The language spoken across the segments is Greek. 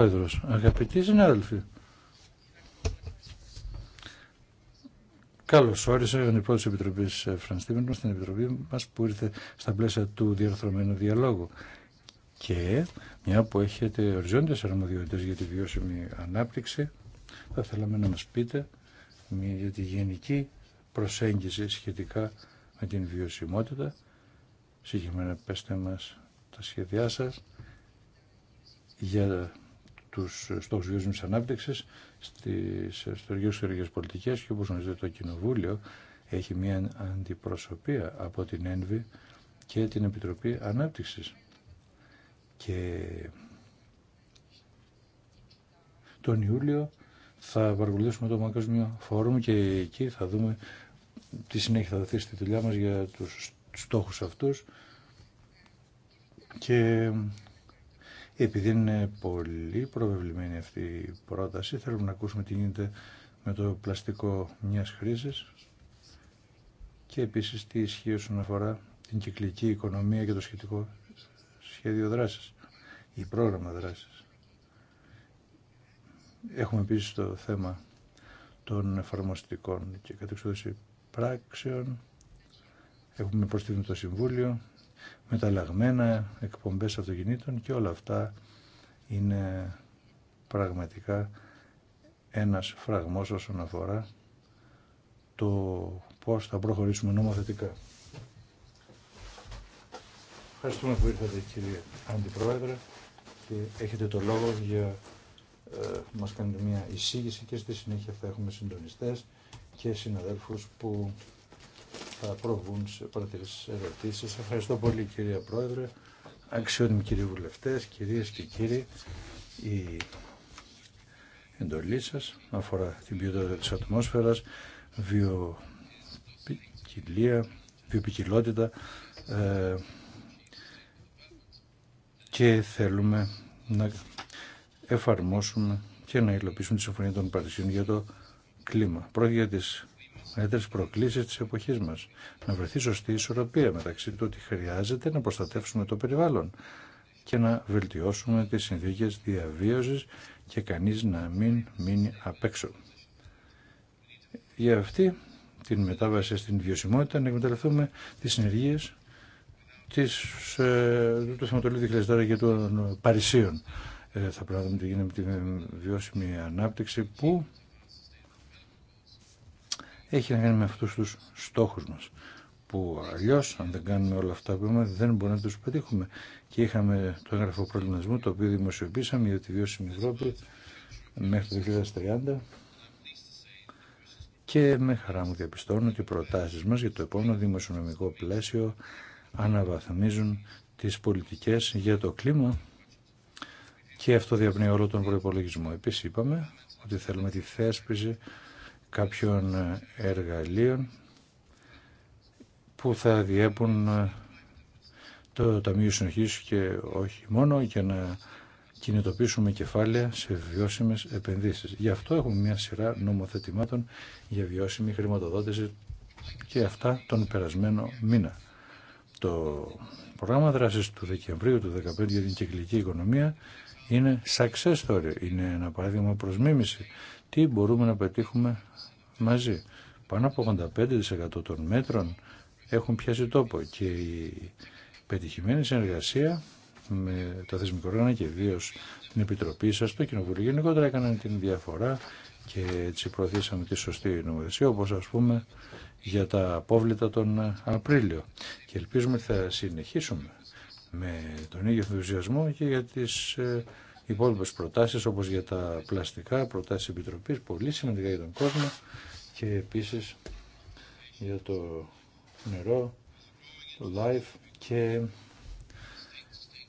Πρόεδρος, αγαπητοί συνάδελφοι, καλώς την πρώτη τη επιτροπής ε, Φρανστήμενου στην επιτροπή μας που ήρθε στα πλαίσια του διαρθρωμένου διαλόγου. Και μια που έχετε οριζόντες αρμοδιότητες για τη βιώσιμη ανάπτυξη, θα θέλαμε να μας πείτε μια, για τη γενική προσέγγιση σχετικά με την βιωσιμότητα. Συγκεκριμένα πέστε μας τα σχέδιά σας για τους στόχους βιώσιμης ανάπτυξης στις ιστορικές πολιτικές και όπως γνωρίζετε το Κοινοβούλιο έχει μια αντιπροσωπεία από την ΕΝΒΗ και την Επιτροπή Ανάπτυξης. Και τον Ιούλιο θα παρακολουθήσουμε το Παγκόσμιο Φόρουμ και εκεί θα δούμε τι συνέχεια θα δοθεί στη δουλειά μας για τους στόχους αυτούς και επειδή είναι πολύ προβεβλημένη αυτή η πρόταση, θέλουμε να ακούσουμε τι γίνεται με το πλαστικό μιας χρήσης και επίσης τι ισχύει όσον αφορά την κυκλική οικονομία και το σχετικό σχέδιο δράσης ή πρόγραμμα δράσης. Έχουμε επίσης το θέμα των εφαρμοστικών και κατεξοδοσίων πράξεων. Έχουμε προστείλει το Συμβούλιο μεταλλαγμένα, εκπομπές αυτοκινήτων και όλα αυτά είναι πραγματικά ένας φραγμός όσον αφορά το πώς θα προχωρήσουμε νομοθετικά. Ευχαριστούμε που ήρθατε κύριε Αντιπρόεδρε και έχετε το λόγο για ε, μας κάνετε μια εισήγηση και στη συνέχεια θα έχουμε συντονιστές και συναδέλφους που θα προβούν σε πρώτες ερωτήσεις. Ευχαριστώ πολύ κυρία Πρόεδρε, αξιότιμοι κύριοι βουλευτές, κυρίες και κύριοι. Η εντολή σας αφορά την ποιότητα της ατμόσφαιρας, βιοποικιλία, βιοπικιλότητα ε, και θέλουμε να εφαρμόσουμε και να υλοποιήσουμε τη Συμφωνία των Παρισιών για το κλίμα. Πρόκειται για μεγαλύτερε προκλήσει τη εποχή μα. Να βρεθεί σωστή ισορροπία μεταξύ του ότι χρειάζεται να προστατεύσουμε το περιβάλλον και να βελτιώσουμε τι συνθήκε διαβίωση και κανεί να μην μείνει απ' έξω. Για αυτή την μετάβαση στην βιωσιμότητα να εκμεταλλευτούμε τι συνεργείε ε, του θεματολίου 2004 και των Παρισίων. Ε, θα πρέπει να δούμε τι γίνεται με τη βιώσιμη ανάπτυξη που έχει να κάνει με αυτούς τους στόχους μας που αλλιώ, αν δεν κάνουμε όλα αυτά που είμαστε, δεν μπορούμε να του πετύχουμε. Και είχαμε το έγγραφο προβληματισμού, το οποίο δημοσιοποιήσαμε για τη βιώσιμη Ευρώπη μέχρι το 2030. Και με χαρά μου διαπιστώνω ότι οι προτάσει μα για το επόμενο δημοσιονομικό πλαίσιο αναβαθμίζουν τι πολιτικέ για το κλίμα και αυτό διαπνέει όλο τον προπολογισμό. Επίση, είπαμε ότι θέλουμε τη θέσπιση κάποιων ε, εργαλείων που θα διέπουν ε, το Ταμείο Συνοχής και όχι μόνο για να κινητοποιήσουμε κεφάλαια σε βιώσιμες επενδύσεις. Γι' αυτό έχουμε μια σειρά νομοθετημάτων για βιώσιμη χρηματοδότηση και αυτά τον περασμένο μήνα. Το πρόγραμμα δράσης του Δεκεμβρίου του 2015 για την κυκλική οικονομία είναι success story, είναι ένα παράδειγμα προς τι μπορούμε να πετύχουμε μαζί. Πάνω από 85% των μέτρων έχουν πιάσει τόπο και η πετυχημένη συνεργασία με τα θεσμικό και ιδίω την Επιτροπή σα, το Κοινοβούλιο γενικότερα έκαναν την διαφορά και έτσι προωθήσαμε τη σωστή νομοθεσία, όπω α πούμε για τα απόβλητα τον Απρίλιο. Και ελπίζουμε ότι θα συνεχίσουμε με τον ίδιο ενθουσιασμό και για τις ε, υπόλοιπε προτάσεις όπως για τα πλαστικά, προτάσεις επιτροπής, πολύ σημαντικά για τον κόσμο και επίσης για το νερό, το live και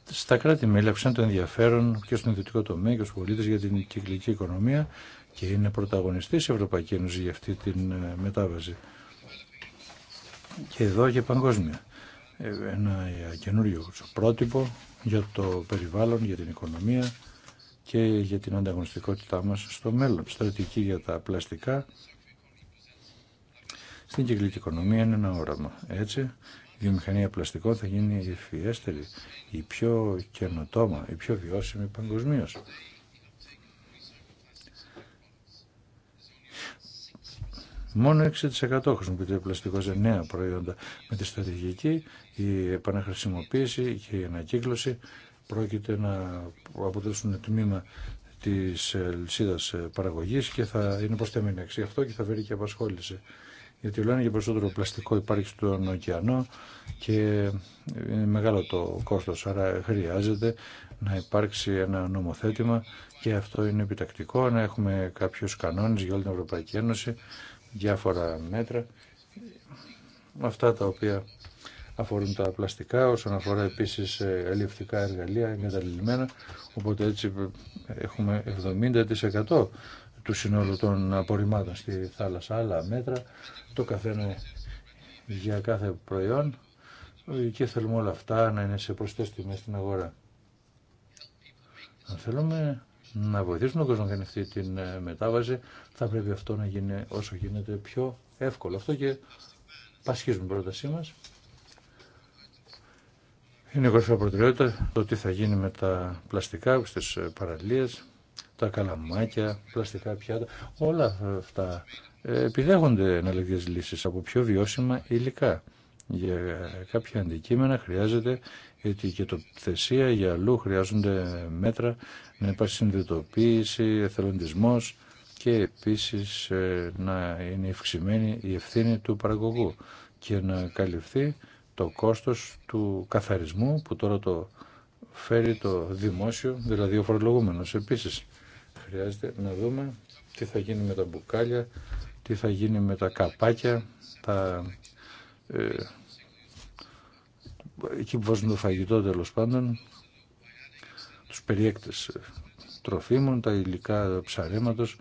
στα κράτη-μέλη αυξάνεται το ενδιαφέρον και στον ιδιωτικό τομέα και στου πολίτε για την κυκλική οικονομία και είναι πρωταγωνιστής η Ευρωπαϊκή Ένωση για αυτή την ε, μετάβαση. Και εδώ και παγκόσμια. Ε, ένα καινούριο πρότυπο για το περιβάλλον, για την οικονομία, και για την ανταγωνιστικότητά μας στο μέλλον. Στρατηγική για τα πλαστικά στην κυκλική οικονομία είναι ένα όραμα. Έτσι, η βιομηχανία πλαστικών θα γίνει η ευφιέστερη, η πιο καινοτόμα, η πιο βιώσιμη παγκοσμίω. Μόνο 6% χρησιμοποιείται πλαστικό σε νέα προϊόντα με τη στρατηγική, η επαναχρησιμοποίηση και η ανακύκλωση πρόκειται να αποτελέσουν τμήμα τη λυσίδα παραγωγή και θα είναι προσθεμένη αξία αυτό και θα βρει και απασχόληση. Γιατί λένε για περισσότερο πλαστικό υπάρχει στον ωκεανό και είναι μεγάλο το κόστο, άρα χρειάζεται να υπάρξει ένα νομοθέτημα και αυτό είναι επιτακτικό, να έχουμε κάποιου κανόνε για όλη την Ευρωπαϊκή Ένωση, διάφορα μέτρα, αυτά τα οποία αφορούν τα πλαστικά, όσον αφορά επίσης ε, αλληλευτικά εργαλεία εγκαταλειμμένα, οπότε έτσι ε, έχουμε 70% του συνόλου των απορριμμάτων στη θάλασσα, άλλα μέτρα, το καθένα για κάθε προϊόν και θέλουμε όλα αυτά να είναι σε προσθέστη τιμές στην αγορά. Αν θέλουμε να βοηθήσουμε τον κόσμο να κάνει αυτή ε, μετάβαση, θα πρέπει αυτό να γίνει όσο γίνεται πιο εύκολο. Αυτό και πασχίζουμε πρότασή μας. Είναι κορυφαία προτεραιότητα το τι θα γίνει με τα πλαστικά στις ε, παραλίες, τα καλαμάκια, πλαστικά πιάτα. Όλα αυτά ε, επιδέχονται εναλλακτικέ λύσεις από πιο βιώσιμα υλικά. Για κάποια αντικείμενα χρειάζεται και θεσία για αλλού χρειάζονται μέτρα, να υπάρχει συνδυτοποίηση, εθελοντισμός και επίσης ε, να είναι ευξημένη η ευθύνη του παραγωγού και να καλυφθεί το κόστος του καθαρισμού που τώρα το φέρει το δημόσιο, δηλαδή ο φορολογούμενος. Επίσης, χρειάζεται να δούμε τι θα γίνει με τα μπουκάλια, τι θα γίνει με τα καπάκια, τα, ε, εκεί που βάζουν το φαγητό τέλο πάντων, τους περιέκτες ε, τροφίμων, τα υλικά ψαρέματος,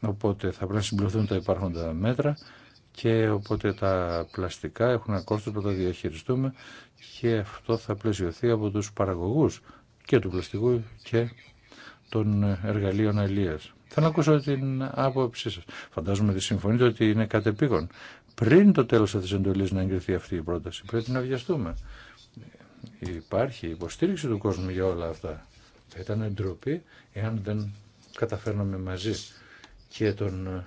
οπότε θα πρέπει να συμπληρωθούν τα υπάρχοντα μέτρα και οπότε τα πλαστικά έχουν κόστος που το διαχειριστούμε και αυτό θα πλαισιωθεί από τους παραγωγούς και του πλαστικού και των εργαλείων αλίας. Θέλω να ακούσω την άποψή σας. Φαντάζομαι ότι συμφωνείτε ότι είναι κατεπήγον. Πριν το τέλος της εντολής να εγκριθεί αυτή η πρόταση πρέπει να βιαστούμε. Υπάρχει υποστήριξη του κόσμου για όλα αυτά. Θα ήταν ντροπή εάν δεν καταφέρναμε μαζί και τον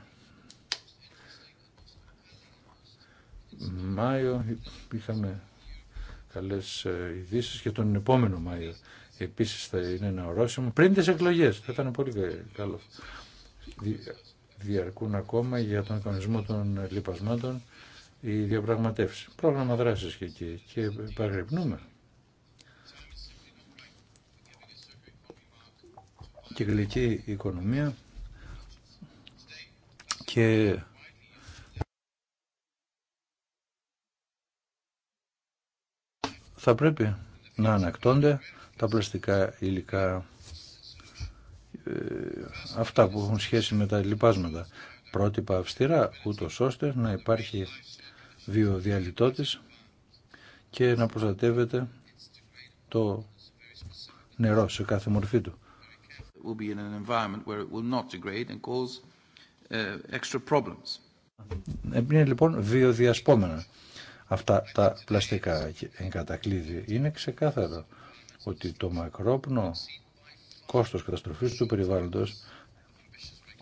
Μάιο είχαμε καλές ε, ειδήσει και τον επόμενο Μάιο επίσης θα είναι ένα ορόσημο πριν τις εκλογές. Θα ήταν πολύ καλό. Διαρκούν ακόμα για τον κανονισμό των λοιπασμάτων οι διαπραγματεύσει. Πρόγραμμα δράσης και εκεί και Και οικονομία και θα πρέπει να ανακτώνται τα πλαστικά υλικά ε, αυτά που έχουν σχέση με τα λοιπάσματα πρότυπα αυστηρά ούτως ώστε να υπάρχει βιοδιαλυτότης και να προστατεύεται το νερό σε κάθε μορφή του. Είναι λοιπόν βιοδιασπόμενα αυτά τα πλαστικά εγκατακλείδη. Είναι ξεκάθαρο ότι το μακρόπνο κόστος καταστροφής του περιβάλλοντος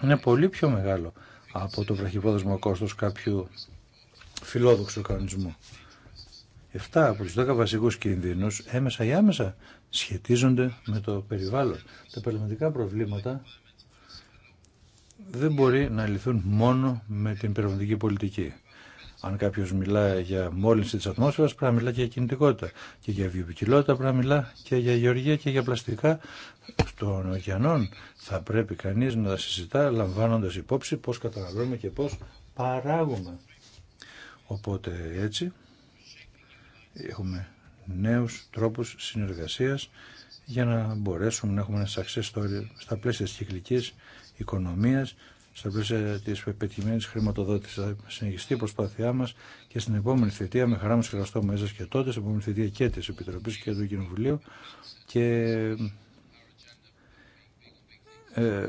είναι πολύ πιο μεγάλο από το βραχυπόδοσμο κόστος κάποιου φιλόδοξου κανονισμού. Εφτά από τους 10 βασικούς κινδύνους έμεσα ή άμεσα σχετίζονται με το περιβάλλον. Τα περιβαλλοντικά προβλήματα δεν μπορεί να λυθούν μόνο με την περιβαλλοντική πολιτική. Αν κάποιο μιλά για μόλυνση τη ατμόσφαιρα, πρέπει να μιλά και για κινητικότητα. Και για βιοποικιλότητα πρέπει να μιλά και για γεωργία και για πλαστικά των ωκεανών. Θα πρέπει κανεί να τα συζητά λαμβάνοντα υπόψη πώ καταναλώνουμε και πώ παράγουμε. Οπότε έτσι έχουμε νέους τρόπους συνεργασίας για να μπορέσουμε να έχουμε ένα success story στα πλαίσια της κυκλικής οικονομίας στα πλαίσια ε, τη πετυχημένη χρηματοδότηση. Θα συνεχιστεί η προσπάθειά μα και στην επόμενη θητεία, με χαρά μου χρειαστώ μέσα και τότε, στην επόμενη θητεία και τη Επιτροπή και του Κοινοβουλίου. Και ε,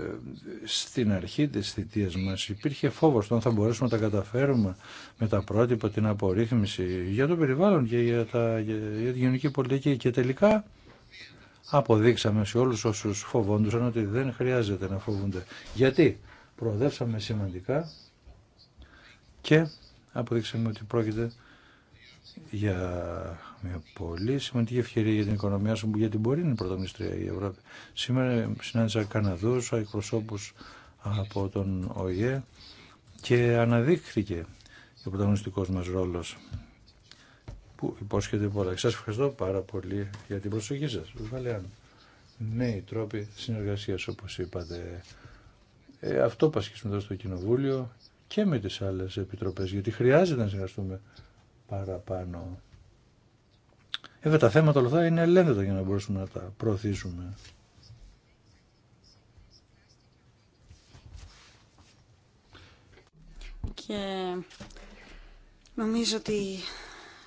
στην αρχή τη θητεία μα υπήρχε φόβο το αν θα μπορέσουμε να τα καταφέρουμε με τα πρότυπα, την απορρίθμιση για το περιβάλλον και για, τα, για, τη γενική πολιτική και τελικά αποδείξαμε σε όλους όσους φοβόντουσαν ότι δεν χρειάζεται να φοβούνται. Γιατί προοδεύσαμε σημαντικά και αποδείξαμε ότι πρόκειται για μια πολύ σημαντική ευκαιρία για την οικονομία σου, γιατί μπορεί να είναι πρωτομιστρία η Ευρώπη. Σήμερα συνάντησα Καναδούς, εκπροσώπους από τον ΟΗΕ και αναδείχθηκε ο πρωταγωνιστικός μας ρόλος που υπόσχεται πολλά. Σας ευχαριστώ πάρα πολύ για την προσοχή σας. Βαλεάν. τρόποι συνεργασίας όπως είπατε. Ε, αυτό πασχίσουμε εδώ στο Κοινοβούλιο και με τις άλλες επιτροπές, γιατί χρειάζεται να συνεργαστούμε παραπάνω. Βέβαια τα θέματα όλα αυτά είναι ελέγχτα για να μπορέσουμε να τα προωθήσουμε. Και νομίζω ότι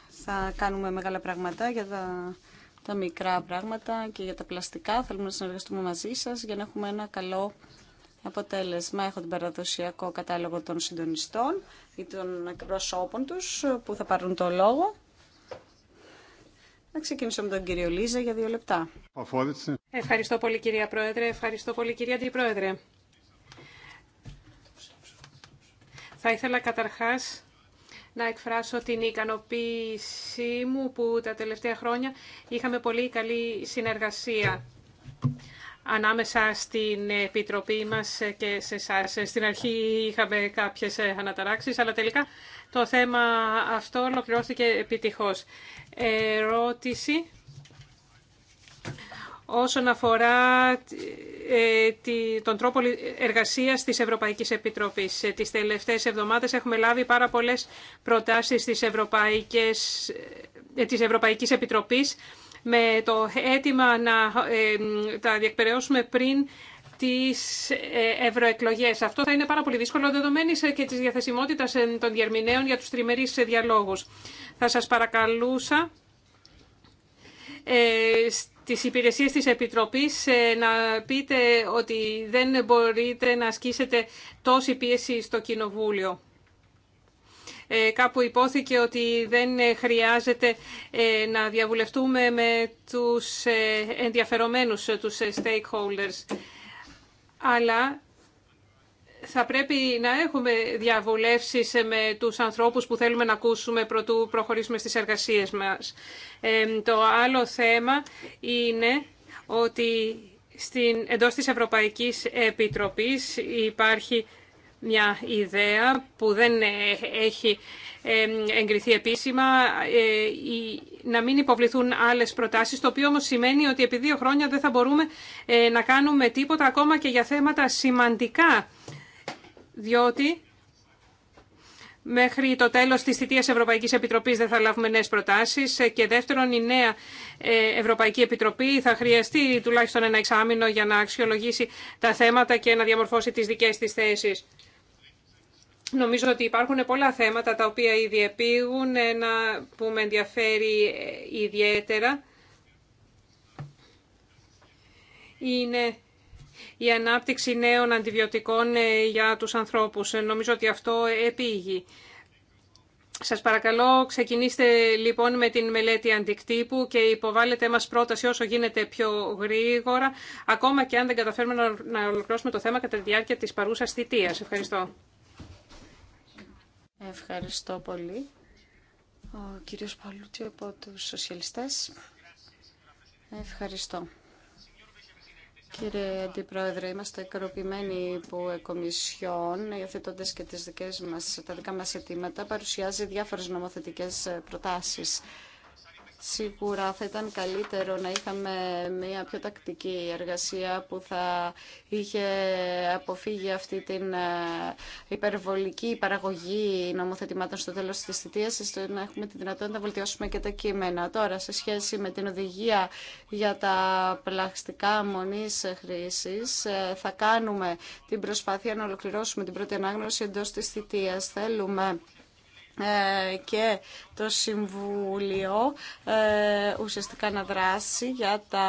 θα κάνουμε μεγάλα πράγματα για τα, τα μικρά πράγματα και για τα πλαστικά. Θέλουμε να συνεργαστούμε μαζί σας για να έχουμε ένα καλό Αποτέλεσμα, έχω τον παραδοσιακό κατάλογο των συντονιστών ή των εκπροσώπων τους που θα πάρουν το λόγο. Να ξεκινήσω με τον κύριο Λίζα για δύο λεπτά. Ευχαριστώ πολύ κυρία Πρόεδρε, ευχαριστώ πολύ κυρία Αντιπρόεδρε. Θα ήθελα καταρχάς να εκφράσω την ικανοποίησή μου που τα τελευταία χρόνια είχαμε πολύ καλή συνεργασία ανάμεσα στην Επιτροπή μας και σε εσά. Στην αρχή είχαμε κάποιες αναταράξεις, αλλά τελικά το θέμα αυτό ολοκληρώθηκε επιτυχώς. Ερώτηση όσον αφορά ε, τον τρόπο εργασίας της Ευρωπαϊκής Επιτροπής. Ε, τις τελευταίες εβδομάδες έχουμε λάβει πάρα πολλές προτάσεις της Ευρωπαϊκής, ε, της Ευρωπαϊκής Επιτροπής με το αίτημα να ε, τα διεκπαιρεώσουμε πριν τι ε, ευρωεκλογέ. Αυτό θα είναι πάρα πολύ δύσκολο δεδομένη ε, και τη διαθεσιμότητας των διερμηνέων για τους τριμερεί διαλόγους. Θα σας παρακαλούσα στις υπηρεσίες της Επιτροπής να πείτε ότι δεν μπορείτε να ασκήσετε τόση πίεση στο Κοινοβούλιο. Ε, κάπου υπόθηκε ότι δεν χρειάζεται ε, να διαβουλευτούμε με τους ε, ενδιαφερομένους, τους stakeholders. Αλλά θα πρέπει να έχουμε διαβουλεύσεις με τους ανθρώπους που θέλουμε να ακούσουμε προτού προχωρήσουμε στις εργασίες μας. Το άλλο θέμα είναι ότι στην, εντός της Ευρωπαϊκής Επιτροπής υπάρχει μια ιδέα που δεν ε, έχει ε, εγκριθεί επίσημα, ε, να μην υποβληθούν άλλες προτάσεις, το οποίο όμως σημαίνει ότι επί δύο χρόνια δεν θα μπορούμε να κάνουμε τίποτα ακόμα και για θέματα σημαντικά, διότι μέχρι το τέλος της θητείας Ευρωπαϊκής Επιτροπής δεν θα λάβουμε νέες προτάσεις και δεύτερον η νέα Ευρωπαϊκή Επιτροπή θα χρειαστεί τουλάχιστον ένα εξάμεινο για να αξιολογήσει τα θέματα και να διαμορφώσει τις δικές της θέσεις. Νομίζω ότι υπάρχουν πολλά θέματα τα οποία ήδη επίγουν, ένα που με ενδιαφέρει ε, ιδιαίτερα είναι η ανάπτυξη νέων αντιβιωτικών ε, για τους ανθρώπους. Ε, νομίζω ότι αυτό επίγει. Σας παρακαλώ, ξεκινήστε λοιπόν με την μελέτη αντικτύπου και υποβάλλετε μας πρόταση όσο γίνεται πιο γρήγορα, ακόμα και αν δεν καταφέρουμε να ολοκληρώσουμε το θέμα κατά τη διάρκεια της παρούσας θητείας. Ευχαριστώ. Ευχαριστώ πολύ. Ο κύριος Παλούτσιο από τους Σοσιαλιστές. Ευχαριστώ. Κύριε Αντιπρόεδρε, είμαστε ικανοποιημένοι που η Κομισιόν, υιοθετώντα και τις δικές μας, τα δικά μας αιτήματα, παρουσιάζει διάφορες νομοθετικές προτάσεις. Σίγουρα θα ήταν καλύτερο να είχαμε μια πιο τακτική εργασία που θα είχε αποφύγει αυτή την ε, υπερβολική παραγωγή νομοθετημάτων στο τέλος της θητείας, ώστε να έχουμε τη δυνατότητα να βελτιώσουμε και τα κείμενα. Τώρα, σε σχέση με την οδηγία για τα πλαστικά μονής χρήσης, ε, θα κάνουμε την προσπάθεια να ολοκληρώσουμε την πρώτη ανάγνωση εντός της θητείας. Θέλουμε ε, και το Συμβούλιο ε, ουσιαστικά να δράσει για τα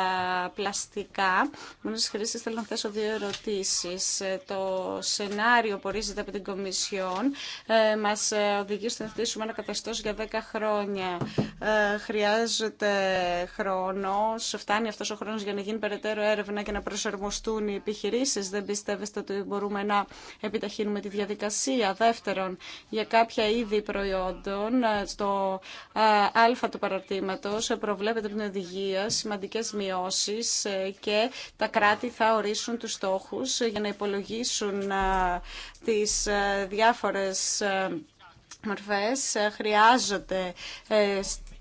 πλαστικά. Μόνο στις χρήσει, θέλω να θέσω δύο ερωτήσεις. Ε, το σενάριο που ορίζεται από την Κομισιόν ε, μας ε, οδηγεί στο να θέσουμε ένα καταστός για 10 χρόνια. Ε, χρειάζεται χρόνο. φτάνει αυτός ο χρόνος για να γίνει περαιτέρω έρευνα και να προσαρμοστούν οι επιχειρήσεις. Δεν πιστεύεστε ότι μπορούμε να επιταχύνουμε τη διαδικασία. Δεύτερον, για κάποια είδη προϊόντων, ε, στο α του παραρτήματος ε, προβλέπεται από την οδηγία σημαντικές μειώσεις ε, και τα κράτη θα ορίσουν τους στόχους ε, για να υπολογίσουν τις διάφορες μορφές. Χρειάζονται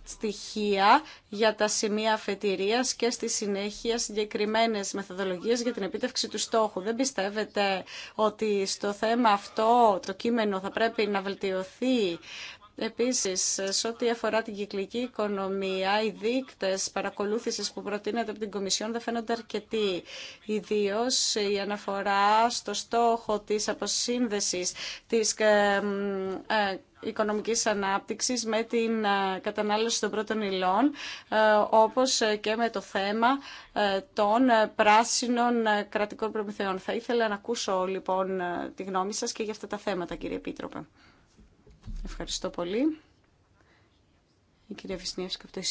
στοιχεία για τα σημεία αφετηρίας και στη συνέχεια συγκεκριμένες μεθοδολογίες για την επίτευξη του στόχου. Δεν πιστεύετε ότι στο θέμα αυτό το κείμενο θα πρέπει να βελτιωθεί Επίσης, σε ό,τι αφορά την κυκλική οικονομία, οι δείκτες παρακολούθησης που προτείνεται από την Κομισιόν δεν φαίνονται αρκετοί. ιδίως η αναφορά στο στόχο της αποσύνδεσης της ε, ε, οικονομικής ανάπτυξης με την ε, κατανάλωση των πρώτων υλών, όπως και με το θέμα των πράσινων κρατικών προμηθεών. Θα ήθελα να ακούσω λοιπόν τη γνώμη σας και για αυτά τα θέματα, κύριε Επίτροπε. Ευχαριστώ πολύ. Η κυρία Βυσνιεύσκα από το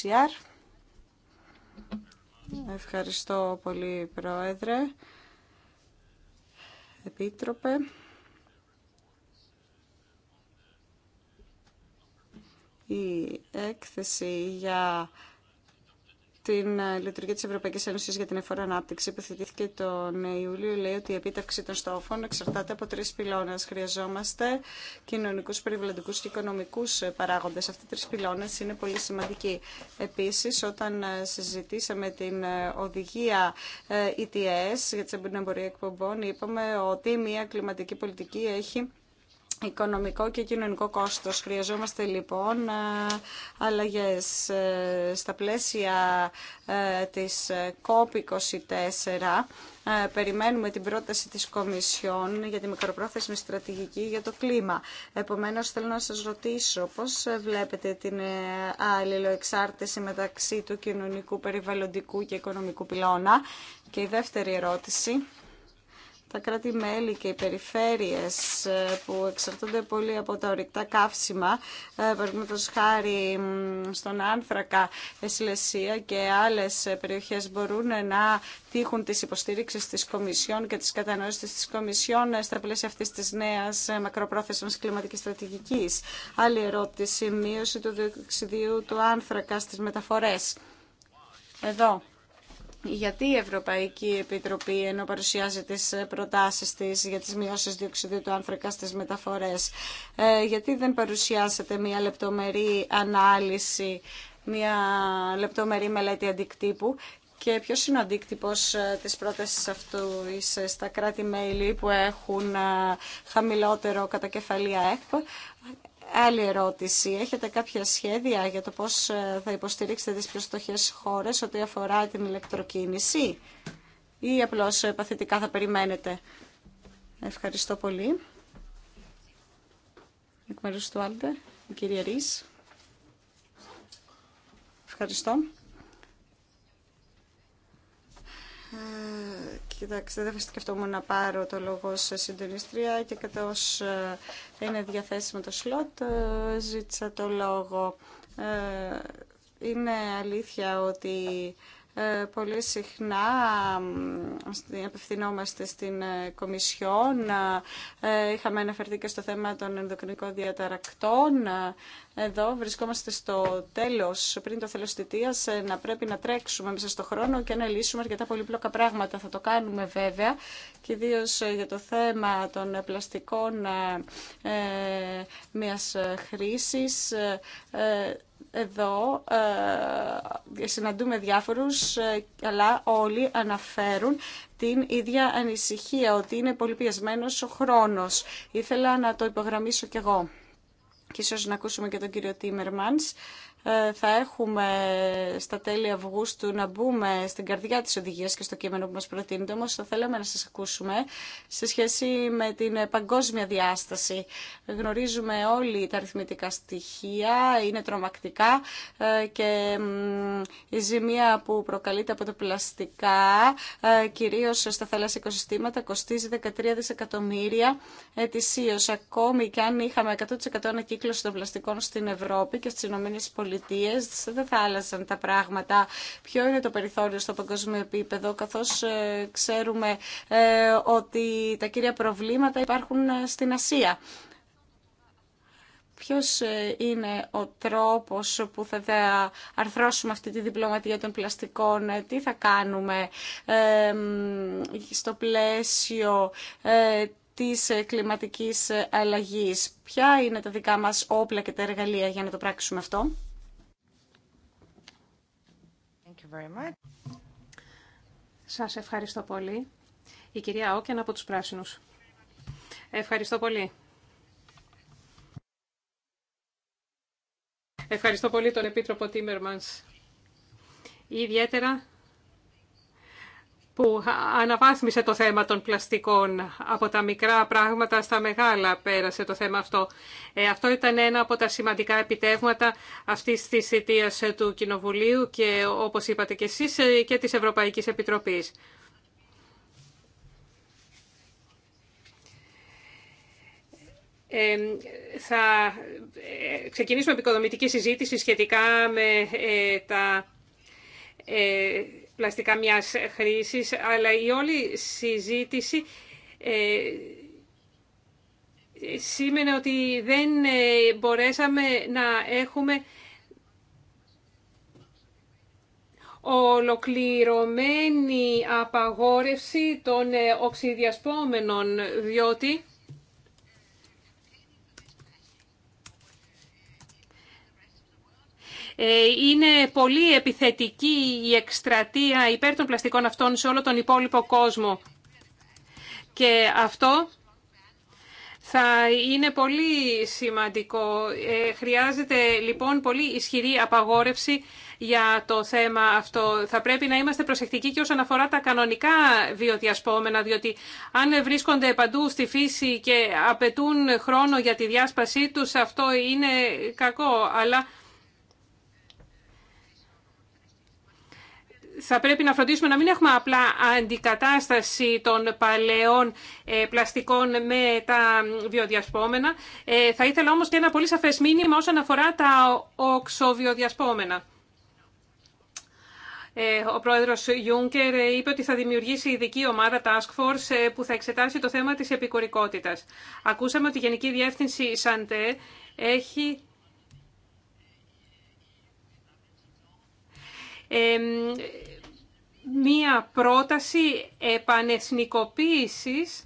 Ευχαριστώ πολύ, Πρόεδρε. Επίτροπε. Η έκθεση για την ε, λειτουργία της Ευρωπαϊκής Ένωσης για την εφόρα ανάπτυξη που θετήθηκε τον ε, Ιούλιο λέει ότι η επίτευξη των στόχων εξαρτάται από τρεις πυλώνε. Χρειαζόμαστε κοινωνικούς, περιβαλλοντικούς και οικονομικούς ε, παράγοντες. Αυτοί οι τρεις πυλώνε είναι πολύ σημαντικοί. Επίσης, όταν συζητήσαμε την οδηγία ETS για την εμπορία εκπομπών, είπαμε ότι μια κλιματική πολιτική έχει Οικονομικό και κοινωνικό κόστος. Χρειαζόμαστε λοιπόν ε, αλλαγές ε, στα πλαίσια ε, της COP24. Περιμένουμε την πρόταση της Κομισιόν για τη μικροπρόθεσμη στρατηγική για το κλίμα. Επομένως, θέλω να σας ρωτήσω πώς βλέπετε την αλληλοεξάρτηση μεταξύ του κοινωνικού, περιβαλλοντικού και οικονομικού πυλώνα. Και η δεύτερη ερώτηση τα κράτη-μέλη και οι περιφέρειες ε, που εξαρτώνται πολύ από τα ορυκτά καύσιμα, ε, παραδείγματο χάρη στον Άνθρακα, Εσλεσία και άλλες περιοχές μπορούν να τύχουν τις υποστήριξεις της Κομισιόν και τις κατανόησης της Κομισιόν ε, στα πλαίσια αυτής της νέας μακροπρόθεσμας κλιματικής στρατηγικής. Άλλη ερώτηση, μείωση του διοξιδίου του Άνθρακα στις μεταφορές. Εδώ γιατί η Ευρωπαϊκή Επιτροπή ενώ παρουσιάζει τις προτάσεις της για τις μειώσεις διοξιδίου του άνθρακα στις μεταφορές, ε, γιατί δεν παρουσιάσετε μια λεπτομερή ανάλυση, μια λεπτομερή μελέτη αντικτύπου και ποιο είναι ο αντίκτυπο ε, της πρότασης αυτού ε, στα κράτη-μέλη που έχουν χαμηλότερο κατακεφαλία ΑΕΠ. Άλλη ερώτηση. Έχετε κάποια σχέδια για το πώς ε, θα υποστηρίξετε τις πιο στοχές χώρες ό,τι αφορά την ηλεκτροκίνηση ή απλώς ε, παθητικά θα περιμένετε. Ευχαριστώ πολύ. Εκ μέρους του Άλτε, η κυρία Ευχαριστώ. Ε, κοιτάξτε, δεν σκεφτόμουν να πάρω το λόγο σε συντονίστρια και καθώς ε, είναι διαθέσιμο το σλότ, ε, ζήτησα το λόγο. Είναι αλήθεια ότι πολύ συχνά απευθυνόμαστε στην Κομισιόν. Είχαμε αναφερθεί και στο θέμα των ενδοκρινικών διαταρακτών εδώ βρισκόμαστε στο τέλος, πριν το τέλος ε, να πρέπει να τρέξουμε μέσα στο χρόνο και να λύσουμε αρκετά πολύπλοκα πράγματα. Θα το κάνουμε βέβαια και ιδίω ε, για το θέμα των πλαστικών ε, ε μιας χρήσης. εδώ ε, συναντούμε διάφορους, αλλά όλοι αναφέρουν την ίδια ανησυχία, ότι είναι πολύ ο χρόνος. Ήθελα να το υπογραμμίσω κι εγώ και ίσως να ακούσουμε και τον κύριο Τίμερμανς ε, θα έχουμε στα τέλη Αυγούστου να μπούμε στην καρδιά της οδηγίας και στο κείμενο που μας προτείνεται, όμως θα θέλαμε να σας ακούσουμε σε σχέση με την παγκόσμια διάσταση. Γνωρίζουμε όλοι τα αριθμητικά στοιχεία, είναι τρομακτικά ε, και η ζημία που προκαλείται από τα πλαστικά, ε, κυρίως στα θαλάσσια οικοσυστήματα, κοστίζει 13 δισεκατομμύρια ετησίως. Ακόμη και αν είχαμε 100% ανακύκλωση των πλαστικών στην Ευρώπη και στις ΗΠΑ δεν θα άλλαζαν τα πράγματα. Ποιο είναι το περιθώριο στο παγκόσμιο επίπεδο, καθώς ε, ξέρουμε ε, ότι τα κύρια προβλήματα υπάρχουν ε, στην Ασία ποιος είναι ο τρόπος που θα, αρθρώσουμε αυτή τη διπλωματία των πλαστικών, τι θα κάνουμε στο πλαίσιο της κλιματικής αλλαγής. Ποια είναι τα δικά μας όπλα και τα εργαλεία για να το πράξουμε αυτό. Σας ευχαριστώ πολύ. Η κυρία Όκεν από τους Πράσινους. Ευχαριστώ πολύ. Ευχαριστώ πολύ τον Επίτροπο Τίμερμανς. Ιδιαίτερα που αναβάθμισε το θέμα των πλαστικών. Από τα μικρά πράγματα στα μεγάλα πέρασε το θέμα αυτό. Ε, αυτό ήταν ένα από τα σημαντικά επιτεύγματα αυτής της θητείας του Κοινοβουλίου και όπως είπατε και εσείς ε, και της Ευρωπαϊκής Επιτροπής. Ε, θα ε, ξεκινήσουμε επικοδομητική συζήτηση σχετικά με ε, τα ε, πλαστικά μιας χρήσης, αλλά η όλη συζήτηση ε, σήμαινε ότι δεν ε, μπορέσαμε να έχουμε ολοκληρωμένη απαγόρευση των ε, οξυδιασπόμενων, διότι είναι πολύ επιθετική η εκστρατεία υπέρ των πλαστικών αυτών σε όλο τον υπόλοιπο κόσμο. Και αυτό θα είναι πολύ σημαντικό. Ε, χρειάζεται λοιπόν πολύ ισχυρή απαγόρευση για το θέμα αυτό. Θα πρέπει να είμαστε προσεκτικοί και όσον αφορά τα κανονικά βιοδιασπόμενα, διότι αν βρίσκονται παντού στη φύση και απαιτούν χρόνο για τη διάσπασή τους, αυτό είναι κακό. Αλλά θα πρέπει να φροντίσουμε να μην έχουμε απλά αντικατάσταση των παλαιών ε, πλαστικών με τα βιοδιασπόμενα. Ε, θα ήθελα όμως και ένα πολύ σαφές μήνυμα όσον αφορά τα οξοβιοδιασπόμενα. Ε, ο πρόεδρος Ιούνκερ είπε ότι θα δημιουργήσει ειδική ομάδα Task Force που θα εξετάσει το θέμα της επικορικότητας. Ακούσαμε ότι η Γενική Διεύθυνση ΣΑΝΤΕ έχει μία πρόταση επανεθνικοποίησης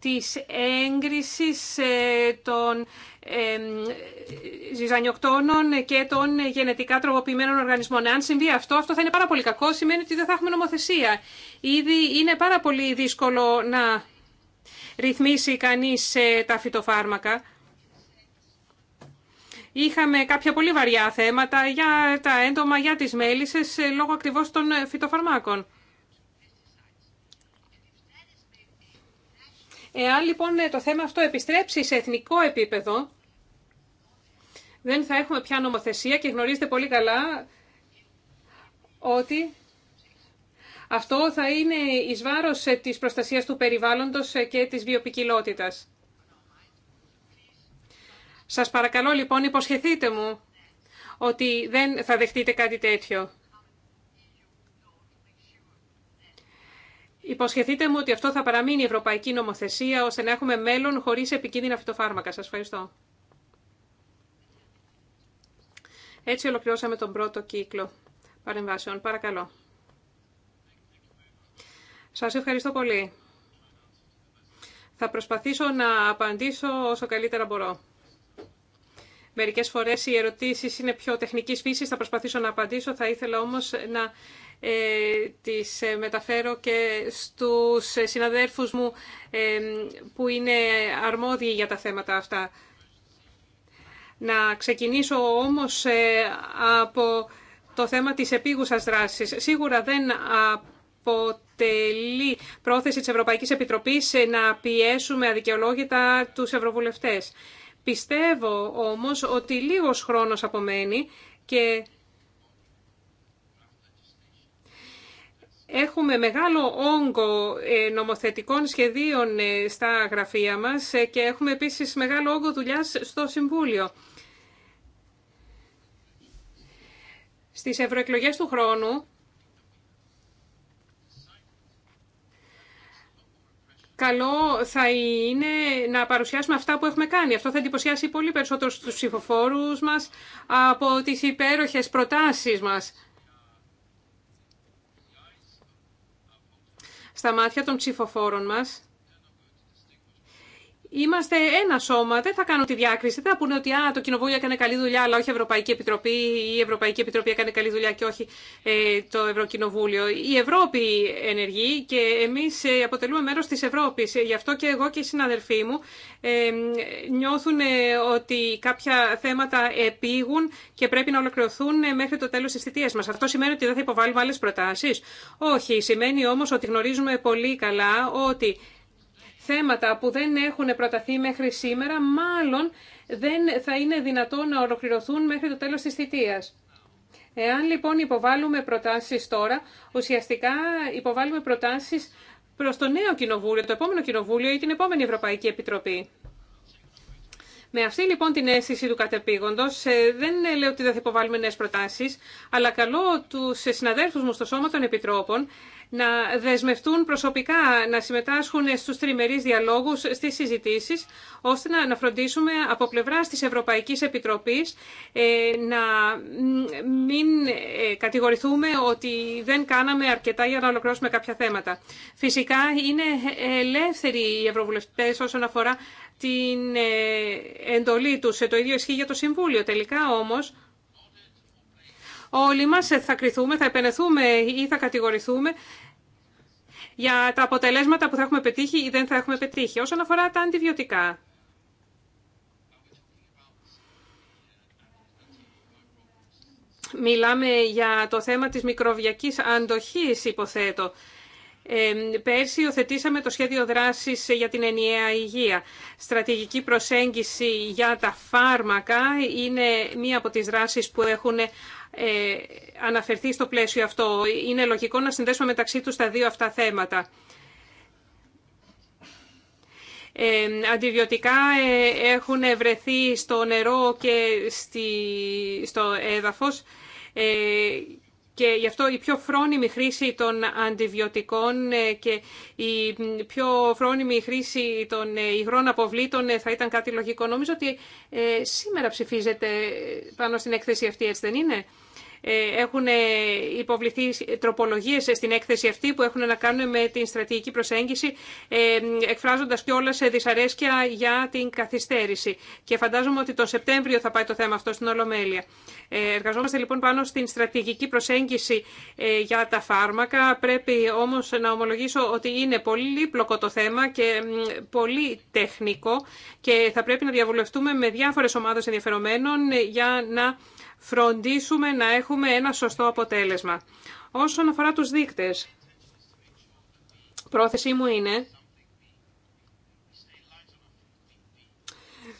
της έγκρισης ε, των ζυζανιοκτώνων και των γενετικά τροποποιημένων οργανισμών. Αν συμβεί αυτό, αυτό θα είναι πάρα πολύ κακό, σημαίνει ότι δεν θα έχουμε νομοθεσία. Ήδη είναι πάρα πολύ δύσκολο να ρυθμίσει κανείς ε, τα φυτοφάρμακα. Είχαμε κάποια πολύ βαριά θέματα για τα έντομα, για τις μέλισσες, ε, λόγω ακριβώς των ε, φυτοφαρμάκων. Εάν λοιπόν ε, το θέμα αυτό επιστρέψει σε εθνικό επίπεδο, δεν θα έχουμε πια νομοθεσία και γνωρίζετε πολύ καλά ότι αυτό θα είναι εις βάρος της προστασίας του περιβάλλοντος και της βιοπικιλότητας. Σας παρακαλώ λοιπόν υποσχεθείτε μου ότι δεν θα δεχτείτε κάτι τέτοιο. Υποσχεθείτε μου ότι αυτό θα παραμείνει η ευρωπαϊκή νομοθεσία ώστε να έχουμε μέλλον χωρίς επικίνδυνα φυτοφάρμακα. Σας ευχαριστώ. Έτσι ολοκληρώσαμε τον πρώτο κύκλο παρεμβάσεων. Παρακαλώ. Σας ευχαριστώ πολύ. Θα προσπαθήσω να απαντήσω όσο καλύτερα μπορώ. Μερικές φορές οι ερωτήσει είναι πιο τεχνικής φύση. θα προσπαθήσω να απαντήσω. Θα ήθελα όμως να ε, τις ε, μεταφέρω και στους συναδέρφους μου ε, που είναι αρμόδιοι για τα θέματα αυτά. Να ξεκινήσω όμως ε, από το θέμα της επίγουσας δράσης. Σίγουρα δεν αποτελεί πρόθεση της Ευρωπαϊκής Επιτροπής να πιέσουμε αδικαιολόγητα τους ευρωβουλευτές. Πιστεύω όμως ότι λίγος χρόνος απομένει και Έχουμε μεγάλο όγκο ε, νομοθετικών σχεδίων ε, στα γραφεία μας ε, και έχουμε επίσης μεγάλο όγκο δουλειάς στο Συμβούλιο. Στις ευρωεκλογές του χρόνου καλό θα είναι να παρουσιάσουμε αυτά που έχουμε κάνει. Αυτό θα εντυπωσιάσει πολύ περισσότερο στους ψηφοφόρους μας από τις υπέροχες προτάσεις μας. Στα μάτια των ψηφοφόρων μας, Είμαστε ένα σώμα, δεν θα κάνω τη διάκριση. Δεν θα πούνε ότι α, το Κοινοβούλιο έκανε καλή δουλειά, αλλά όχι η Ευρωπαϊκή Επιτροπή, ή η Ευρωπαϊκή Επιτροπή έκανε καλή δουλειά και όχι ε, το Ευρωκοινοβούλιο. Η Ευρώπη ενεργεί και εμεί ε, αποτελούμε μέρο τη Ευρώπη. Γι' αυτό και εγώ και οι συναδελφοί μου ε, νιώθουν ε, ότι κάποια θέματα επήγουν και πρέπει να ολοκληρωθούν ε, μέχρι το τέλο τη θητεία μα. Αυτό σημαίνει ότι δεν θα υποβάλουμε άλλε προτάσει. Όχι, σημαίνει όμω ότι γνωρίζουμε πολύ καλά ότι θέματα που δεν έχουν προταθεί μέχρι σήμερα, μάλλον δεν θα είναι δυνατόν να ολοκληρωθούν μέχρι το τέλος της θητείας. Εάν λοιπόν υποβάλλουμε προτάσεις τώρα, ουσιαστικά υποβάλλουμε προτάσεις προς το νέο κοινοβούλιο, το επόμενο κοινοβούλιο ή την επόμενη Ευρωπαϊκή Επιτροπή. Με αυτή λοιπόν την αίσθηση του κατεπήγοντο, ε, δεν λέω ότι δεν θα υποβάλουμε νέε προτάσει, αλλά καλώ του συναδέλφου μου στο Σώμα των Επιτρόπων να δεσμευτούν προσωπικά, να συμμετάσχουν στους τριμερεί διαλόγους, στις συζητήσεις, ώστε να φροντίσουμε από πλευράς της Ευρωπαϊκής Επιτροπής ε, να μην ε, κατηγορηθούμε ότι δεν κάναμε αρκετά για να ολοκληρώσουμε κάποια θέματα. Φυσικά είναι ελεύθεροι οι ευρωβουλευτέ όσον αφορά την ε, εντολή τους. Το ίδιο ισχύει για το Συμβούλιο. Τελικά όμως όλοι μας θα κριθούμε, θα επενεθούμε ή θα κατηγορηθούμε για τα αποτελέσματα που θα έχουμε πετύχει ή δεν θα έχουμε πετύχει. Όσον αφορά τα αντιβιωτικά. Μιλάμε για το θέμα της μικροβιακής αντοχής, υποθέτω. Ε, πέρσι υιοθετήσαμε το σχέδιο δράσης για την ενιαία υγεία. Στρατηγική προσέγγιση για τα φάρμακα είναι μία από τις δράσεις που έχουν ε, αναφερθεί στο πλαίσιο αυτό. Είναι λογικό να συνδέσουμε μεταξύ τους τα δύο αυτά θέματα. Ε, αντιβιωτικά ε, έχουν βρεθεί στο νερό και στη, στο έδαφος ε, και γι' αυτό η πιο φρόνιμη χρήση των αντιβιωτικών ε, και η πιο φρόνιμη χρήση των ε, υγρών αποβλήτων ε, θα ήταν κάτι λογικό. Νομίζω ότι σήμερα ψηφίζεται πάνω στην έκθεση αυτή, έτσι δεν είναι. Ε, έχουν ε, υποβληθεί τροπολογίες στην έκθεση αυτή που έχουν να κάνουν με την στρατηγική προσέγγιση ε, εκφράζοντας κιόλα σε δυσαρέσκεια για την καθυστέρηση. Και φαντάζομαι ότι το Σεπτέμβριο θα πάει το θέμα αυτό στην Ολομέλεια. Εργαζόμαστε λοιπόν πάνω στην στρατηγική προσέγγιση για τα φάρμακα. Πρέπει όμως να ομολογήσω ότι είναι πολύ πλοκό το θέμα και πολύ τεχνικό και θα πρέπει να διαβουλευτούμε με διάφορες ομάδες ενδιαφερομένων για να φροντίσουμε να έχουμε ένα σωστό αποτέλεσμα. Όσον αφορά τους δείκτες, πρόθεσή μου είναι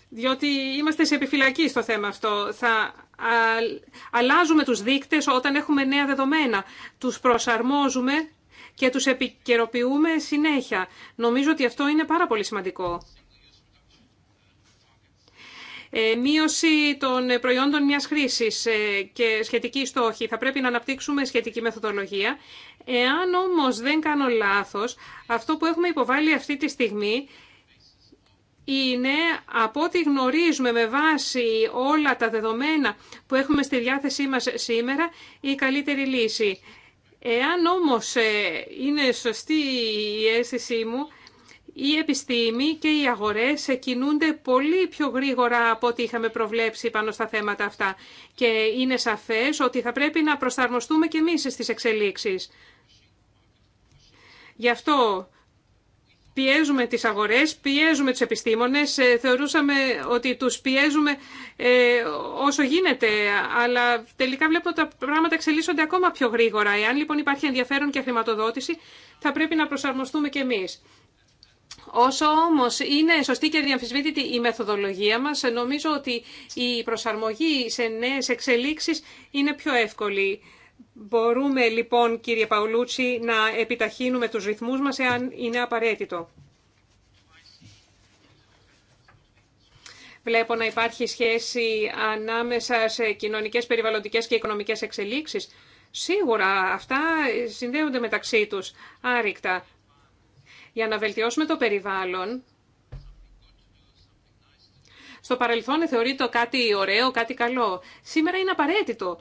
διότι είμαστε σε επιφυλακή στο θέμα αυτό. Θα αλλάζουμε τους δείκτες όταν έχουμε νέα δεδομένα. Τους προσαρμόζουμε και τους επικαιροποιούμε συνέχεια. Νομίζω ότι αυτό είναι πάρα πολύ σημαντικό. Ε, μείωση των ε, προϊόντων μιας χρήσης ε, και σχετική στόχη. Θα πρέπει να αναπτύξουμε σχετική μεθοδολογία. Εάν όμως δεν κάνω λάθος, αυτό που έχουμε υποβάλει αυτή τη στιγμή είναι από ό,τι γνωρίζουμε με βάση όλα τα δεδομένα που έχουμε στη διάθεσή μας σήμερα η καλύτερη λύση. Εάν όμως είναι σωστή η αίσθησή μου, η επιστήμη και οι αγορές κινούνται πολύ πιο γρήγορα από ό,τι είχαμε προβλέψει πάνω στα θέματα αυτά. Και είναι σαφές ότι θα πρέπει να προσαρμοστούμε και εμείς στις εξελίξεις. Γι' αυτό πιέζουμε τις αγορές, πιέζουμε τους επιστήμονες. Ε, θεωρούσαμε ότι τους πιέζουμε ε, όσο γίνεται, αλλά τελικά βλέπω ότι τα πράγματα εξελίσσονται ακόμα πιο γρήγορα. Εάν λοιπόν υπάρχει ενδιαφέρον και χρηματοδότηση, θα πρέπει να προσαρμοστούμε κι εμείς. Όσο όμως είναι σωστή και διαμφισβήτητη η μεθοδολογία μα. νομίζω ότι η προσαρμογή σε νέες εξελίξεις είναι πιο εύκολη. Μπορούμε λοιπόν, κύριε Παουλούτσι, να επιταχύνουμε τους ρυθμούς μας εάν είναι απαραίτητο. Βλέπω να υπάρχει σχέση ανάμεσα σε κοινωνικές, περιβαλλοντικές και οικονομικές εξελίξεις. Σίγουρα αυτά συνδέονται μεταξύ τους άρρηκτα για να βελτιώσουμε το περιβάλλον, στο παρελθόν θεωρείται κάτι ωραίο, κάτι καλό. Σήμερα είναι απαραίτητο.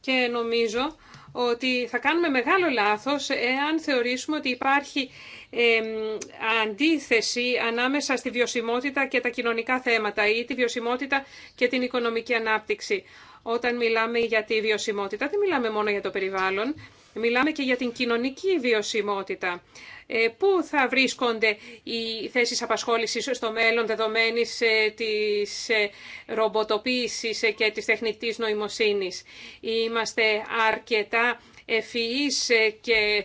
Και νομίζω ότι θα κάνουμε μεγάλο λάθος εάν θεωρήσουμε ότι υπάρχει αντίθεση ανάμεσα στη βιωσιμότητα και τα κοινωνικά θέματα ή τη βιωσιμότητα και την οικονομική ανάπτυξη. Όταν μιλάμε για τη βιωσιμότητα δεν μιλάμε μόνο για το περιβάλλον, Μιλάμε και για την κοινωνική βιωσιμότητα. Ε, πού θα βρίσκονται οι θέσεις απασχόλησης στο μέλλον δεδομένης ε, της ε, ρομποτοποίησης και της τεχνητής νοημοσύνης. Είμαστε αρκετά ευφυείς και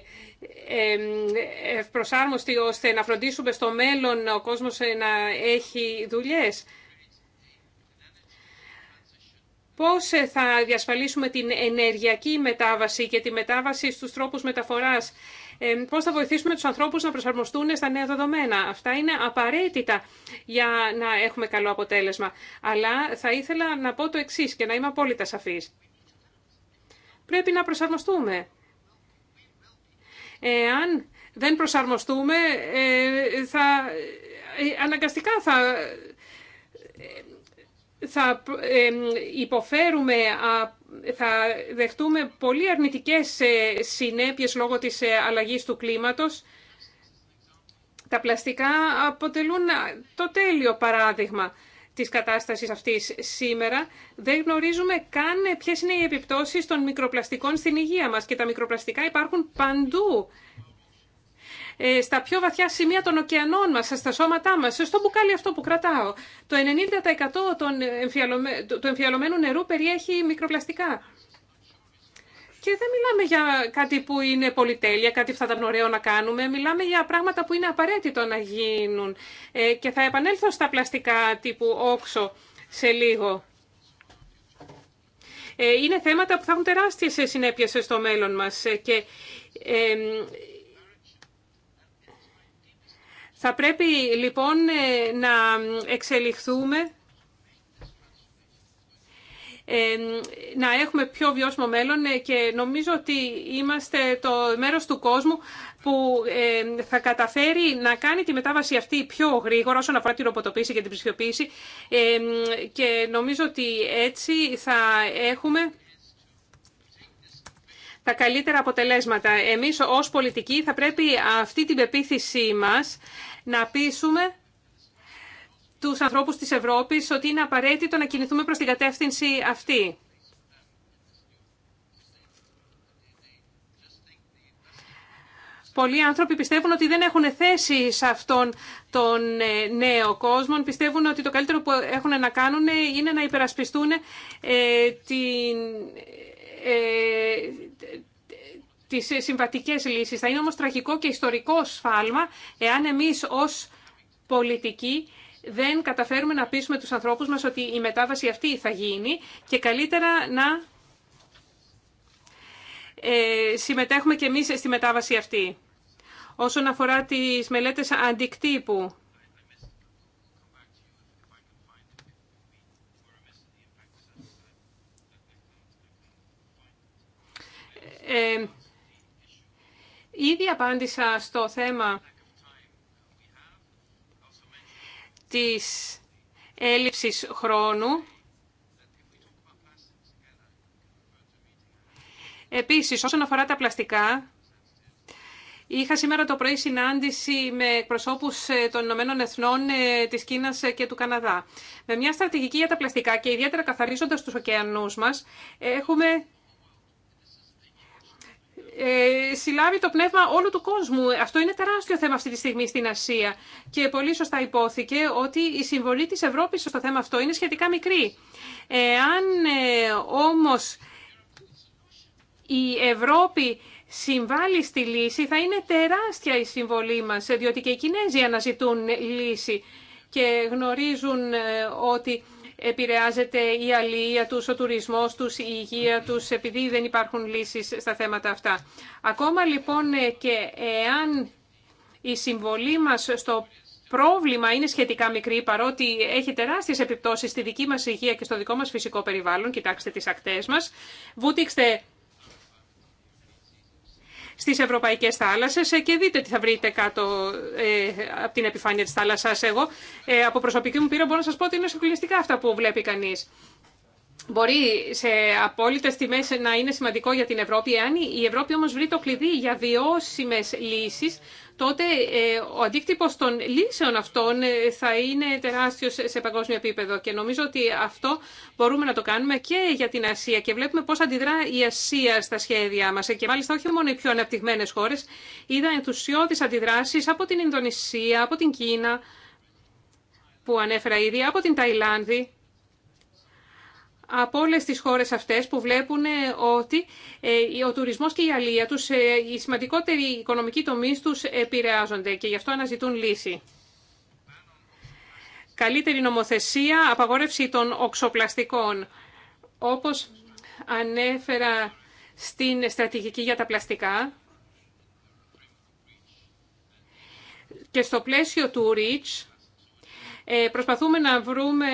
ευπροσάρμοστοι ώστε να φροντίσουμε στο μέλλον ο κόσμος να έχει δουλειές πώς ε, θα διασφαλίσουμε την ενεργειακή μετάβαση και τη μετάβαση στους τρόπους μεταφοράς, ε, πώς θα βοηθήσουμε τους ανθρώπους να προσαρμοστούν στα νέα δεδομένα. Αυτά είναι απαραίτητα για να έχουμε καλό αποτέλεσμα. Αλλά θα ήθελα να πω το εξή και να είμαι απόλυτα σαφής. Πρέπει να προσαρμοστούμε. Εάν δεν προσαρμοστούμε, ε, θα αναγκαστικά θα θα υποφέρουμε, θα δεχτούμε πολύ αρνητικές ε, συνέπειες λόγω της ε, αλλαγής του κλίματος. Τα πλαστικά αποτελούν το τέλειο παράδειγμα της κατάστασης αυτής σήμερα. Δεν γνωρίζουμε καν ε, ποιες είναι οι επιπτώσεις των μικροπλαστικών στην υγεία μας και τα μικροπλαστικά υπάρχουν παντού ε, στα πιο βαθιά σημεία των ωκεανών μας, στα σώματά μας, στο μπουκάλι αυτό που κρατάω. Το 90% του εμφιαλωμένου νερού περιέχει μικροπλαστικά. Και δεν μιλάμε για κάτι που είναι πολυτέλεια, κάτι που θα ήταν ωραίο να κάνουμε. Μιλάμε για πράγματα που είναι απαραίτητο να γίνουν. Ε, και θα επανέλθω στα πλαστικά τύπου όξο σε λίγο. Ε, είναι θέματα που θα έχουν τεράστιες συνέπειες στο μέλλον μας. Ε, και ε, θα πρέπει λοιπόν ε, να εξελιχθούμε ε, να έχουμε πιο βιώσιμο μέλλον ε, και νομίζω ότι είμαστε το μέρος του κόσμου που θα καταφέρει να κάνει τη μετάβαση αυτή πιο γρήγορα όσον αφορά την ροποτοποίηση και την ψηφιοποίηση και νομίζω ότι έτσι θα έχουμε τα καλύτερα αποτελέσματα. Εμείς ως πολιτικοί θα πρέπει αυτή την πεποίθησή μας να πείσουμε τους ανθρώπους της Ευρώπης ότι είναι απαραίτητο να κινηθούμε προς την κατεύθυνση αυτή. Πολλοί άνθρωποι πιστεύουν ότι δεν έχουν θέση σε αυτόν τον ε, νέο κόσμο. Πιστεύουν ότι το καλύτερο που έχουν να κάνουν είναι να υπερασπιστούν ε, την, ε, τις ε, συμβατικέ λύσει. Θα είναι όμως τραγικό και ιστορικό σφάλμα εάν εμεί ω πολιτικοί δεν καταφέρουμε να πείσουμε τους ανθρώπους μας ότι η μετάβαση αυτή θα γίνει και καλύτερα να ε, συμμετέχουμε και εμείς στη μετάβαση αυτή. Όσον αφορά τις μελέτες αντικτύπου, ε, Ήδη απάντησα στο θέμα της έλλειψης χρόνου. Επίσης, όσον αφορά τα πλαστικά, είχα σήμερα το πρωί συνάντηση με προσώπους ε, των Ηνωμένων Εθνών ε, της Κίνας ε, και του Καναδά. Με μια στρατηγική για τα πλαστικά και ιδιαίτερα καθαρίζοντας τους ωκεανούς μας, έχουμε ε, συλλάβει το πνεύμα όλου του κόσμου. Αυτό είναι τεράστιο θέμα αυτή τη στιγμή στην Ασία. Και πολύ σωστά υπόθηκε ότι η συμβολή της Ευρώπης στο θέμα αυτό είναι σχετικά μικρή. Εάν ε, όμως η Ευρώπη συμβάλλει στη λύση, θα είναι τεράστια η συμβολή μας, διότι και οι Κινέζοι αναζητούν λύση και γνωρίζουν ε, ότι επηρεάζεται η αλληλεία τους, ο τουρισμός τους, η υγεία τους, επειδή δεν υπάρχουν λύσεις στα θέματα αυτά. Ακόμα λοιπόν ε, και εάν η συμβολή μας στο πρόβλημα είναι σχετικά μικρή, παρότι έχει τεράστιες επιπτώσεις στη δική μας υγεία και στο δικό μας φυσικό περιβάλλον, κοιτάξτε τις ακτές μας, βούτυξτε στις ευρωπαϊκές θάλασσες ε, και δείτε τι θα βρείτε κάτω ε, από την επιφάνεια της θάλασσας εγώ. Ε, από προσωπική μου πείρα μπορώ να σας πω ότι είναι συγκλονιστικά αυτά που βλέπει κανείς μπορεί σε απόλυτε τιμέ να είναι σημαντικό για την Ευρώπη. Εάν η Ευρώπη όμω βρει το κλειδί για βιώσιμε λύσει, τότε ε, ο αντίκτυπο των λύσεων αυτών ε, θα είναι τεράστιο σε παγκόσμιο επίπεδο. Και νομίζω ότι αυτό μπορούμε να το κάνουμε και για την Ασία. Και βλέπουμε πώ αντιδρά η Ασία στα σχέδια μα Και μάλιστα όχι μόνο οι πιο αναπτυγμένε χώρε. Είδα ενθουσιώδει αντιδράσει από την Ινδονησία, από την Κίνα, που ανέφερα ήδη, από την Ταϊλάνδη από όλε τι χώρες αυτές που βλέπουν ε, ότι ε, ο τουρισμός και η αλεία τους, ε, οι σημαντικότεροι οικονομικοί τομεί τους επηρεάζονται και γι' αυτό αναζητούν λύση. Καλύτερη νομοθεσία, απαγόρευση των οξοπλαστικών. Όπως ανέφερα στην στρατηγική για τα πλαστικά και στο πλαίσιο του REACH, ε, προσπαθούμε να βρούμε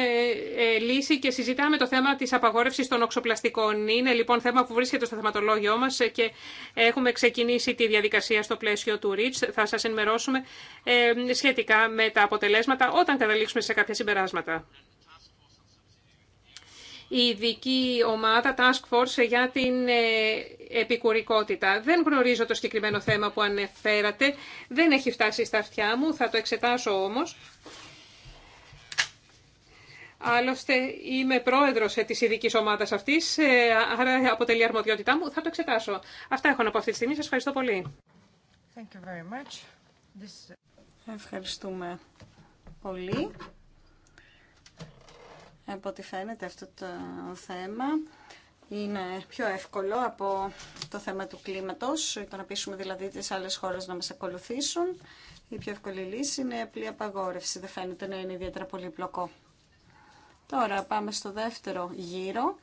ε, λύση και συζητάμε το θέμα της απαγόρευσης των οξοπλαστικών. Είναι λοιπόν θέμα που βρίσκεται στο θεματολόγιο μας και έχουμε ξεκινήσει τη διαδικασία στο πλαίσιο του REACH. Θα σας ενημερώσουμε ε, σχετικά με τα αποτελέσματα όταν καταλήξουμε σε κάποια συμπεράσματα. Η ειδική ομάδα Task Force για την επικουρικότητα. Δεν γνωρίζω το συγκεκριμένο θέμα που ανεφέρατε. Δεν έχει φτάσει στα αυτιά μου. Θα το εξετάσω όμως. Άλλωστε είμαι πρόεδρος ε, της ειδικής ομάδας αυτής, ε, άρα αποτελεί αρμοδιότητά μου. Θα το εξετάσω. Αυτά έχω να πω αυτή τη στιγμή. Σας ευχαριστώ πολύ. Thank you very much. This... Ευχαριστούμε πολύ. Από ό,τι φαίνεται αυτό το θέμα είναι πιο εύκολο από το θέμα του κλίματος, το να πείσουμε δηλαδή τις άλλες χώρες να μας ακολουθήσουν. Η πιο εύκολη λύση είναι απλή απαγόρευση, δεν φαίνεται να είναι ιδιαίτερα πολύπλοκο. Τώρα πάμε στο δεύτερο γύρο.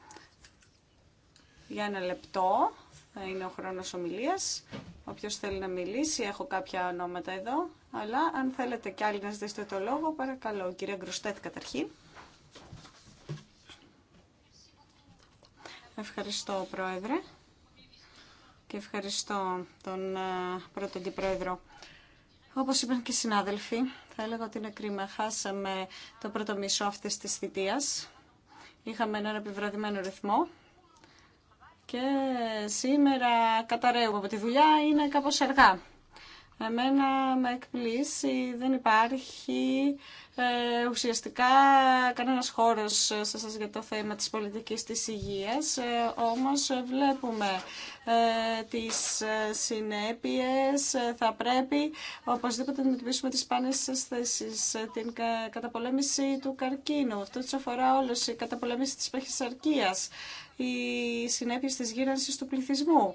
Για ένα λεπτό θα είναι ο χρόνος ομιλίας. Όποιος θέλει να μιλήσει, έχω κάποια ονόματα εδώ. Αλλά αν θέλετε κι άλλοι να ζητήσετε το λόγο, παρακαλώ. Κυρία Γκρουστέτ, καταρχήν. Ευχαριστώ, Πρόεδρε. Και ευχαριστώ τον ε, πρώτο αντιπρόεδρο. Όπως είπαν και οι συνάδελφοι, θα έλεγα ότι είναι κρίμα. Χάσαμε το πρώτο μισό αυτή τη θητεία. Είχαμε έναν επιβραδυμένο ρυθμό. Και σήμερα καταραίουμε από τη δουλειά, είναι κάπως αργά. Εμένα με εκπλήσει, δεν υπάρχει ε, ουσιαστικά κανένας χώρος σε σας για το θέμα της πολιτικής της υγείας, ε, όμως βλέπουμε ε, τις ε, συνέπειες, ε, θα πρέπει οπωσδήποτε να αντιμετωπίσουμε τις πάνες θέσεις, την καταπολέμηση του καρκίνου, αυτό της αφορά όλους, η καταπολέμηση της παχυσαρκίας, οι συνέπειες της γύρανσης του πληθυσμού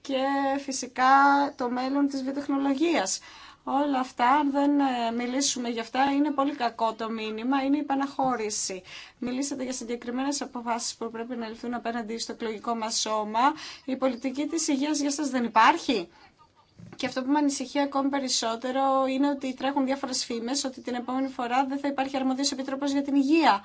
και φυσικά το μέλλον της βιοτεχνολογίας. Όλα αυτά, αν δεν ε, μιλήσουμε για αυτά, είναι πολύ κακό το μήνυμα, είναι η παναχώρηση. Μιλήσατε για συγκεκριμένες αποφάσεις που πρέπει να ληφθούν απέναντι στο εκλογικό μας σώμα. Η πολιτική της υγείας για σας δεν υπάρχει. Και αυτό που με ανησυχεί ακόμη περισσότερο είναι ότι τρέχουν διάφορες φήμες ότι την επόμενη φορά δεν θα υπάρχει αρμοδίος επιτρόπος για την υγεία.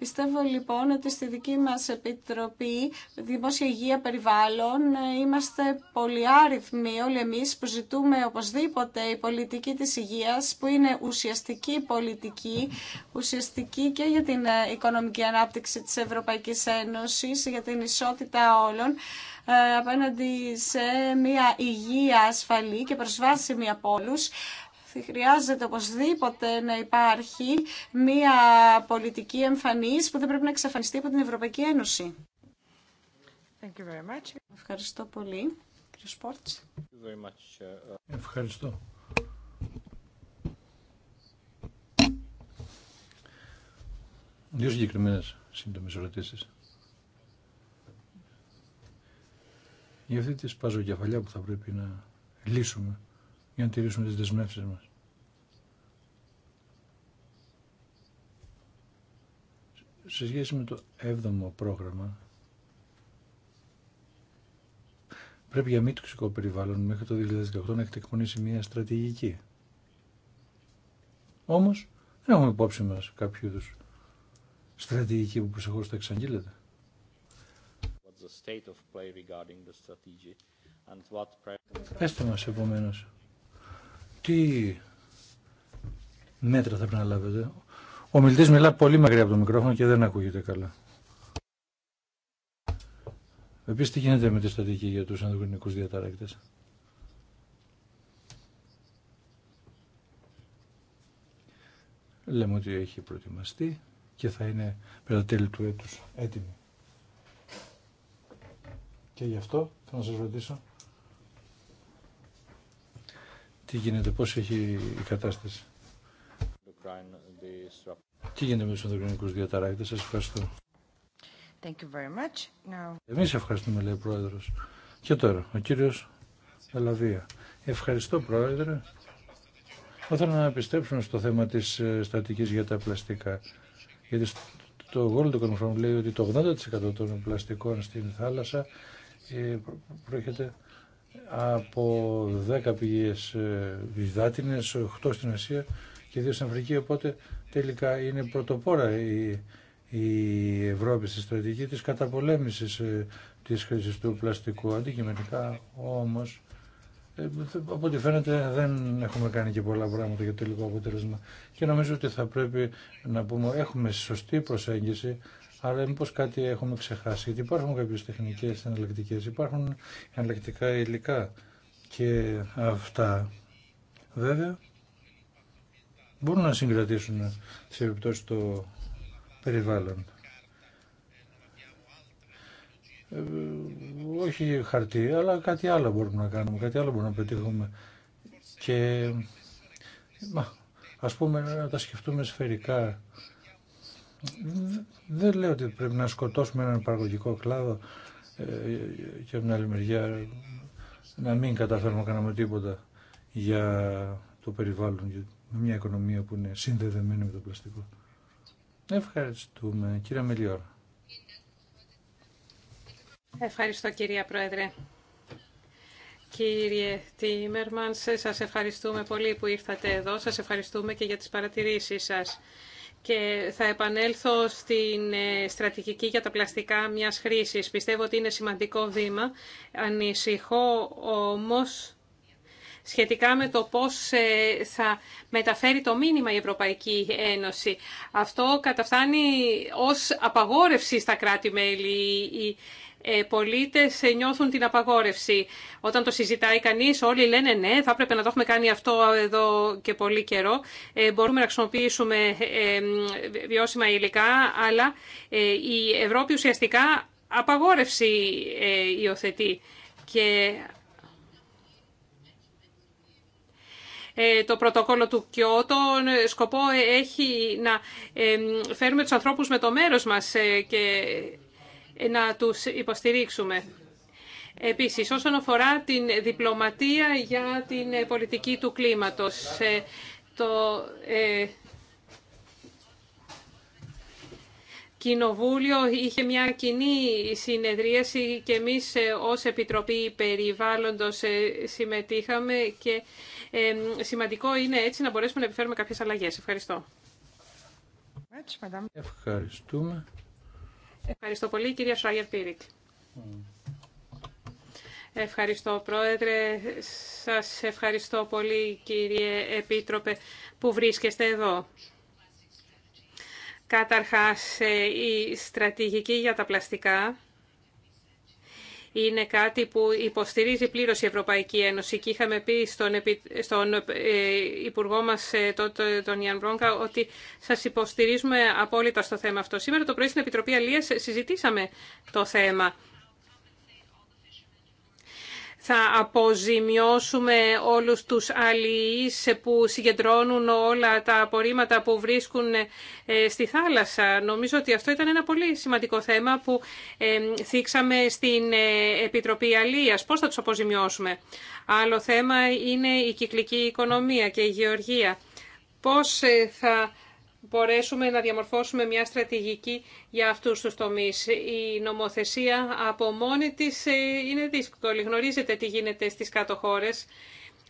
Πιστεύω λοιπόν ότι στη δική μας Επιτροπή Δημόσια Υγεία Περιβάλλον είμαστε πολύ άριθμοι όλοι εμείς που ζητούμε οπωσδήποτε η πολιτική της υγείας που είναι ουσιαστική πολιτική, ουσιαστική και για την ε, οικονομική ανάπτυξη της Ευρωπαϊκής Ένωσης, για την ισότητα όλων ε, απέναντι σε μια υγεία ασφαλή και προσβάσιμη από όλους χρειάζεται οπωσδήποτε να υπάρχει μια πολιτική εμφανής που δεν πρέπει να εξαφανιστεί από την Ευρωπαϊκή Ένωση. Thank you very much. Ευχαριστώ πολύ. Ευχαριστώ. Δύο συγκεκριμένε σύντομε ερωτήσει. Για αυτή τη κεφαλιά που θα πρέπει να λύσουμε για να τηρήσουμε τις δεσμεύσεις μας. Σε σχέση με το 7ο πρόγραμμα, πρέπει για μη τοξικό περιβάλλον μέχρι το 2018 να έχετε μια στρατηγική. Όμως, δεν έχουμε υπόψη μας κάποιο είδους στρατηγική που προσεχώς θα εξαγγείλεται. Πέστε μας επομένως τι μέτρα θα πρέπει να λάβετε. Ο μιλητής μιλά πολύ μακριά από το μικρόφωνο και δεν ακούγεται καλά. Επίση τι γίνεται με τη στατική για τους ανδρογενικού διαταράκτε. Λέμε ότι έχει προετοιμαστεί και θα είναι τα τέλη του έτους έτοιμη. Και γι' αυτό θα να σας ρωτήσω τι γίνεται, πώς έχει η κατάσταση. Τι γίνεται με τους ενδοκρινικούς διαταράκτες, σας ευχαριστώ. Thank you very much. Now... Εμείς ευχαριστούμε, λέει ο Πρόεδρος. Και τώρα, ο κύριος Αλαβία. Ευχαριστώ, Πρόεδρε. Θέλω να επιστρέψουμε στο θέμα της ε, στατικής για τα πλαστικά, γιατί το World Economic λέει ότι το 80% των πλαστικών στην θάλασσα ε, προέρχεται από 10 πηγές ε, βιδάτινε, 8 στην Ασία και 2 στην Αφρική, οπότε τελικά είναι πρωτοπόρα η, η Ευρώπη στη στρατηγική της καταπολέμησης ε, της χρήσης του πλαστικού. Αντικειμενικά όμως, ε, από ό,τι φαίνεται δεν έχουμε κάνει και πολλά πράγματα για το τελικό αποτέλεσμα. Και νομίζω ότι θα πρέπει να πούμε έχουμε σωστή προσέγγιση Άρα μήπω κάτι έχουμε ξεχάσει, γιατί υπάρχουν κάποιε τεχνικέ εναλλακτικέ, υπάρχουν εναλλακτικά υλικά και αυτά βέβαια μπορούν να συγκρατήσουν σε επιπτώσει το περιβάλλον. Ε, όχι χαρτί, αλλά κάτι άλλο μπορούμε να κάνουμε, κάτι άλλο μπορούμε να πετύχουμε. Και ας πούμε να τα σκεφτούμε σφαιρικά δεν λέω ότι πρέπει να σκοτώσουμε έναν παραγωγικό κλάδο ε, και από την άλλη μεριά να μην καταφέρουμε να κάνουμε τίποτα για το περιβάλλον, για μια οικονομία που είναι συνδεδεμένη με το πλαστικό. Ευχαριστούμε. Κύριε Μελιόρα. Ευχαριστώ κυρία Πρόεδρε. Κύριε Τίμερμαν, σας ευχαριστούμε πολύ που ήρθατε εδώ. Σας ευχαριστούμε και για τις παρατηρήσεις σας και θα επανέλθω στην ε, στρατηγική για τα πλαστικά μιας χρήσης. Πιστεύω ότι είναι σημαντικό βήμα. Ανησυχώ όμως σχετικά με το πώς ε, θα μεταφέρει το μήνυμα η Ευρωπαϊκή Ένωση. Αυτό καταφτάνει ως απαγόρευση στα κράτη-μέλη. Η ε, πολίτες ε, νιώθουν την απαγόρευση. Όταν το συζητάει κανείς όλοι λένε ναι, θα πρέπει να το έχουμε κάνει αυτό εδώ και πολύ καιρό. Ε, μπορούμε να χρησιμοποιήσουμε βιώσιμα υλικά, αλλά η Ευρώπη ουσιαστικά απαγόρευση υιοθετεί. Και το πρωτόκολλο του Κιώτο σκοπό έχει να φέρουμε τους ανθρώπους με το μέρος μας και να τους υποστηρίξουμε. Επίσης, όσον αφορά την διπλωματία για την ε, πολιτική του κλίματος, ε, το ε, Κοινοβούλιο είχε μια κοινή συνεδρίαση και εμείς ως Επιτροπή Περιβάλλοντος συμμετείχαμε και σημαντικό είναι έτσι να μπορέσουμε να επιφέρουμε κάποιες αλλαγές. Ευχαριστώ. Ευχαριστούμε. Ευχαριστώ πολύ, κυρία Σράγερ Πίρικ. Ευχαριστώ, Πρόεδρε. Σας ευχαριστώ πολύ, κύριε Επίτροπε, που βρίσκεστε εδώ. Καταρχάς, ε, η στρατηγική για τα πλαστικά είναι κάτι που υποστηρίζει πλήρως η Ευρωπαϊκή Ένωση και είχαμε πει στον, στον ε, Υπουργό μας ε, τον Ιαν Μπρόγκα, ότι σα υποστηρίζουμε απόλυτα στο θέμα αυτό. Σήμερα το πρωί στην Επιτροπή Αλία, συζητήσαμε το θέμα θα αποζημιώσουμε όλους τους αλληλείς που συγκεντρώνουν όλα τα απορρίμματα που βρίσκουν ε, στη θάλασσα. Νομίζω ότι αυτό ήταν ένα πολύ σημαντικό θέμα που ε, θίξαμε στην ε, Επιτροπή Αλίας. Πώς θα τους αποζημιώσουμε. Άλλο θέμα είναι η κυκλική οικονομία και η γεωργία. Πώς θα μπορέσουμε να διαμορφώσουμε μια στρατηγική για αυτούς τους τομείς. Η νομοθεσία από μόνη της ε, είναι δύσκολη. Γνωρίζετε τι γίνεται στις κάτω χώρες.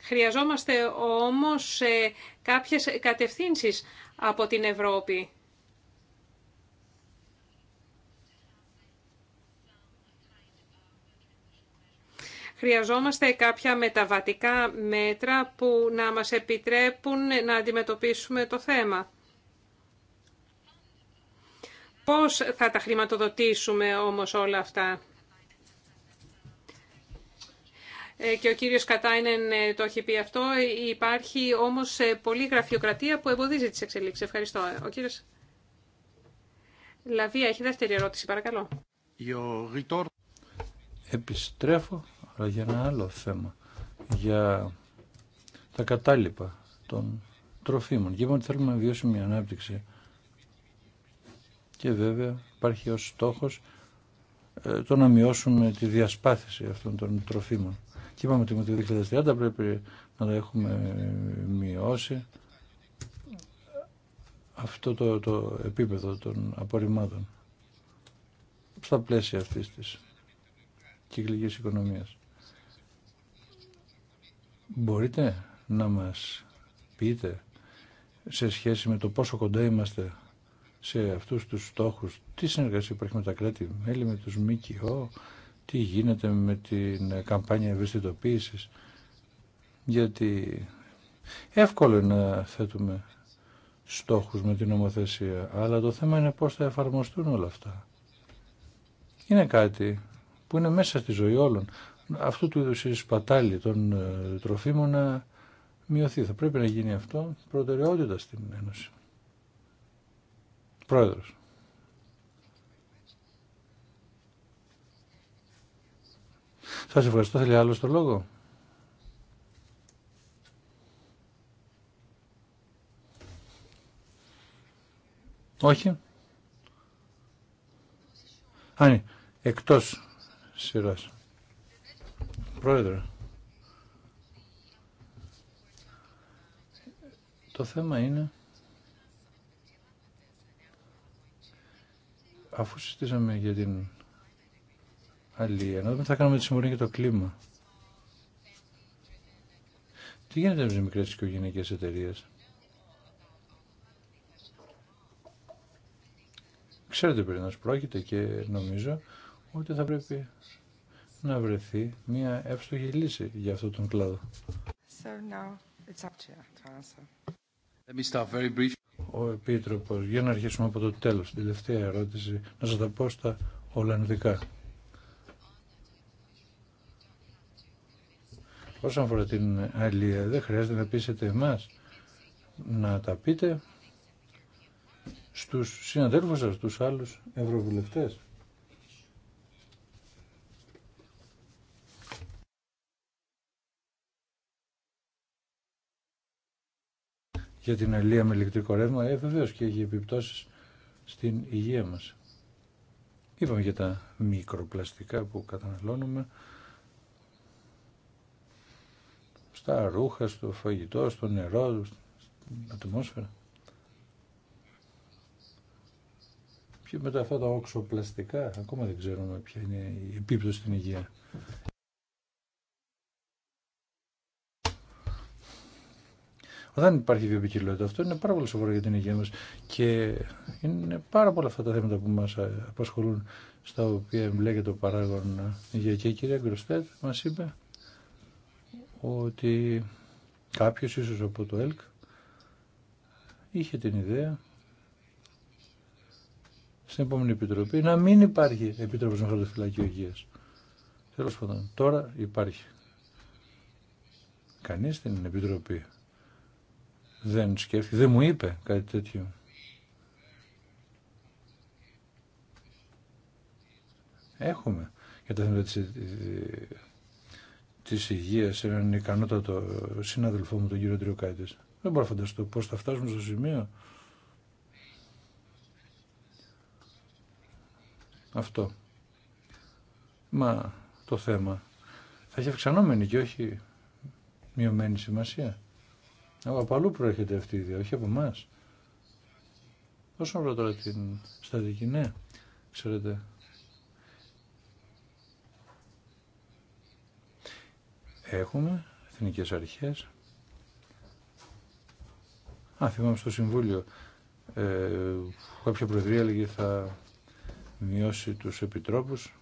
Χρειαζόμαστε όμως ε, κάποιες κατευθύνσεις από την Ευρώπη. Χρειαζόμαστε κάποια μεταβατικά μέτρα που να μας επιτρέπουν να αντιμετωπίσουμε το θέμα. Πώς θα τα χρηματοδοτήσουμε όμως όλα αυτά. Ε, και ο κύριος Κατάινεν ε, το έχει πει αυτό. Ε, υπάρχει όμως πολλή γραφειοκρατία που εμποδίζει τις εξελίξεις. Ευχαριστώ. Ο κύριος Λαβία έχει δεύτερη ερώτηση, παρακαλώ. Επιστρέφω, για ένα άλλο θέμα. Για τα κατάλοιπα των τροφίμων. Γιατί θέλουμε να βιώσουμε μια ανάπτυξη και βέβαια υπάρχει ως στόχος ε, το να μειώσουμε τη διασπάθηση αυτών των τροφίμων. Και είπαμε ότι με το 2030 πρέπει να τα έχουμε μειώσει αυτό το, το επίπεδο των απορριμμάτων στα πλαίσια αυτής της κυκλικής οικονομίας. Μπορείτε να μας πείτε σε σχέση με το πόσο κοντά είμαστε σε αυτούς τους στόχους, τι συνεργασία υπάρχει με τα κράτη-μέλη, με τους ΜΚΟ, τι γίνεται με την καμπάνια ευαισθητοποίησης, γιατί εύκολο είναι να θέτουμε στόχους με την νομοθεσία, αλλά το θέμα είναι πώς θα εφαρμοστούν όλα αυτά. Είναι κάτι που είναι μέσα στη ζωή όλων. Αυτού του είδους η σπατάλη των ε, τροφίμων να μειωθεί. Θα πρέπει να γίνει αυτό προτεραιότητα στην Ένωση. Πρόεδρος. Σας ευχαριστώ. Θέλει άλλο το λόγο. Όχι. Άνι, εκτός σειράς. Πρόεδρε. Το θέμα είναι αφού συζητήσαμε για την αλληλεία, να δούμε τι θα κάνουμε τη συμφωνία για το κλίμα. Τι γίνεται με τις μικρές οικογενειακέ εταιρείε. Ξέρετε πριν να πρόκειται και νομίζω ότι θα πρέπει να βρεθεί μια εύστοχη λύση για αυτόν τον κλάδο. So now it's up ο Επίτροπος. Για να αρχίσουμε από το τέλος, την τελευταία ερώτηση, να σας τα πω στα Ολλανδικά. Όσον αφορά την αλληλεία, δεν χρειάζεται να πείσετε εμάς να τα πείτε στους συναδέλφους σας, τους άλλους ευρωβουλευτές. για την αλία με ηλεκτρικό ρεύμα, ε, βεβαίω και έχει επιπτώσει στην υγεία μας. Είπαμε για τα μικροπλαστικά που καταναλώνουμε στα ρούχα, στο φαγητό, στο νερό, στην ατμόσφαιρα. Και μετά αυτά τα όξοπλαστικά, ακόμα δεν ξέρουμε ποια είναι η επίπτωση στην υγεία. Δεν υπάρχει βιοπικιλότητα, αυτό είναι πάρα πολύ σοβαρό για την υγεία μα και είναι πάρα πολλά αυτά τα θέματα που μα απασχολούν, στα οποία εμπλέκεται ο παράγον υγεία. Και η κυρία Γκροστέτ μα είπε ότι κάποιο ίσω από το ΕΛΚ είχε την ιδέα στην επόμενη επιτροπή να μην υπάρχει επιτροπή με χαρτοφυλακή υγεία. Τέλο πάντων, τώρα υπάρχει. Κανεί στην επιτροπή δεν σκέφτηκε, δεν μου είπε κάτι τέτοιο. Έχουμε για τα θέματα της, υγεία υγείας έναν ικανότατο συνάδελφό μου τον κύριο Τριοκάτης. Δεν μπορώ να φανταστώ πώς θα φτάσουμε στο σημείο. Αυτό. Μα το θέμα θα έχει αυξανόμενη και όχι μειωμένη σημασία. Από αλλού προέρχεται αυτή η ιδέα, όχι από εμά. Όσον αφορά τώρα την στατική, ναι, ξέρετε. Έχουμε εθνικές αρχές. Α, θυμάμαι στο Συμβούλιο. Ε, κάποια προεδρία έλεγε θα μειώσει τους επιτρόπους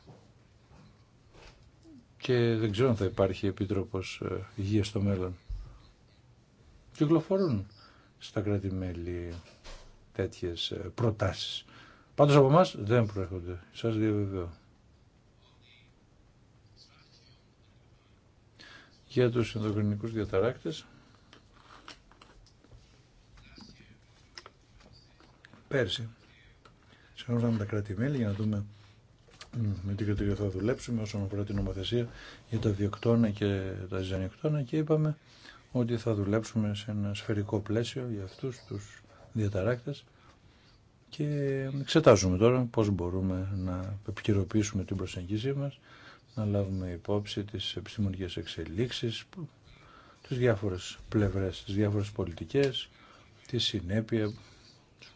και δεν ξέρω αν θα υπάρχει επιτρόπος ε, υγείας στο μέλλον κυκλοφορούν στα κράτη-μέλη τέτοιες ε, προτάσεις. Πάντως από εμά δεν προέρχονται. Σας διαβεβαιώ. Για τους ενδοκρινικού διαταράκτες πέρσι συγχωρούσαμε τα κράτη-μέλη για να δούμε με τι κριτήριο θα δουλέψουμε όσον αφορά την νομοθεσία για τα βιοκτώνα και τα ζυζανιοκτώνα και είπαμε ότι θα δουλέψουμε σε ένα σφαιρικό πλαίσιο για αυτούς τους διαταράκτες και εξετάζουμε τώρα πώς μπορούμε να επικαιροποιήσουμε την προσεγγίση μας, να λάβουμε υπόψη τις επιστημονικές εξελίξεις, τις διάφορες πλευρές, τις διάφορες πολιτικές, τη συνέπεια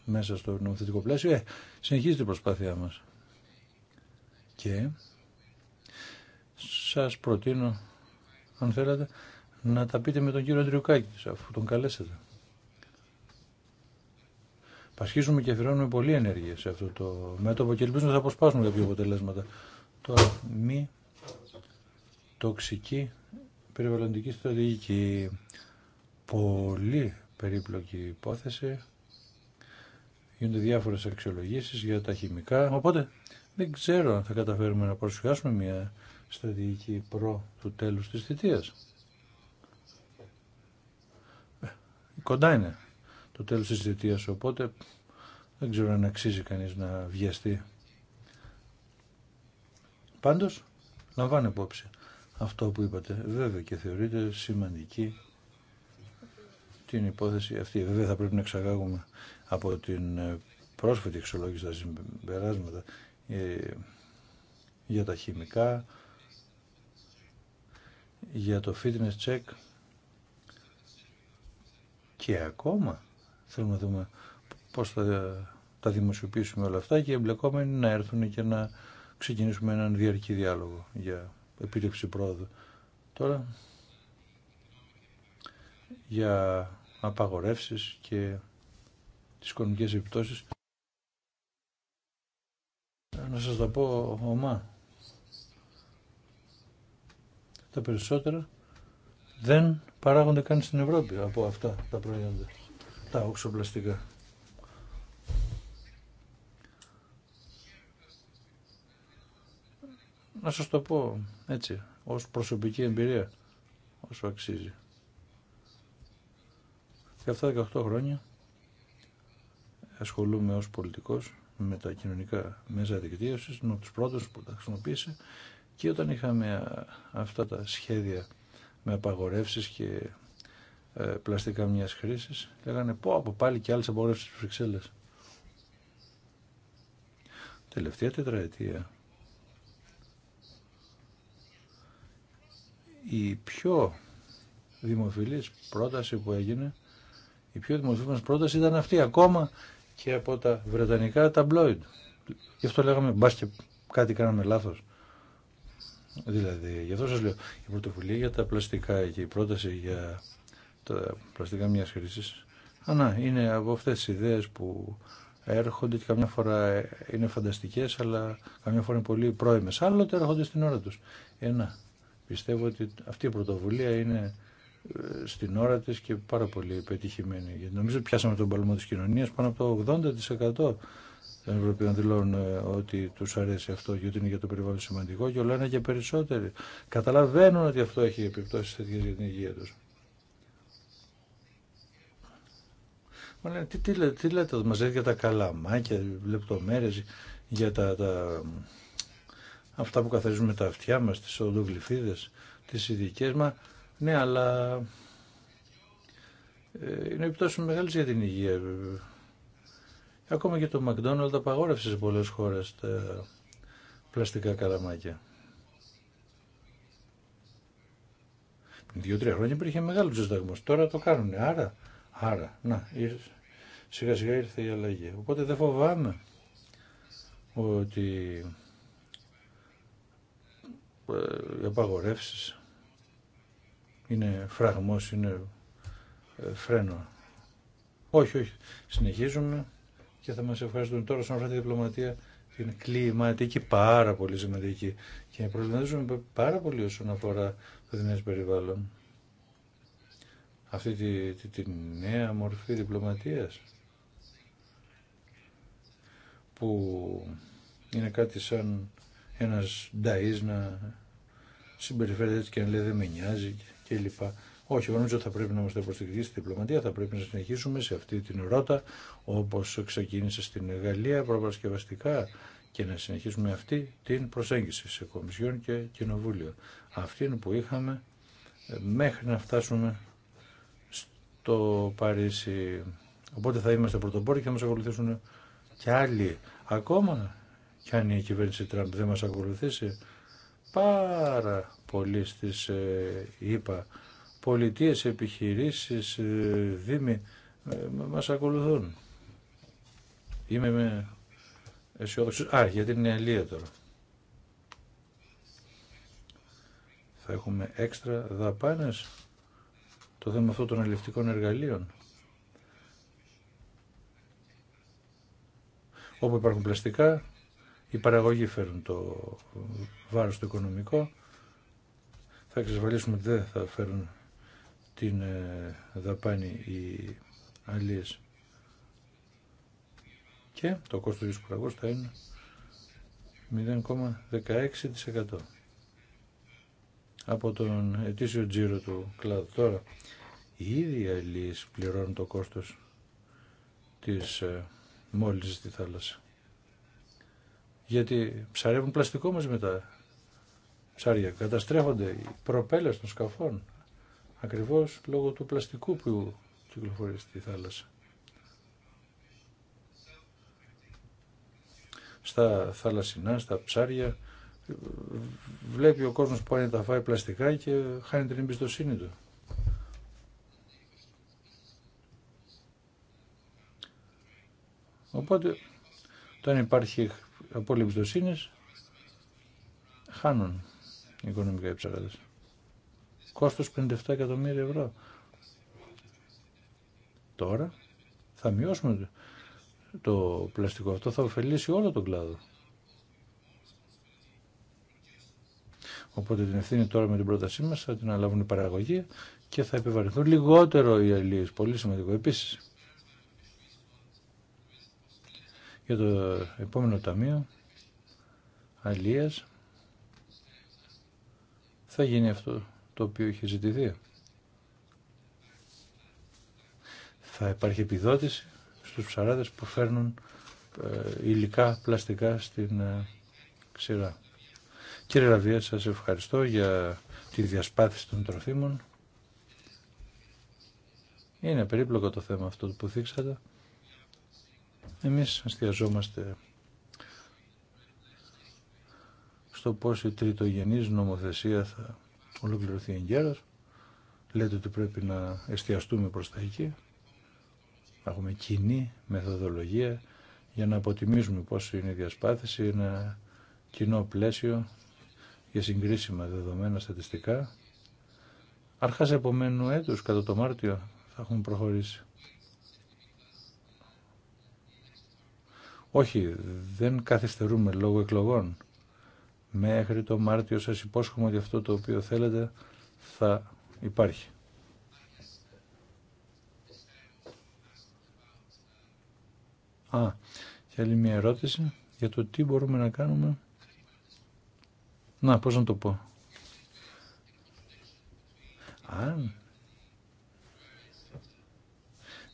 μέσα στο νομοθετικό πλαίσιο. Ε, συνεχίζει την προσπάθειά μας. Και σας προτείνω, αν θέλετε, να τα πείτε με τον κύριο Αντριουκάκη, αφού τον καλέσατε. Πασχίζουμε και αφιερώνουμε πολλή ενέργεια σε αυτό το μέτωπο και ελπίζουμε να θα αποσπάσουμε κάποια αποτελέσματα. Το μη τοξική περιβαλλοντική στρατηγική. Πολύ περίπλοκη υπόθεση. Γίνονται διάφορε αξιολογήσει για τα χημικά. Οπότε δεν ξέρω αν θα καταφέρουμε να παρουσιάσουμε μια στρατηγική προ του τέλου τη θητείας. κοντά είναι το τέλος της διετίας οπότε δεν ξέρω αν αξίζει κανείς να βιαστεί. Πάντως, λαμβάνω υπόψη αυτό που είπατε. Βέβαια και θεωρείται σημαντική την υπόθεση αυτή. Βέβαια θα πρέπει να εξαγάγουμε από την ε, πρόσφατη εξολόγηση τα συμπεράσματα ε, για τα χημικά, για το fitness check και ακόμα θέλουμε να δούμε πώς θα ε, τα δημοσιοποιήσουμε όλα αυτά και οι εμπλεκόμενοι να έρθουν και να ξεκινήσουμε έναν διαρκή διάλογο για επίτευξη πρόοδου. Τώρα για απαγορεύσεις και τις οικονομικές επιπτώσεις. Να σας τα πω ομά. Τα περισσότερα δεν παράγονται καν στην Ευρώπη από αυτά τα προϊόντα, τα οξοπλαστικά. Να σας το πω έτσι, ως προσωπική εμπειρία, όσο αξίζει. Και αυτά 18 χρόνια ασχολούμαι ως πολιτικός με τα κοινωνικά μέσα δικτύωσης, με τους πρώτους που τα χρησιμοποίησε και όταν είχαμε αυτά τα σχέδια με απαγορεύσεις και ε, πλαστικά μια χρήση Λέγανε πω από πάλι και άλλες απαγορεύσεις στις Βρυξέλλες. Τελευταία τετραετία. Η πιο δημοφιλής πρόταση που έγινε, η πιο δημοφιλής πρόταση ήταν αυτή ακόμα και από τα βρετανικά ταμπλόιντ. Γι' αυτό λέγαμε μπας και κάτι κάναμε λάθος. Δηλαδή, γι' αυτό σα λέω, η πρωτοβουλία για τα πλαστικά και η πρόταση για τα πλαστικά μια χρήση είναι από αυτές τι ιδέες που έρχονται και καμιά φορά είναι φανταστικές, αλλά καμιά φορά είναι πολύ πρόημε. Άλλοτε έρχονται στην ώρα τους. Ένα, ε, πιστεύω ότι αυτή η πρωτοβουλία είναι ε, στην ώρα της και πάρα πολύ πετυχημένη. Γιατί νομίζω πιάσαμε τον παλμό της κοινωνίας πάνω από το 80% των Ευρωπαίων δηλώνουν ε, ότι του αρέσει αυτό γιατί είναι για το περιβάλλον σημαντικό και όλα είναι και περισσότεροι. Καταλαβαίνουν ότι αυτό έχει επιπτώσει θετικέ για την υγεία του. Μα λένε, τι, τι, λέτε, τι λέτε λέτε για τα καλαμάκια, λεπτομέρειε για τα, τα, αυτά που καθαρίζουμε τα αυτιά μα τι οδογλυφίδες, τις ειδικέ μα. Ναι, αλλά ε, είναι επιπτώσεις μεγάλες για την υγεία. Ακόμα και το McDonald's απαγόρευσε σε πολλές χώρες τα πλαστικά καλαμάκια. Δύο-τρία χρόνια υπήρχε μεγάλο ζεσταγμός. Τώρα το κάνουν. Άρα, άρα, να, σιγά σιγά ήρθε η αλλαγή. Οπότε δεν φοβάμαι ότι ε, οι απαγορεύσεις είναι φραγμός, είναι ε, φρένο. Όχι, όχι. Συνεχίζουμε και θα μας ευχαριστούν τώρα σαν τη διπλωματία την κλιματική πάρα πολύ σημαντική και προβληματίζουμε πάρα πολύ όσον αφορά το δυνές περιβάλλον. Αυτή τη, τη, νέα μορφή διπλωματίας που είναι κάτι σαν ένας νταΐς να συμπεριφέρεται και να λέει δεν με νοιάζει και λοιπά. Όχι, εγώ νομίζω θα πρέπει να είμαστε προσεκτικοί στη διπλωματία, θα πρέπει να συνεχίσουμε σε αυτή την ρότα όπω ξεκίνησε στην Γαλλία προπαρασκευαστικά και να συνεχίσουμε αυτή την προσέγγιση σε Κομισιόν και Κοινοβούλιο. Αυτή που είχαμε ε, μέχρι να φτάσουμε στο Παρίσι. Οπότε θα είμαστε πρωτοπόροι και θα μας ακολουθήσουν και άλλοι. Ακόμα κι αν η κυβέρνηση Τραμπ δεν μας ακολουθήσει, πάρα πολύ στις ε, είπα πολιτείες, επιχειρήσεις, ε, δήμοι ε, μας ακολουθούν. Είμαι με αισιόδοξος. Α, για την Ελία τώρα. Θα έχουμε έξτρα δαπάνες το θέμα αυτό των αλληλευτικών εργαλείων. Όπου υπάρχουν πλαστικά, οι παραγωγοί φέρουν το βάρος του οικονομικό. Θα εξασφαλίσουμε ότι δεν θα φέρουν την ε, δαπάνη οι αλίες. Και το κόστος του κουραγός θα είναι 0,16% από τον ετήσιο τζίρο του κλάδου. Τώρα, οι ίδιοι πληρώνουν το κόστος της ε, μόλις στη θάλασσα. Γιατί ψαρεύουν πλαστικό με τα Ψάρια καταστρέφονται οι προπέλες των σκαφών. Ακριβώς λόγω του πλαστικού που κυκλοφορεί στη θάλασσα. Στα θαλασσινά, στα ψάρια, βλέπει ο κόσμος που πάει τα φάει πλαστικά και χάνει την εμπιστοσύνη του. Οπότε, όταν υπάρχει απόλυτη εμπιστοσύνη, χάνουν οι οικονομικά οι Κόστος 57 εκατομμύρια ευρώ. Τώρα θα μειώσουμε το πλαστικό. Αυτό θα ωφελήσει όλο τον κλάδο. Οπότε την ευθύνη τώρα με την πρότασή μας θα την αναλάβουν οι παραγωγοί και θα επιβαρυνθούν λιγότερο οι αλληλείς. Πολύ σημαντικό. Επίσης, για το επόμενο ταμείο αλληλείας θα γίνει αυτό το οποίο είχε ζητηθεί. Θα υπάρχει επιδότηση στους ψαράδες που φέρνουν ε, υλικά πλαστικά στην ε, ξηρά. Κύριε Ραβία, σας ευχαριστώ για τη διασπάθηση των τροφίμων. Είναι περίπλοκο το θέμα αυτό που θίξατε. Εμείς αστιαζόμαστε στο πώς η τριτογενής νομοθεσία θα ολοκληρωθεί γέρος. Λέτε ότι πρέπει να εστιαστούμε προς τα εκεί. Να έχουμε κοινή μεθοδολογία για να αποτιμήσουμε πόσο είναι η διασπάθηση, ένα κοινό πλαίσιο για συγκρίσιμα δεδομένα στατιστικά. Αρχάς επομένου έτους, κατά το Μάρτιο, θα έχουν προχωρήσει. Όχι, δεν καθυστερούμε λόγω εκλογών. Μέχρι το Μάρτιο σας υπόσχομαι ότι αυτό το οποίο θέλετε θα υπάρχει. Α, και άλλη μια ερώτηση για το τι μπορούμε να κάνουμε. Να, πώς να το πω. Αν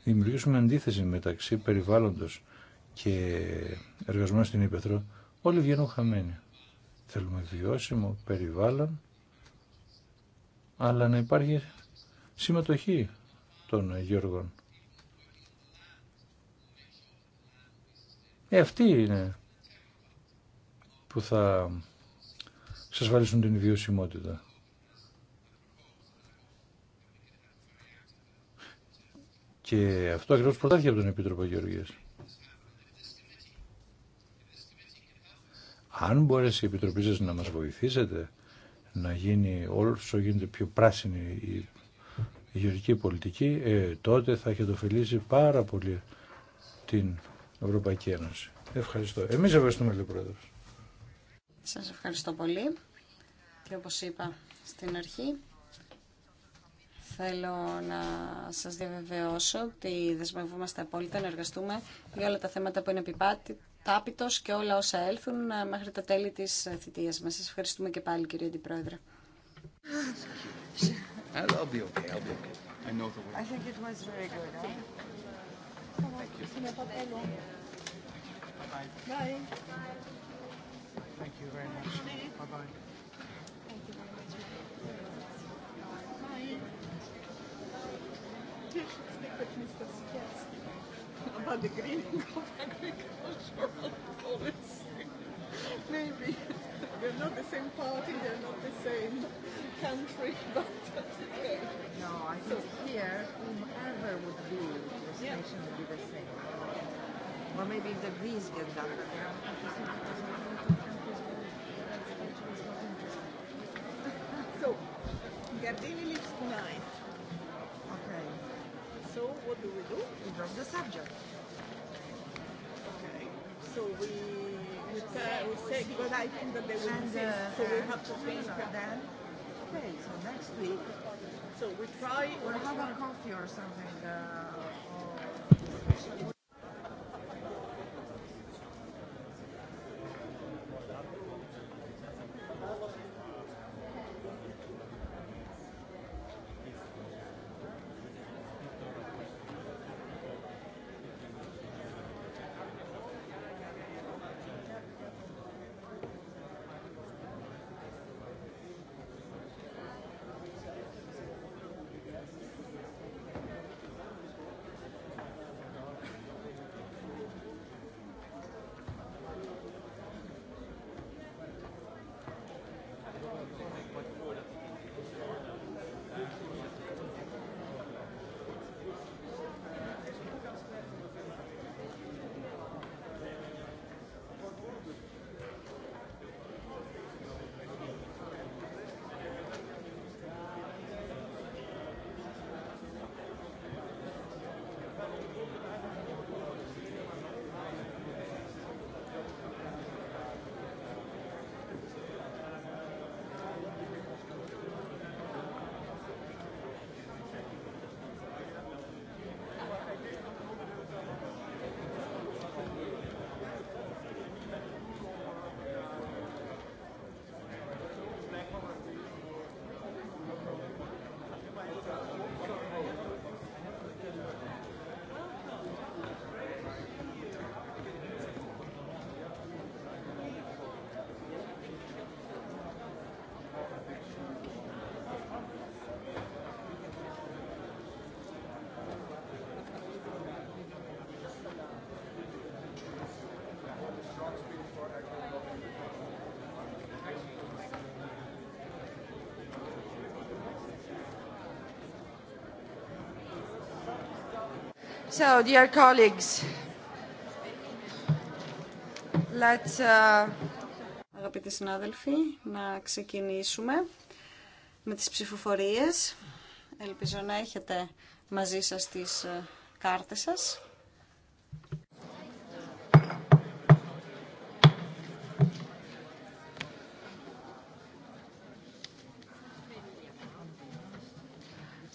δημιουργήσουμε αντίθεση μεταξύ περιβάλλοντος και εργασμένων στην Ήπεθρο, όλοι βγαίνουν χαμένοι. Θέλουμε βιώσιμο περιβάλλον, αλλά να υπάρχει συμμετοχή των Γιώργων. Ε, αυτοί είναι που θα σας εξασφαλίσουν την βιωσιμότητα. Και αυτό ακριβώς προτάθηκε από τον Επίτροπο Γεωργίας. Αν μπορέσει η Επιτροπή σας να μας βοηθήσετε να γίνει όσο γίνεται πιο πράσινη η γεωργική πολιτική, ε, τότε θα έχετε ωφελήσει πάρα πολύ την Ευρωπαϊκή Ένωση. Ευχαριστώ. Εμείς ευχαριστούμε, λέει Πρόεδρος. Σας ευχαριστώ πολύ. Και όπως είπα στην αρχή, θέλω να σας διαβεβαιώσω ότι δεσμευόμαστε απόλυτα να εργαστούμε για όλα τα θέματα που είναι επιπάτη, τάπητος και όλα όσα έλθουν ε, μέχρι τα τέλη της ε, θητείας μας. Σας ευχαριστούμε και πάλι κύριε Αντιπρόεδρε. Thank you very much. Bye-bye. about the green of agricultural policy. Maybe they're not the same party, they're not the same country, but okay. No, I think here whomever would be, the situation would be the same. Or maybe the Greens get done. so, Gardini lives tonight what do we do? We drop the subject. Okay. So we we, say, we say because I think that they will and, uh, so we have to think them. Okay, so next week. So we try. We'll have a coffee or something. Uh, or So, dear colleagues, uh, Αγαπητοί συνάδελφοι, να ξεκινήσουμε με τις ψηφοφορίες. Ελπίζω να έχετε μαζί σας τις ε, κάρτες σας.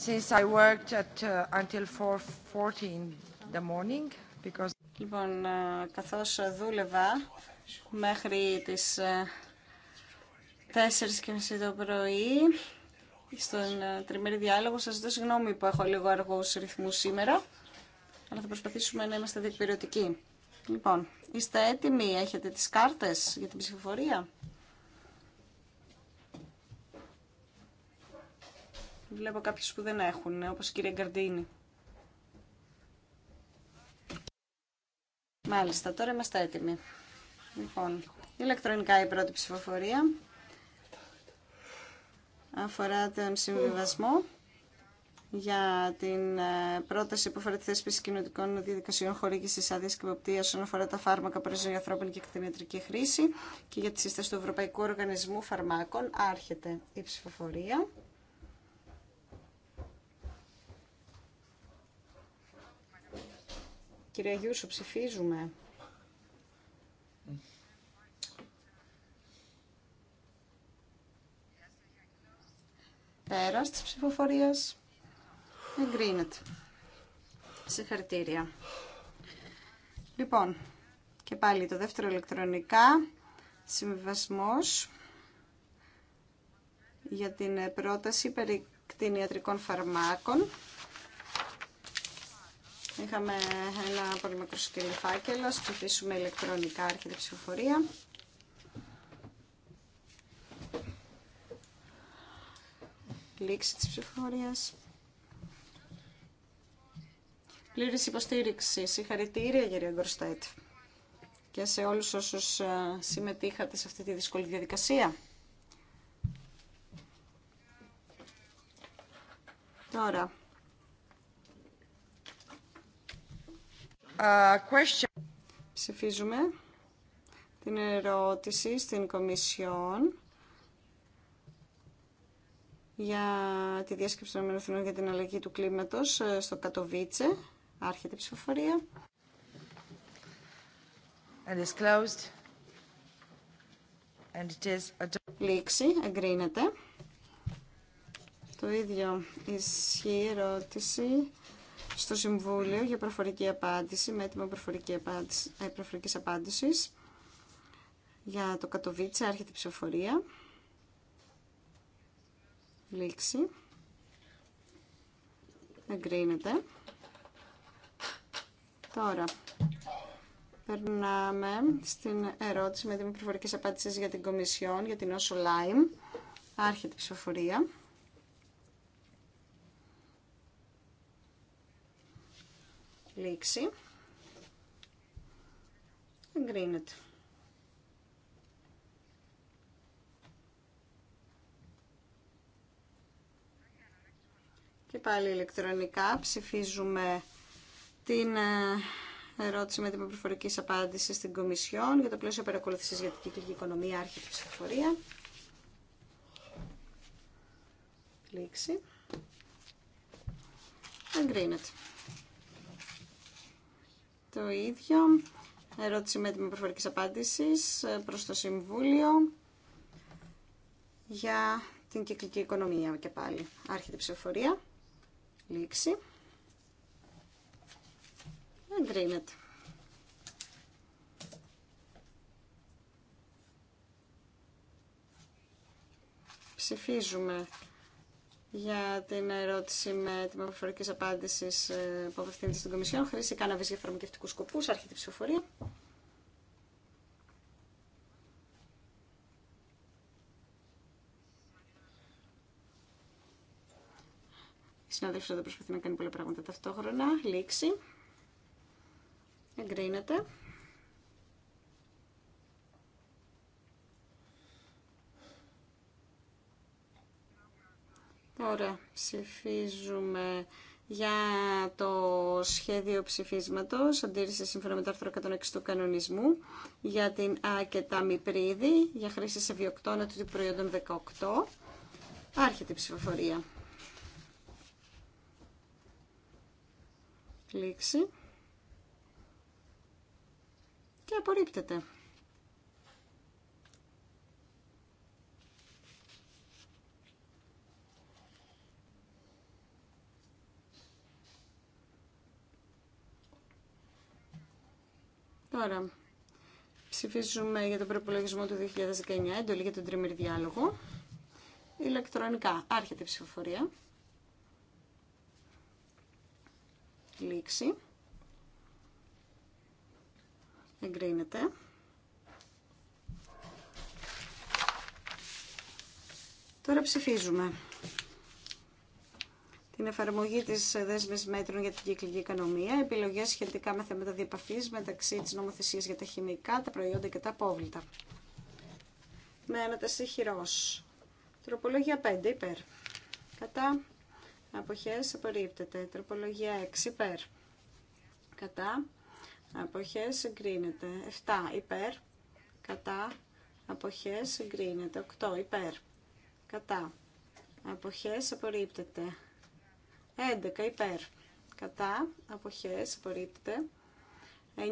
Since I worked at, uh, until the Λοιπόν, ε, καθώς δούλευα μέχρι τις 4.30 ε, το πρωί στον ε, τριμερή διάλογο, σας δω συγγνώμη που έχω λίγο αργούς ρυθμούς σήμερα, αλλά θα προσπαθήσουμε να είμαστε διεκπαιριωτικοί. Λοιπόν, είστε έτοιμοι, έχετε τις κάρτες για την ψηφοφορία. Βλέπω κάποιους που δεν έχουν, όπως η κυρία Γκαρντίνη. Μάλιστα, τώρα είμαστε έτοιμοι. Λοιπόν, ηλεκτρονικά η πρώτη ψηφοφορία αφορά τον συμβιβασμό για την ε, πρόταση που αφορά τη θέσπιση κοινωτικών διαδικασιών χορήγηση άδεια και υποπτία όσον αφορά τα φάρμακα προ για ανθρώπινη και εκτιμητρική χρήση και για τη σύσταση του Ευρωπαϊκού Οργανισμού Φαρμάκων. Άρχεται η ψηφοφορία. Κύριε Γιούσο, ψηφίζουμε. Πέρας της ψηφοφορίας εγκρίνεται. Συγχαρητήρια. Λοιπόν, και πάλι το δεύτερο ηλεκτρονικά, συμβασμός για την πρόταση περί κτηνιατρικών φαρμάκων. Είχαμε ένα πολύ μικρό σκύλο φάκελο. Ας ψηφίσουμε ηλεκτρονικά άρχεται ψηφοφορία. Λήξη της ψηφοφορίας. Πλήρης υποστήριξη. Συγχαρητήρια, κυρία Γκροστέτ. Και σε όλους όσους ε, συμμετείχατε σε αυτή τη δύσκολη διαδικασία. Τώρα, Ψηφίζουμε την ερώτηση στην Κομισιόν για τη διάσκεψη των Ηνωμένων για την αλλαγή του κλίματος ε, στο Κατοβίτσε. Άρχεται η ψηφοφορία. Λήξη, εγκρίνεται. Το ίδιο ισχύει ερώτηση στο Συμβούλιο για προφορική απάντηση, με έτοιμο προφορική απάντηση, ε, προφορικής απάντησης για το Κατοβίτσα, έρχεται η ψηφοφορία. Λήξη. Εγκρίνεται. Τώρα, περνάμε στην ερώτηση με την προφορική απάντηση για την Κομισιόν, για την Όσο Λάιμ. Άρχεται η ψηφοφορία. Λήξη. Εγκρίνεται. Και πάλι ηλεκτρονικά ψηφίζουμε την ε, ερώτηση με την προφορική απάντηση στην Κομισιόν για το πλαίσιο παρακολούθησης για την κυκλική οικονομία, άρχη ψηφοφορία. Λήξη. Εγκρίνεται. Το ίδιο. Ερώτηση με έτοιμη προφορική απάντηση ε, προ το Συμβούλιο για την κυκλική οικονομία και πάλι. Άρχεται η ψηφοφορία. Λήξη. Εγκρίνεται. Ψηφίζουμε για την ερώτηση με τη μορφωφορική απάντηση ε, που απευθύνεται στην Κομισιόν. Χρήση κάναβη για φαρμακευτικού σκοπού. Άρχεται η ψηφοφορία. Η συνάδελφη εδώ προσπαθεί να κάνει πολλά πράγματα ταυτόχρονα. Λήξη. Εγκρίνεται. Τώρα ψηφίζουμε για το σχέδιο ψηφίσματος, αντίρρηση σύμφωνα με το άρθρο 106 του κανονισμού, για την άκετα πρίδη, για χρήση σε βιοκτώνα του προϊόντων 18. Άρχεται η ψηφοφορία. Λήξη. Και απορρίπτεται. Τώρα, ψηφίζουμε για τον προπολογισμό του 2019, εντολή για τον τριμήρη διάλογο. Ηλεκτρονικά. Άρχεται η ψηφοφορία. Λήξη. Εγκρίνεται. Τώρα ψηφίζουμε την εφαρμογή τη δέσμη μέτρων για την κυκλική οικονομία, Επιλογέ σχετικά με θέματα διαπαφή μεταξύ τη νομοθεσία για τα χημικά, τα προϊόντα και τα απόβλητα. Με ανατασή χειρό. Τροπολογία 5 υπέρ. Κατά. Αποχές απορρίπτεται. Τροπολογία 6 υπέρ. Κατά. Αποχές εγκρίνεται. 7 υπέρ. Κατά. αποχέ, εγκρίνεται. 8 υπέρ. Κατά. Αποχές απορρίπτεται. 11 υπέρ. Κατά αποχές απορρίπτεται. 9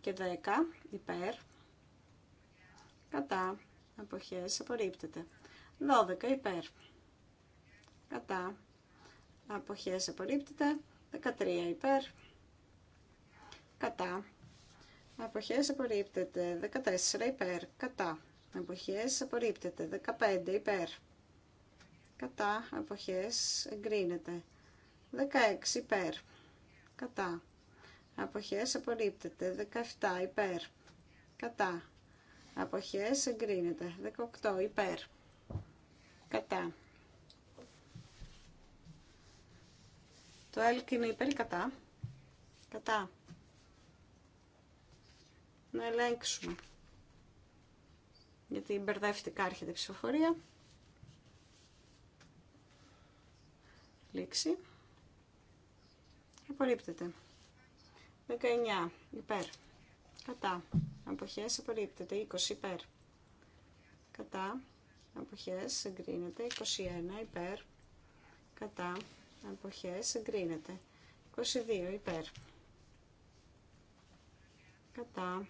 και 10 υπέρ. Κατά αποχές απορρίπτεται. 12 υπέρ. Κατά αποχές απορρίπτεται. 13 υπέρ. Κατά αποχές απορρίπτεται. 14 υπέρ. Κατά αποχές απορρίπτεται. 15 υπέρ. Κατά αποχές εγκρίνεται. 16 υπέρ. Κατά. Αποχές απορρίπτεται. 17 υπέρ. Κατά. Αποχές εγκρίνεται. 18 υπέρ. Κατά. Το ΕΛΚ είναι υπέρ κατά. Κατά. Να ελέγξουμε. Γιατί μπερδεύτηκα άρχεται η ψηφοφορία. Λήξη απορρίπτεται. 19 υπέρ. Κατά. Αποχές απορρίπτεται. 20 υπέρ. Κατά. Αποχές εγκρίνεται. 21 υπέρ. Κατά. Αποχές εγκρίνεται. 22 υπέρ. Κατά.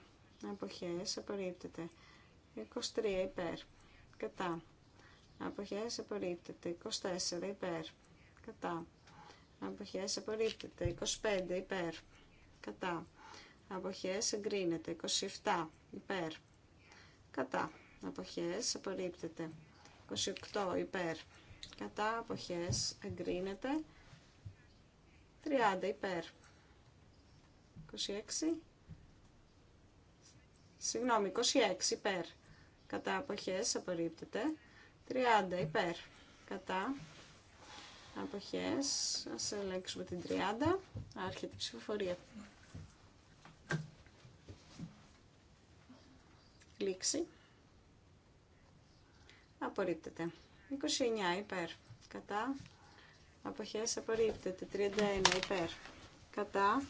Αποχές απορρίπτεται. 23 υπέρ. Κατά. Αποχές απορρίπτεται. 24 υπέρ. Κατά αποχές απορρίπτεται 25 υπέρ κατά αποχές εγκρίνεται 27 υπέρ κατά αποχές απορρίπτεται 28 υπέρ κατά αποχές εγκρίνεται 30 υπέρ 26 Συγγνώμη, 26 υπέρ. Κατά αποχές απορρίπτεται. 30 υπέρ. Κατά αποχές. Ας ελέγξουμε την 30. Άρχεται η ψηφοφορία. Λήξη. Απορρίπτεται. 29 υπέρ. Κατά. Αποχές απορρίπτεται. 31 υπέρ. Κατά.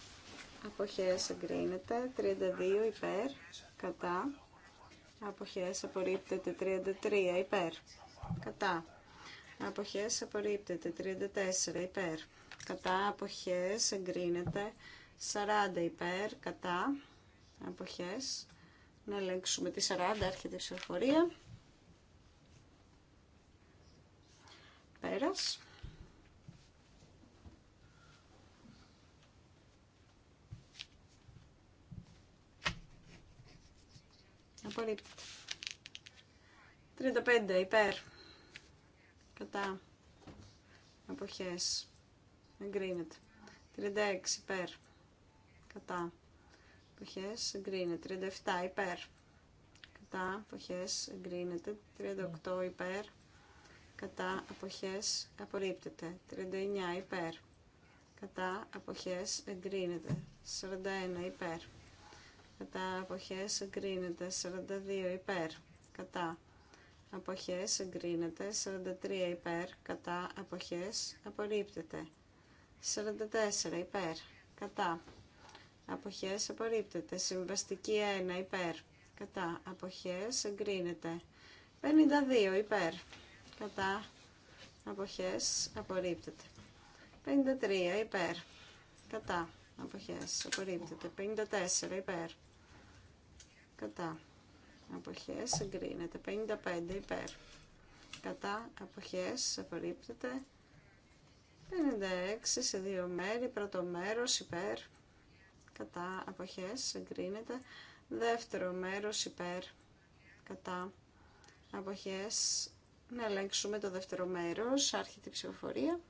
Αποχές εγκρίνεται. 32 υπέρ. Κατά. Αποχές απορρίπτεται. 33 υπέρ. Κατά αποχές απορρίπτεται 34 υπέρ κατά αποχές εγκρίνεται 40 υπέρ κατά αποχές να ελέγξουμε τη 40 έρχεται η ψηφοφορία πέρας απορρίπτεται 35 υπέρ κατά αποχές εγκρίνεται 36 υπέρ κατά αποχές εγκρίνεται 37 υπέρ κατά αποχές εγκρίνεται 38 υπέρ κατά αποχές απορρίπτεται 39 υπέρ κατά αποχές εγκρίνεται 41 υπέρ κατά αποχές εγκρίνεται 42 υπέρ κατά αποχές εγκρίνεται, 43 υπέρ, κατά, αποχές απορρίπτεται, 44 υπέρ, κατά, αποχές απορρίπτεται, συμβαστική 1 υπέρ, κατά, αποχές εγκρίνεται, 52 υπέρ, κατά, αποχές απορρίπτεται, 53 υπέρ, κατά, αποχές απορρίπτεται, 54 υπέρ, κατά, αποχές εγκρίνεται 55 υπέρ κατά αποχές απορρίπτεται 56 σε δύο μέρη πρώτο μέρος υπέρ κατά αποχές εγκρίνεται δεύτερο μέρος υπέρ κατά αποχές να ελέγξουμε το δεύτερο μέρος άρχεται η ψηφοφορία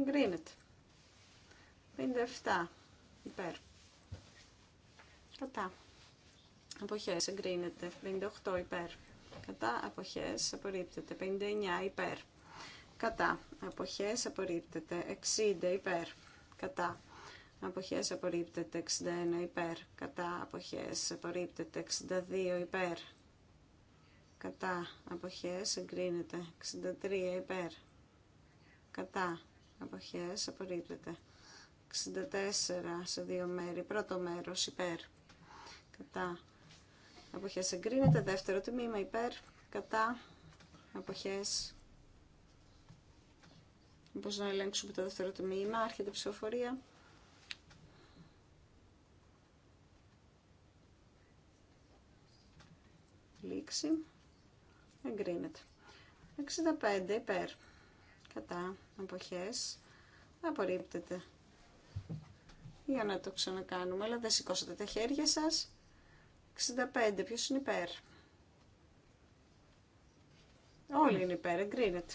Εγκρίνεται. 57. Υπέρ. Κατά. Αποχές. Εγκρίνεται. 58. Υπέρ. Κατά. Αποχές. Απορρίπτεται. 59. Υπέρ. Κατά. Αποχές. Απορρίπτεται. 60. Υπέρ. Κατά. Αποχές απορρίπτεται 61 υπέρ. Κατά αποχές απορρίπτεται 62 υπέρ. Κατά αποχές εγκρίνεται 63 υπέρ. Κατά αποχές απορρίπτεται. 64 σε δύο μέρη, πρώτο μέρος υπέρ, κατά, αποχές εγκρίνεται, δεύτερο τμήμα υπέρ, κατά, αποχές. Μπορείς να ελέγξουμε το δεύτερο τμήμα, άρχεται η ψηφοφορία. Λήξη, εγκρίνεται. 65 υπέρ, κατά, αποχές απορρίπτεται. Για να το ξανακάνουμε, αλλά δεν σηκώσατε τα χέρια σας. 65, ποιος είναι υπέρ. Όλοι είναι υπέρ, εγκρίνεται.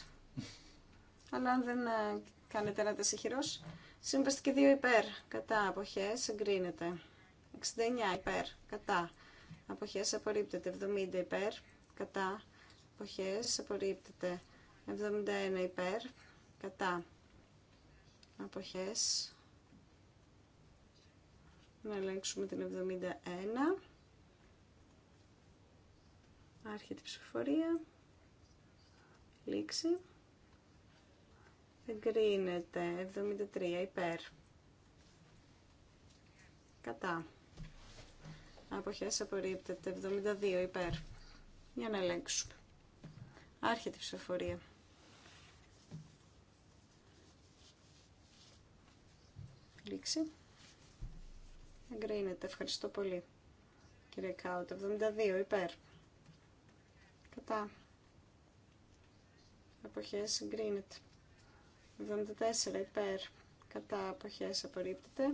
Αλλά αν δεν ε, κάνετε ένα τεσσιχυρός, σύμβαστε και δύο υπέρ. Κατά, αποχές, εγκρίνεται. 69 υπέρ, κατά. Αποχές απορρίπτεται. 70 υπέρ, κατά. Αποχές απορρίπτεται. 71 υπέρ, κατά αποχές να ελέγξουμε την 71 άρχεται η ψηφοφορία λήξη εγκρίνεται 73 υπέρ κατά αποχές απορρίπτεται 72 υπέρ για να ελέγξουμε άρχεται η ψηφοφορία Εγκρίνεται. Ευχαριστώ πολύ. Κύριε Κάουτ, 72 υπέρ. Κατά. Αποχές εγκρίνεται. 74 υπέρ. Κατά αποχές απορρίπτεται.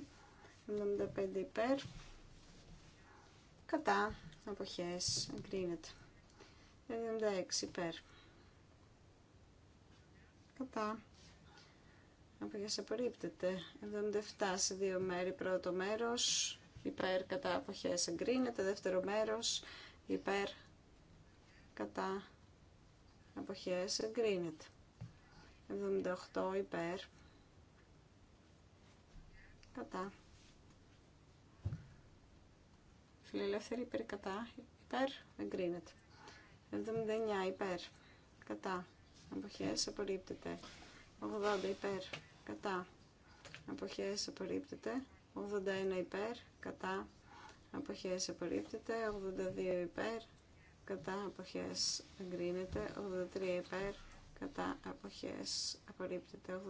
75 υπέρ. Κατά αποχές εγκρίνεται. 76 υπέρ. Κατά Αποχές απορρίπτεται. 77 σε δύο μέρη. Πρώτο μέρος υπέρ κατά αποχές εγκρίνεται. Δεύτερο μέρος υπέρ κατά αποχές εγκρίνεται. 78 υπέρ κατά. Φιλελεύθερη υπέρ κατά. Υπέρ εγκρίνεται. 79 υπέρ κατά. Αποχές απορρίπτεται. 80 υπέρ κατά αποχές απορρίπτεται 81 υπέρ κατά αποχές απορρίπτεται 82 υπέρ κατά αποχές εγκρίνεται 83 υπέρ κατά αποχές απορρίπτεται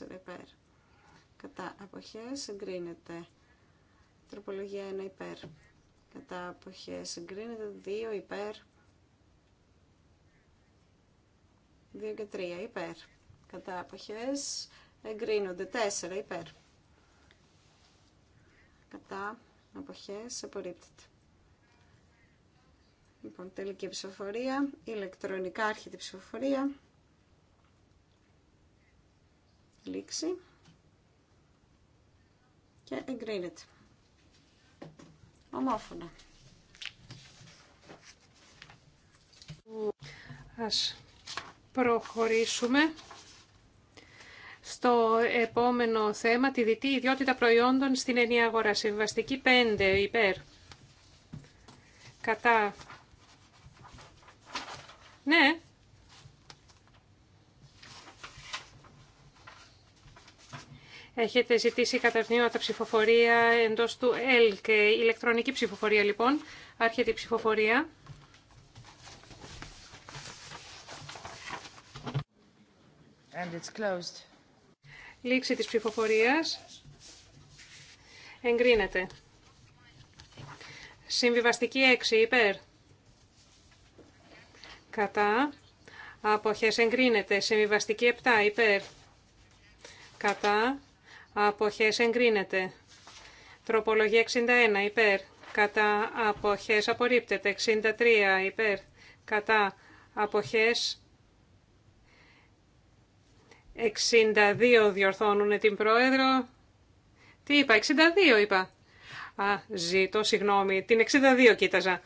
84 υπέρ κατά αποχές εγκρίνεται τροπολογία 1 υπέρ κατά αποχές εγκρίνεται 2 υπέρ 2 και 3 υπέρ κατά αποχές εγκρίνονται. Τέσσερα υπέρ. Κατά αποχές απορρίπτεται. Λοιπόν, τελική ψηφοφορία, ηλεκτρονικά άρχεται ψηφοφορία. Λήξη. Και εγκρίνεται. Ομόφωνα. Ας προχωρήσουμε το επόμενο θέμα, τη διτή ιδιότητα προϊόντων στην ενιαία αγορά. Συμβαστική 5 υπέρ. Κατά. Ναι. Έχετε ζητήσει καταρνήματα ψηφοφορία εντός του ΕΛ και ηλεκτρονική ψηφοφορία λοιπόν. Άρχεται η ψηφοφορία. And it's closed. Λήξη της ψηφοφορίας. Εγκρίνεται. Συμβιβαστική 6 υπέρ. Κατά. Αποχές εγκρίνεται. Συμβιβαστική 7 υπέρ. Κατά. Αποχές εγκρίνεται. Τροπολογία 61 υπέρ. Κατά. Αποχές απορρίπτεται. 63 υπέρ. Κατά. Αποχές 62 διορθώνουν την πρόεδρο. Τι είπα, 62 είπα. Α, ζήτω, συγγνώμη, την 62 κοίταζα.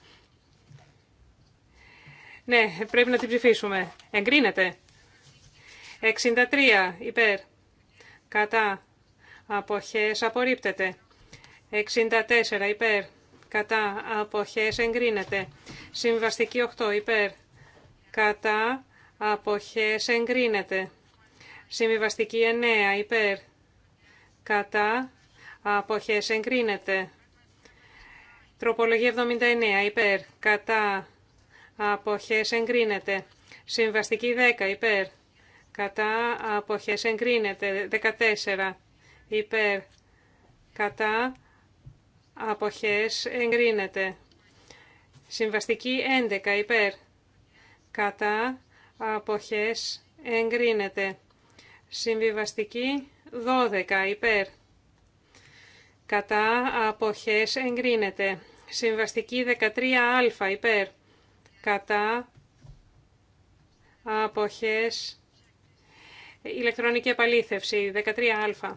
Ναι, πρέπει να την ψηφίσουμε. Εγκρίνεται. 63 υπέρ. Κατά. Αποχές απορρίπτεται. 64 υπέρ. Κατά. Αποχές εγκρίνεται. Συμβαστική 8 υπέρ. Κατά. Αποχές εγκρίνεται. Συμβιβαστική 9 υπέρ. Κατά. Αποχές εγκρίνεται. Τροπολογία 79 υπέρ. Κατά. Αποχές εγκρίνεται. Συμβαστική 10 υπέρ. Κατά. Αποχές εγκρίνεται. 14 υπέρ. Κατά. Αποχές εγκρίνεται. Συμβαστική 11 υπέρ. Κατά. Αποχές εγκρίνεται. Συμβιβαστική 12 υπέρ. Κατά αποχές εγκρίνεται. Συμβαστική 13α υπέρ. Κατά αποχές ηλεκτρονική επαλήθευση 13α.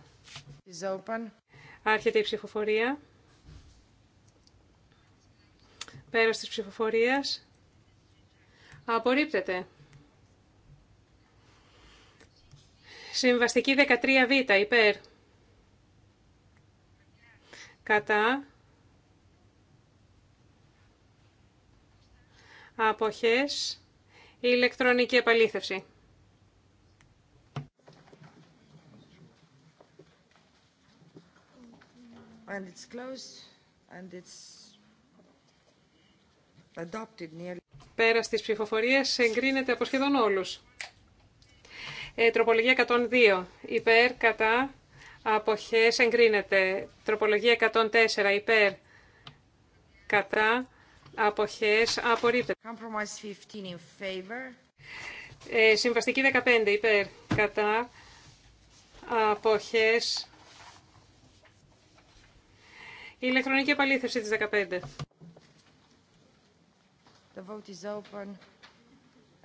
Άρχεται η ψηφοφορία. Πέρας της ψηφοφορίας. Απορρίπτεται. Συμβαστική 13β υπέρ. Κατά. Αποχές. Ηλεκτρονική επαλήθευση. And it's closed and it's adopted nearly. Πέρα στις ψηφοφορίες εγκρίνεται από σχεδόν όλους. Ε, τροπολογία 102. Υπέρ, κατά, αποχές, εγκρίνεται. Τροπολογία 104. Υπέρ, κατά, αποχές, απορρίπτεται. Compromise 15 in Ε, συμβαστική 15. Υπέρ, κατά, αποχές, η ηλεκτρονική επαλήθευση της 15. The vote is open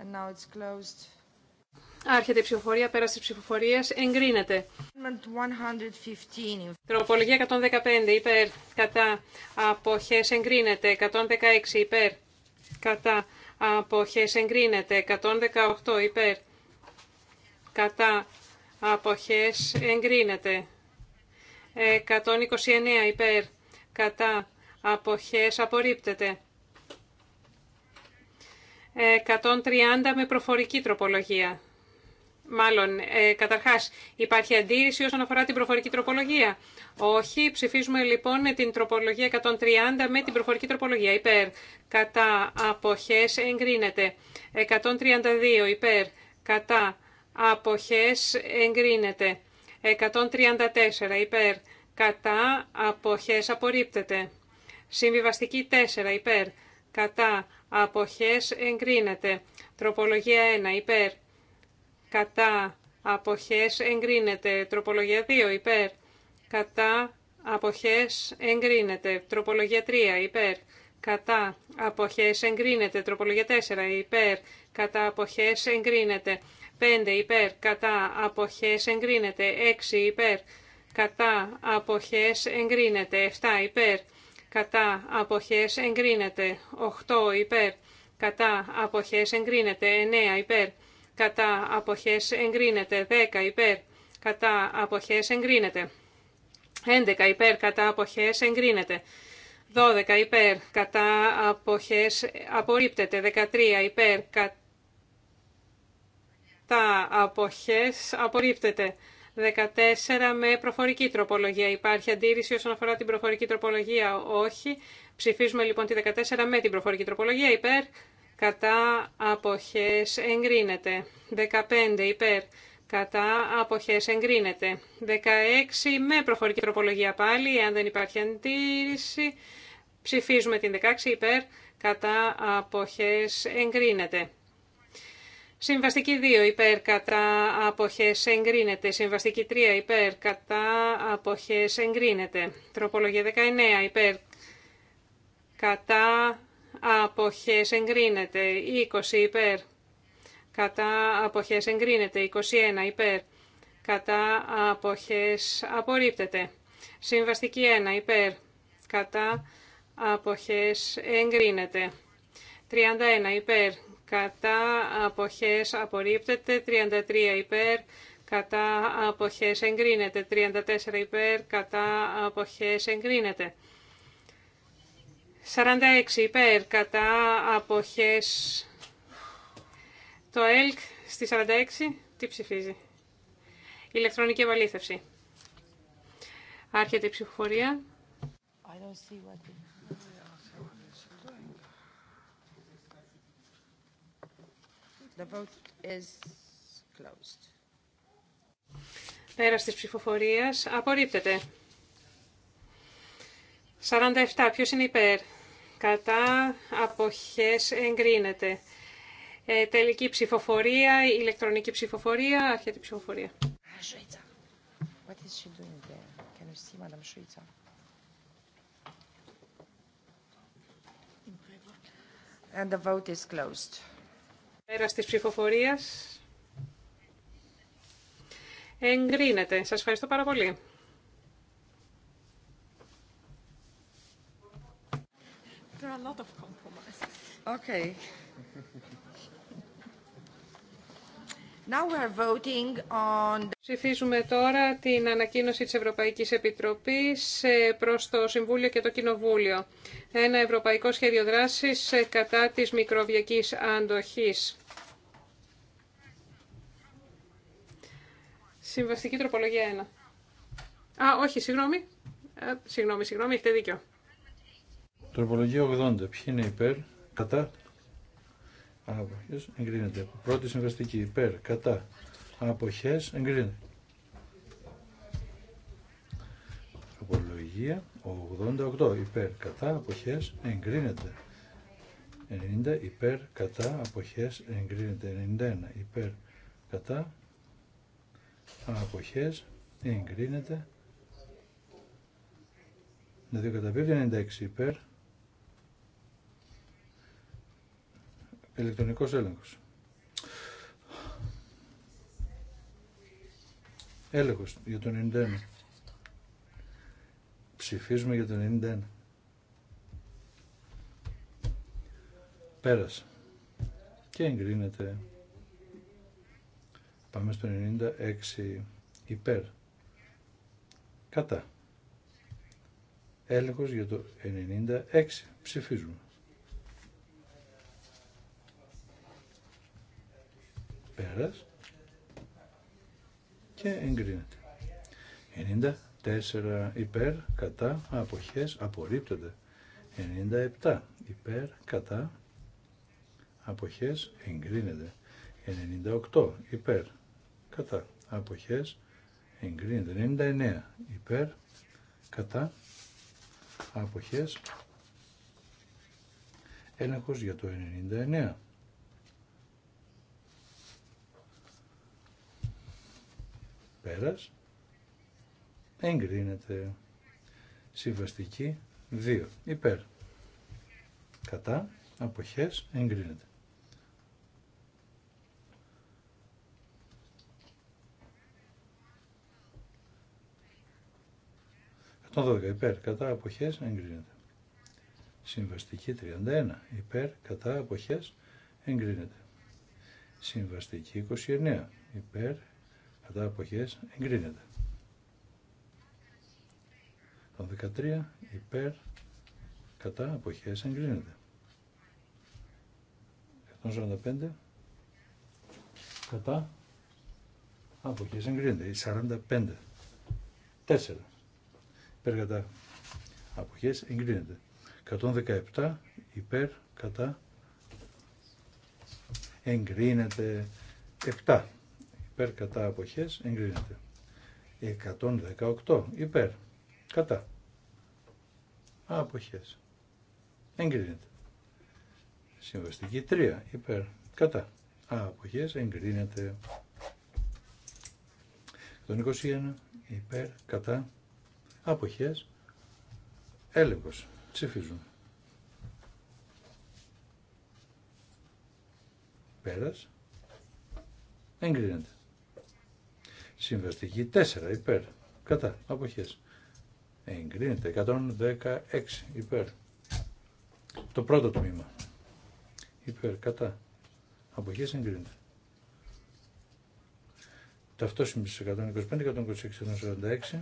and now it's closed. Άρχεται η ψηφοφορία, πέραση ψηφοφορία, εγκρίνεται. Τροπολογία 115 υπέρ, κατά αποχές εγκρίνεται. 116 υπέρ, κατά αποχές εγκρίνεται. 118 υπέρ, κατά αποχές εγκρίνεται. 129 υπέρ, κατά αποχές απορρίπτεται. 130 με προφορική τροπολογία. Μάλλον, ε, καταρχάς, υπάρχει αντίρρηση όσον αφορά την προφορική τροπολογία. Όχι, ψηφίζουμε λοιπόν την τροπολογία 130 με την προφορική τροπολογία. Υπέρ, κατά αποχές εγκρίνεται. 132 υπέρ, κατά αποχές εγκρίνεται. 134 υπέρ, κατά αποχές απορρίπτεται. Συμβιβαστική 4 υπέρ, κατά αποχές εγκρίνεται. Τροπολογία 1 υπέρ, κατά αποχές εγκρίνεται. Τροπολογία 2 υπέρ κατά αποχές εγκρίνεται. Τροπολογία 3 υπέρ κατά αποχές εγκρίνεται. Τροπολογία 4 υπέρ κατά αποχές εγκρίνεται. 5 υπέρ κατά αποχές εγκρίνεται. 6 υπέρ κατά αποχές εγκρίνεται. 7 υπέρ κατά αποχές εγκρίνεται. 8 υπέρ κατά αποχές εγκρίνεται. 9 υπέρ κατά αποχές εγκρίνεται. 10 υπέρ κατά αποχές εγκρίνεται. 11 υπέρ κατά αποχές εγκρίνεται. 12 υπέρ κατά αποχές απορρίπτεται. 13 υπέρ κατά αποχές απορρίπτεται. 14 με προφορική τροπολογία. Υπάρχει αντίρρηση όσον αφορά την προφορική τροπολογία. Όχι. Ψηφίζουμε λοιπόν τη 14 με την προφορική τροπολογία. Υπέρ κατά αποχές εγκρίνεται. 15 υπέρ κατά αποχές εγκρίνεται. 16 με προφορική τροπολογία πάλι, αν δεν υπάρχει αντίρρηση, ψηφίζουμε την 16 υπέρ κατά αποχές εγκρίνεται. Συμβαστική 2 υπέρ κατά αποχές εγκρίνεται. Συμβαστική 3 υπέρ κατά αποχές εγκρίνεται. Τροπολογία 19 υπέρ κατά αποχές εγκρίνεται 20 υπέρ. Κατά αποχές εγκρίνεται 21 υπέρ. Κατά αποχές απορρίπτεται. Συμβαστική 1 υπέρ. Κατά αποχές εγκρίνεται. 31 υπέρ. Κατά αποχές απορρίπτεται. 33 υπέρ. Κατά αποχές εγκρίνεται. 34 υπέρ. Κατά αποχές εγκρίνεται. 46 υπέρ κατά αποχές. Το ΕΛΚ στη 46 τι ψηφίζει. Ηλεκτρονική επαλήθευση. Άρχεται η ψηφοφορία. Πέρα ψηφοφορίας απορρίπτεται. 47. Ποιος είναι υπέρ. Κατά αποχές εγκρίνεται. Ε, τελική ψηφοφορία, ηλεκτρονική ψηφοφορία, αρχιετή ψηφοφορία. What is she doing there? Can you see And the vote is closed. Πέρας ψηφοφορίας. Εγκρίνεται. Σας ευχαριστώ πάρα πολύ. There a lot of Ψηφίζουμε τώρα την ανακοίνωση της Ευρωπαϊκής Επιτροπής ε, προς το Συμβούλιο και το Κοινοβούλιο. Ένα ευρωπαϊκό σχέδιο δράσης ε, κατά της μικροβιακής αντοχής. Συμβαστική τροπολογία 1. Α, όχι, συγγνώμη. Ε, συγγνώμη, συγγνώμη, έχετε δίκιο. Τροπολογία 80. Ποιοι είναι υπέρ, κατά, άποχε, εγκρίνεται. Πρώτη συμβαστική υπέρ, κατά, αποχές, εγκρίνεται. Τροπολογία 88. Υπέρ, κατά, αποχές, εγκρίνεται. 90. Υπέρ, κατά, αποχές, εγκρίνεται. 91. Υπέρ, κατά, αποχές, εγκρίνεται. δύο κατά 96 υπέρ, Ηλεκτρονικός έλεγχος. Έλεγχος για το 91. Ψηφίζουμε για το 91. Πέρασε. Και εγκρίνεται. Πάμε στο 96 υπέρ. Κατά. Έλεγχος για το 96. Ψηφίζουμε. Πέρας. Και εγκρίνεται. 94 υπέρ, κατά, αποχές, απορρίπτονται. 97 υπέρ, κατά, αποχές, εγκρίνεται. 98 υπέρ, κατά, αποχές, εγκρίνεται. 99 υπέρ, κατά, αποχές, έλεγχος για το 99. Πέρας. Εγκρίνεται. Συμβαστική 2. Υπέρ. Κατά. Αποχές. Εγκρίνεται. Το 12 υπέρ κατά αποχές εγκρίνεται. Συμβαστική 31 υπέρ κατά αποχές εγκρίνεται. Συμβαστική 29 υπέρ κατά αποχές εγκρίνεται. 113 υπέρ κατά αποχές εγκρίνεται. 145 κατά αποχές εγκρίνεται. 45 4 υπέρ κατά αποχές εγκρίνεται. 117 υπέρ κατά εγκρίνεται 7 υπέρ κατά αποχές εγκρίνεται. 118 υπέρ κατά αποχές εγκρίνεται. Συμβαστική 3 υπέρ κατά αποχές εγκρίνεται. 121 υπέρ κατά αποχές έλεγχος ψηφίζουμε. Πέρας εγκρίνεται. Συμβαστική 4 υπέρ. Κατά. Αποχές. Εγκρίνεται. 116 υπέρ. Το πρώτο τμήμα. Υπέρ. Κατά. Αποχές εγκρίνεται. Ταυτόσιμη 125, 126, 146.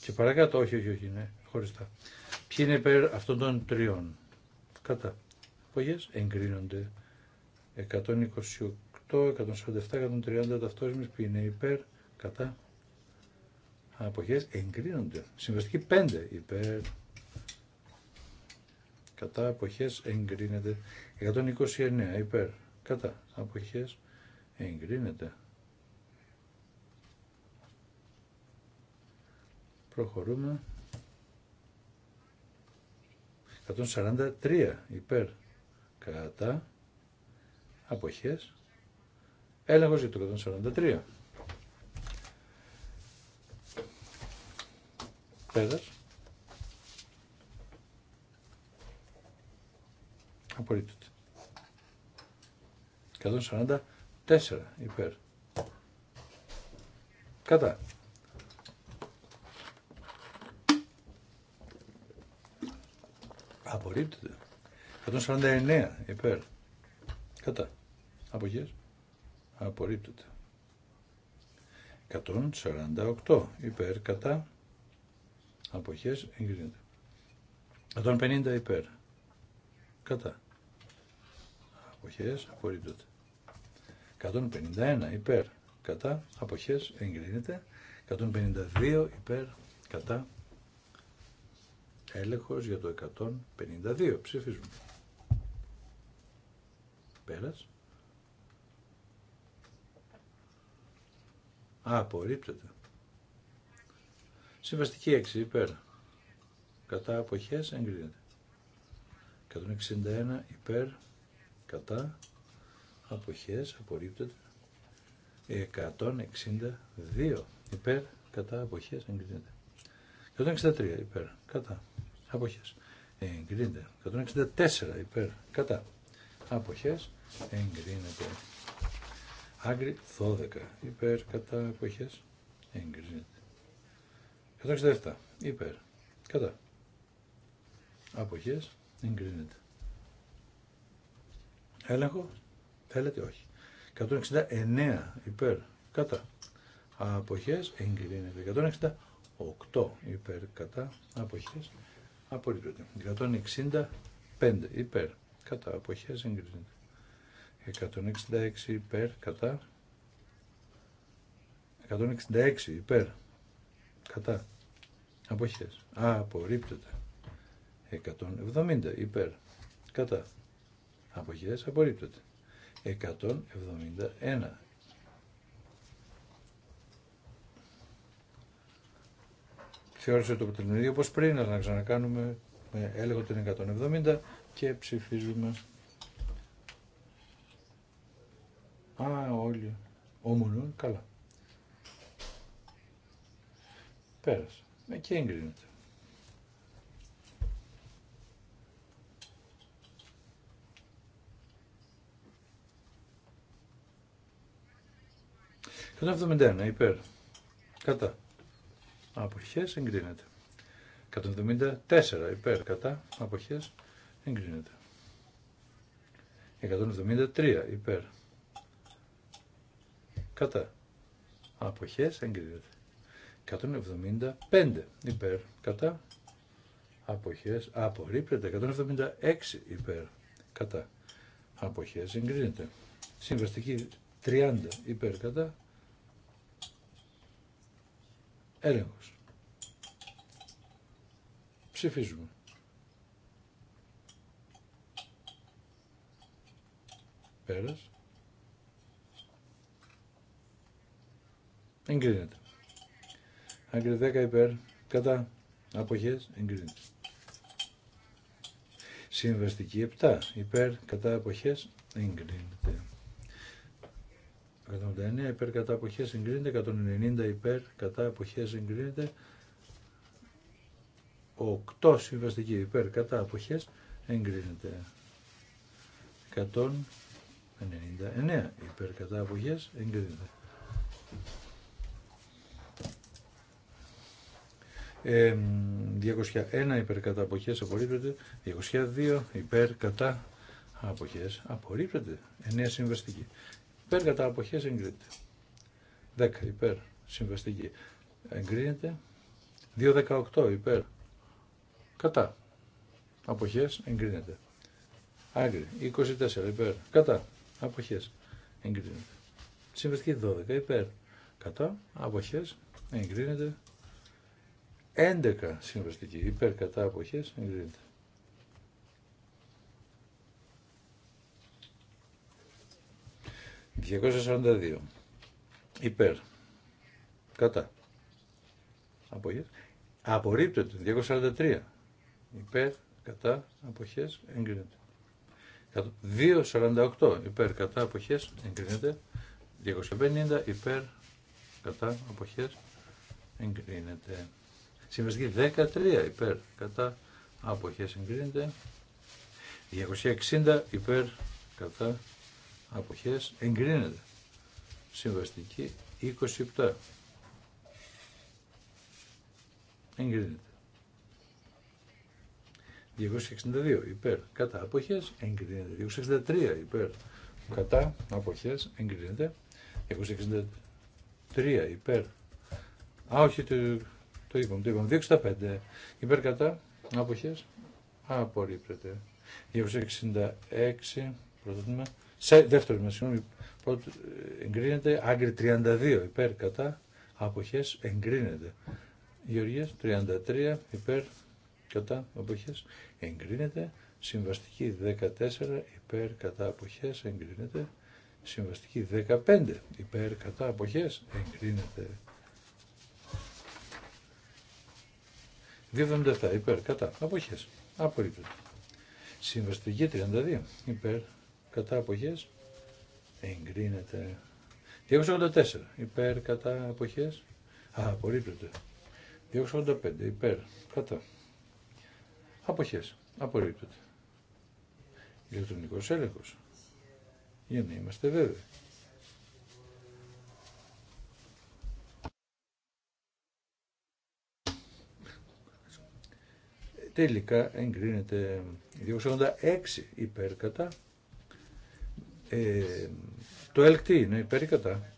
Και παρακάτω, όχι, όχι, όχι, είναι χωριστά. Ποιοι είναι υπέρ αυτών των τριών. Κατά. Αποχές εγκρίνονται. 128 147-130 ταυτόσιμες που είναι υπέρ, κατά, αποχές, εγκρίνονται. Συμβαστική 5 υπέρ, κατά, αποχές, εγκρίνεται. 129 υπέρ, κατά, αποχές, εγκρίνεται. Προχωρούμε. 143 υπέρ κατά αποχές Έλεγχος για το 143. Πέρας. Απορρίπτεται. 144 υπέρ. Κατά. Απορρίπτεται. 149 υπέρ. Κατά. Απογείες απορρίπτεται. 148 υπέρ κατά αποχές εγκρίνεται. 150 υπέρ κατά αποχές απορρίπτεται. 151 υπέρ κατά αποχές εγκρίνεται. 152 υπέρ κατά έλεγχος για το 152 ψηφίζουμε. Πέρας. Απορρίπτεται. Συμβαστική 6 υπέρ. Κατά αποχές εγκρίνεται. 161 υπέρ. Κατά αποχές απορρίπτεται. 162 υπέρ. Κατά αποχές εγκρίνεται. 163 υπέρ. Κατά αποχές εγκρίνεται. 164 υπέρ. Κατά αποχές εγκρίνεται. Άγκρι 12 υπέρ κατά εποχέ. εγκρίνεται. 167 υπέρ κατά Αποχέ, εγκρίνεται. Έλεγχο θέλετε όχι. 169 υπέρ κατά Αποχέ, εγκρίνεται. 168 υπέρ κατά αποχές απορρίπτεται. 165 υπέρ κατά απόχέ εγκρίνεται. 166 υπέρ κατά 166 υπέρ κατά αποχές α, απορρίπτεται 170 υπέρ κατά αποχές απορρίπτεται 171 θεώρησε το τελμιδίο όπως πριν αλλά να ξανακάνουμε με έλεγχο την 170 και ψηφίζουμε Α, όλοι. Όμονον, καλά. Πέρασε. Ναι, και εγκρίνεται. Κατά 71, υπέρ. Κατά. Αποχές εγκρίνεται. 174 υπέρ κατά αποχές εγκρίνεται. 173 υπέρ κατά αποχές εγκρίνεται 175 υπέρ κατά αποχές απορρίπτεται 176 υπέρ κατά αποχές εγκρίνεται συμβαστική 30 υπέρ κατά έλεγχος ψηφίζουμε πέρας εγκρίνεται. Άγκρι 10 υπέρ, κατά αποχές, εγκρίνεται. Συμβαστική 7 υπέρ, κατά αποχές, εγκρίνεται. 189 υπέρ, κατά αποχές, εγκρίνεται. 190 υπέρ, κατά αποχές, εγκρίνεται. 8 συμβαστική υπέρ, κατά αποχές, εγκρίνεται. 199 υπέρ, κατά αποχές, εγκρίνεται. 201 υπέρ κατά αποχές απορρίπτεται. 202 υπέρ κατά αποχές απορρίπτεται. 9 συμβαστική. Υπέρ κατά αποχές εγκρίνεται. 10 υπέρ συμβαστική. Εγκρίνεται. 218 υπέρ κατά αποχές εγκρίνεται. Άγκρι 24 υπέρ κατά αποχές εγκρίνεται. Συμβαστική 12 υπέρ κατά αποχές εγκρίνεται. 11 συμβαστική υπέρ κατά αποχές εγκρίνεται. ...242 υπέρ κατά αποχές απορρίπτεται 243 υπέρ κατά αποχές εγκρίνεται 248 υπέρ κατά αποχές εγκρίνεται 250 υπέρ κατά αποχές εγκρίνεται Συμβαστική 13 υπέρ κατά αποχές εγκρίνεται. 260 υπέρ κατά απόχέ, εγκρίνεται. Συμβαστική 27 εγκρίνεται. 262 υπέρ κατά απόχε, εγκρίνεται. 263 υπέρ κατά αποχές εγκρίνεται. 263 υπέρ. Α, όχι, το είπαμε, το είπαμε. 265 υπέρ κατά άποχες απορρίπτεται. 266 τμήμα. Σε δεύτερο τμήμα, συγγνώμη, πρώτο, εγκρίνεται άγκρι 32 υπέρ κατά αποχές εγκρίνεται. Γεωργία 33 υπέρ κατά αποχές εγκρίνεται. Συμβαστική 14 υπέρ κατά αποχές εγκρίνεται. Συμβαστική 15 υπέρ κατά αποχές εγκρίνεται. 2,77 υπέρ, κατά, αποχές, απορρίπτεται. Συμβαστική 32 υπέρ, κατά, αποχές, εγκρίνεται. 284 υπέρ, κατά, αποχές, α, 285 υπέρ, κατά, αποχές, απορρίπτεται. Ηλεκτρονικός έλεγχος, για να είμαστε βέβαιοι. Τελικά εγκρίνεται 286 υπέρ κατά. Ε, το ελκτή είναι υπέρ κατά.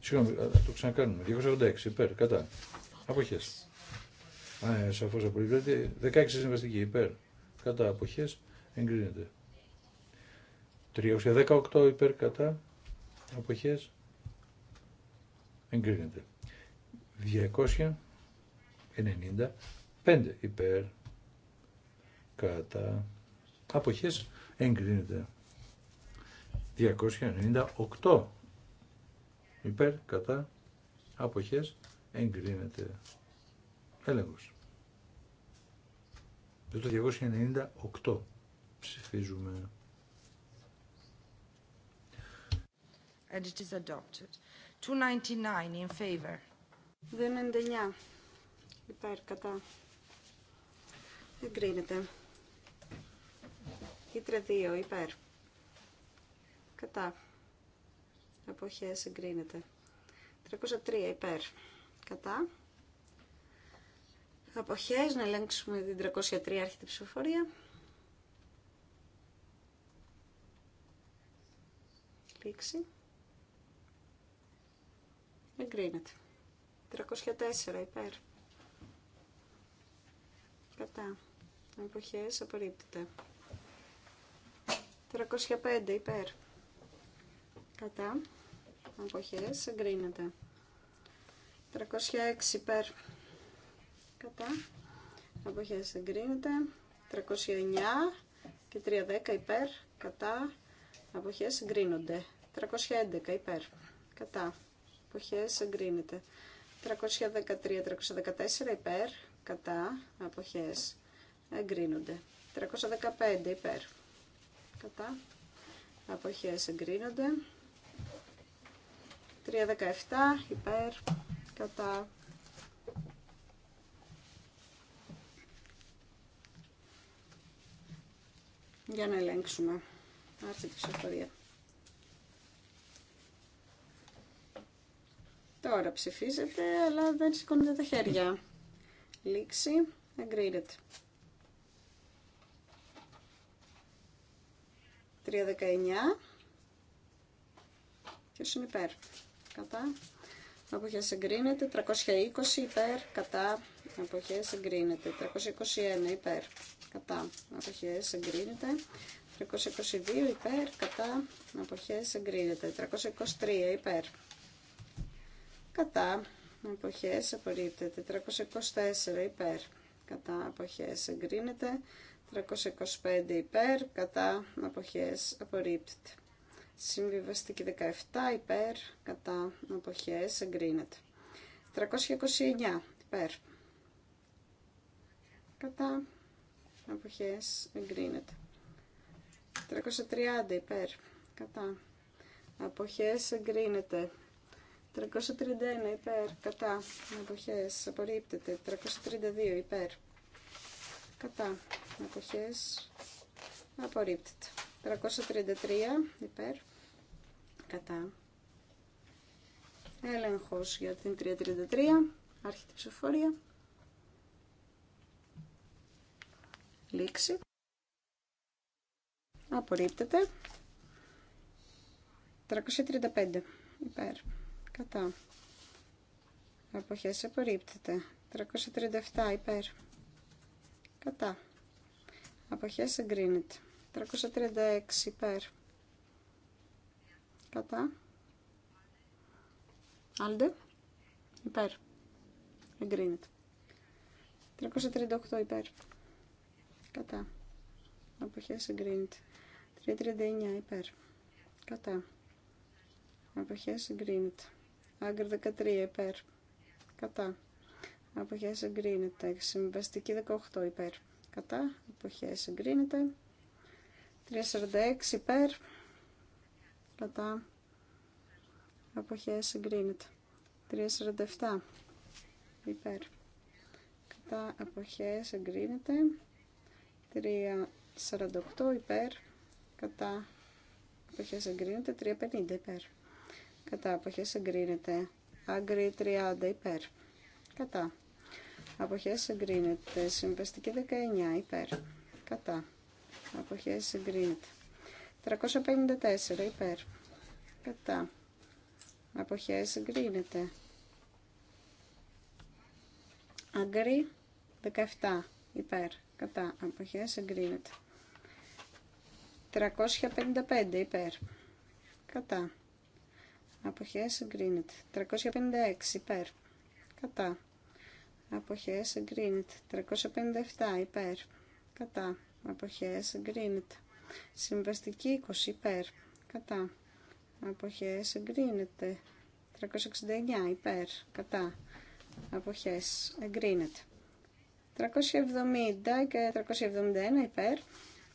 Συγγνώμη, το ξανακάνουμε. 286 υπέρ κατά. Αποχές. Α, ε, σαφώς 16 συμβαστική υπέρ κατά αποχές εγκρίνεται. 318 υπέρ κατά αποχές εγκρίνεται. 295 υπέρ κατά αποχές εγκρίνεται. 298 υπέρ κατά αποχές εγκρίνεται. Έλεγχος. Το 298 ψηφίζουμε. and it is adopted. 299 in favor. Υπέρ, κατά. Εγκρίνεται. Ήτρε 2, υπέρ. Κατά. Αποχές εγκρίνεται. 303, υπέρ. Κατά. Αποχές, να ελέγξουμε την 303 άρχιτη ψηφοφορία. Λήξη. Εγκρίνεται. 304 υπέρ. Κατά. Εποχές απορρίπτεται. 305 υπέρ. Κατά. Εποχές εγκρίνεται. 306 υπέρ. Κατά. Εποχές εγκρίνεται. 309 και 310 υπέρ. Κατά. Εποχές εγκρίνονται. 311 υπέρ. Κατά αποχές εγκρίνεται. 313-314 υπέρ, κατά, αποχές εγκρίνονται. 315 υπέρ, κατά, αποχές εγκρίνονται. 317 υπέρ, κατά, για να ελέγξουμε. Άρχεται η ψηφοφορία. Τώρα ψηφίζετε, αλλά δεν σηκώνετε τα χέρια. Λήξη. Εγκρίνεται. 3.19. Ποιος είναι υπέρ. Κατά. Αποχές εγκρίνεται. 320 υπέρ. Κατά. Αποχές εγκρίνεται. 321 υπέρ. Κατά. Αποχές εγκρίνεται. 322 υπέρ. Κατά. Αποχές εγκρίνεται. 323 υπέρ κατά εποχές απορρίπτεται 324 υπέρ κατά εποχές εγκρίνεται 325 υπέρ κατά εποχές απορρίπτεται συμβιβαστική 17 υπέρ κατά εποχές εγκρίνεται 329 υπέρ κατά εποχές εγκρίνεται 330 υπέρ κατά εποχές εγκρίνεται 331 υπέρ, κατά, εποχές απορρίπτεται. 332 υπέρ, κατά, εποχές απορρίπτεται. 333 υπέρ, κατά. Έλεγχος για την 333, άρχεται ψηφοφορία. Λήξη. Απορρίπτεται. 335 υπέρ κατά αποχές απορρίπτεται 337 υπέρ κατά αποχές εγκρίνεται 336 υπέρ κατά άλντε υπέρ εγκρίνεται 338 υπέρ κατά αποχές εγκρίνεται 339 υπέρ κατά αποχές εγκρίνεται Άγκρ 13 υπέρ. Κατά. Αποχέ εγκρίνεται. Συμβαστική 18 υπέρ. Κατά. Αποχές εγκρίνεται. 346 υπέρ. Κατά. Αποχές εγκρίνεται. 347 υπέρ. Κατά. Αποχές εγκρίνεται. 348 υπέρ. Κατά. Αποχές εγκρίνεται. 350 υπέρ κατά αποχές εγκρίνεται. Άγκρι 30 υπέρ, κατά αποχές εγκρίνεται. Συμβαστική 19 υπέρ, κατά αποχές εγκρίνεται. 354 υπέρ, κατά αποχές εγκρίνεται. Άγκρι 17 υπέρ, κατά αποχές εγκρίνεται. 355 υπέρ, κατά Αποχές εγκρίνεται. 356 υπέρ. Κατά. Αποχές εγκρίνεται. 357 υπέρ. Κατά. Αποχές εγκρίνεται. Συμβαστική 20 υπέρ. Κατά. Αποχές εγκρίνεται. 369 υπέρ. Κατά. Αποχές εγκρίνεται. 370 και 371 υπέρ.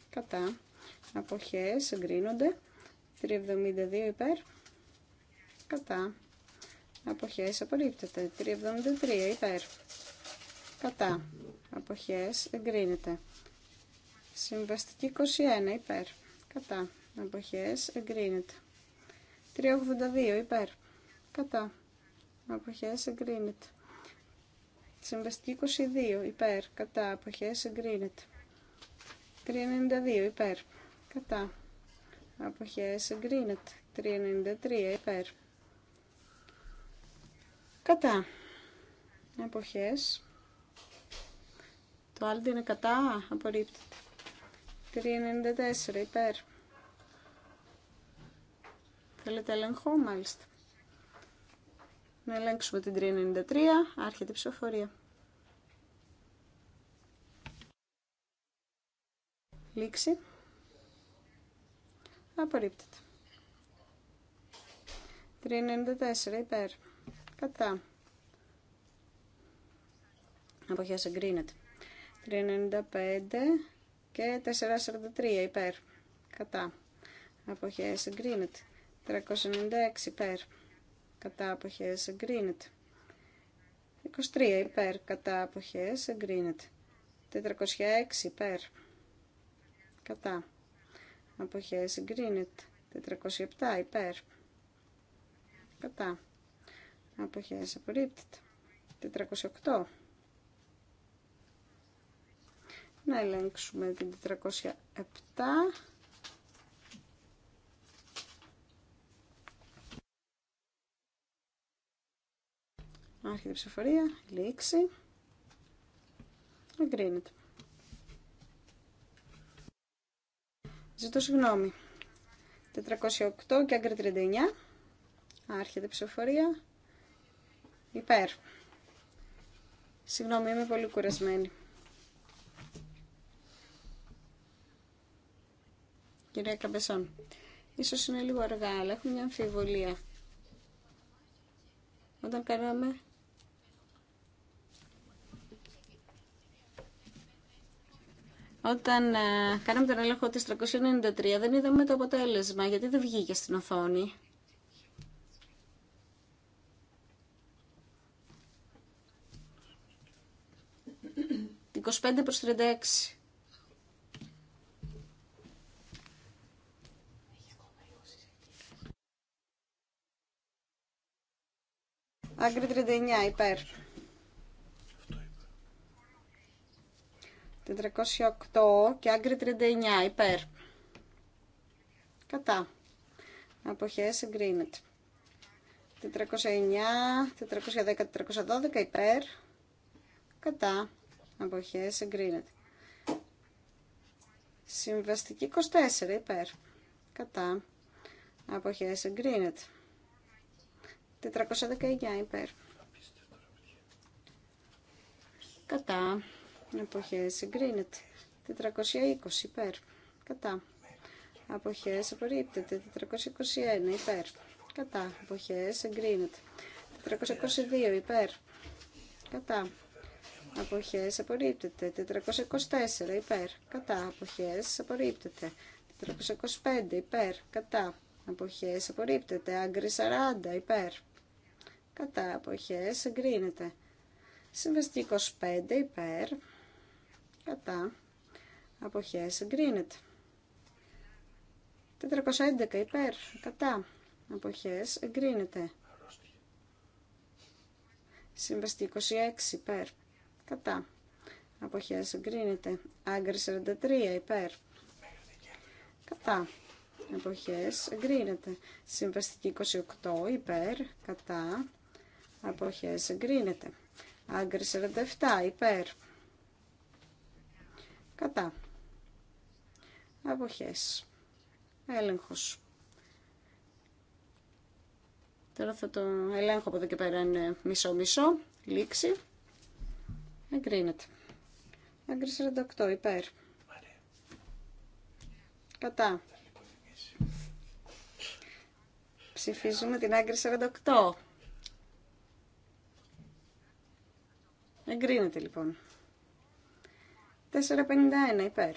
Κατά. Αποχές εγκρίνονται. 372 υπέρ κατά αποχές απορρίπτεται 373 υπέρ κατά αποχές εγκρίνεται συμβαστική 21 υπέρ κατά αποχές εγκρίνεται 382 υπέρ κατά αποχές εγκρίνεται συμβαστική 22 υπέρ κατά αποχές εγκρίνεται 392 υπέρ κατά αποχές εγκρίνεται 393 υπέρ Κατά. Αποχές. Το άλλο είναι κατά. Απορρίπτεται. 394 υπέρ. Θέλετε ελεγχό, μάλιστα. Να ελέγξουμε την 393. Άρχεται η ψηφοφορία. Λήξη. Απορρίπτεται. 394 υπέρ. Κατά. Αποχές εγκρίνεται. 395 και 443 υπέρ. Κατά. Αποχές εγκρίνεται. 396 υπέρ. Κατά αποχές εγκρίνεται. 23 υπέρ. Κατά αποχές εγκρίνεται. 406 υπέρ. Κατά. Αποχές εγκρίνεται. 407 υπέρ. Κατά αποχές απορρίπτεται 408 να ελέγξουμε την 407 Άρχεται η ψηφορία, λήξη, εγκρίνεται. Ζητώ συγγνώμη. 408 και άγκρι 39. Άρχεται η ψηφοφορία. Υπέρ. Συγγνώμη, είμαι πολύ κουρασμένη. Κυρία Καμπεσόν, ίσως είναι λίγο αργά, αλλά έχω μια αμφιβολία. Όταν κάναμε Όταν ε, κάναμε τον έλεγχο της 393 δεν είδαμε το αποτέλεσμα γιατί δεν βγήκε στην οθόνη. 25 προς 36. Άγκρι 39, υπέρ. 408 και άγκρι 39, υπέρ. Κατά. Αποχές εγκρίνεται. 409, 410, 412, υπέρ. Κατά αποχές εγκρίνεται. Συμβαστική 24 υπέρ κατά αποχές εγκρίνεται. 419 υπέρ κατά αποχές εγκρίνεται. 420 υπέρ κατά αποχές απορρίπτεται. 421 υπέρ κατά αποχές εγκρίνεται. 422 υπέρ κατά αποχές απορρίπτεται. 424 υπέρ, κατά αποχές απορρίπτεται. 425 υπέρ, κατά αποχές απορρίπτεται. Άγκρι 40 υπέρ, κατά αποχές εγκρίνεται. Συμβαστή 25 υπέρ, κατά αποχές εγκρίνεται. 411 υπέρ, κατά αποχές εγκρίνεται. Συμβαστή 26 υπέρ, κατά. Αποχές εγκρίνεται. Άγκρι 43 υπέρ. Κατά. Αποχές εγκρίνεται. Συμβαστική 28 υπέρ. Κατά. Αποχές εγκρίνεται. Άγκρι 47 υπέρ. Κατά. Αποχές. Έλεγχος. Τώρα θα το ελέγχω από εδώ και πέρα είναι μισό-μισό. Λήξη. Εγκρίνεται. Άγκρι 48 υπέρ. Κατά. Ψηφίζουμε την άγκρι 48. Εγκρίνεται λοιπόν. 4,51 υπέρ.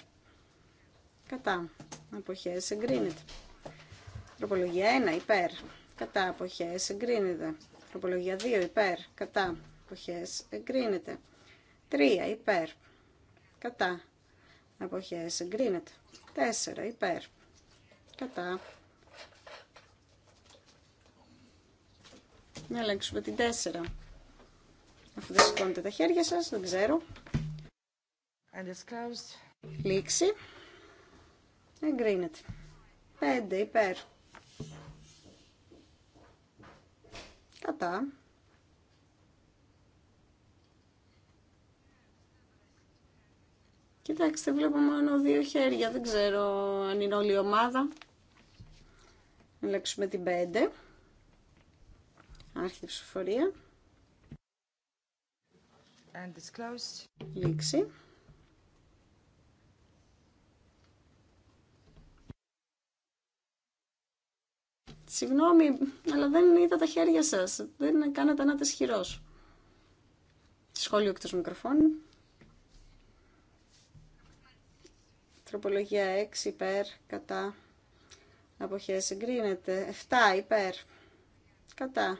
Κατά. Αποχέ, εγκρίνεται. Τροπολογία 1 υπέρ. Κατά. απόχέ εγκρίνεται. Τροπολογία 2 υπέρ. Κατά. Αποχές εγκρίνεται. Τρία, υπέρ. Κατά. Αποχές, εγκρίνεται. Τέσσερα, υπέρ. Κατά. Να αλλάξουμε την τέσσερα. Αφού δεν σηκώνετε τα χέρια σας, δεν ξέρω. Λήξη. Εγκρίνεται. Πέντε, υπέρ. Κατά. Κοιτάξτε, βλέπω μόνο δύο χέρια. Δεν ξέρω αν είναι όλη η ομάδα. Ελέξουμε την 5. Άρχιε η ψηφοφορία. And Λήξη. Συγγνώμη, αλλά δεν είδα τα χέρια σας. Δεν κάνατε ένα τεσχυρός. Σχόλιο εκτός μικροφώνου. Τροπολογία 6 υπέρ κατά αποχές συγκρίνεται. 7 υπέρ κατά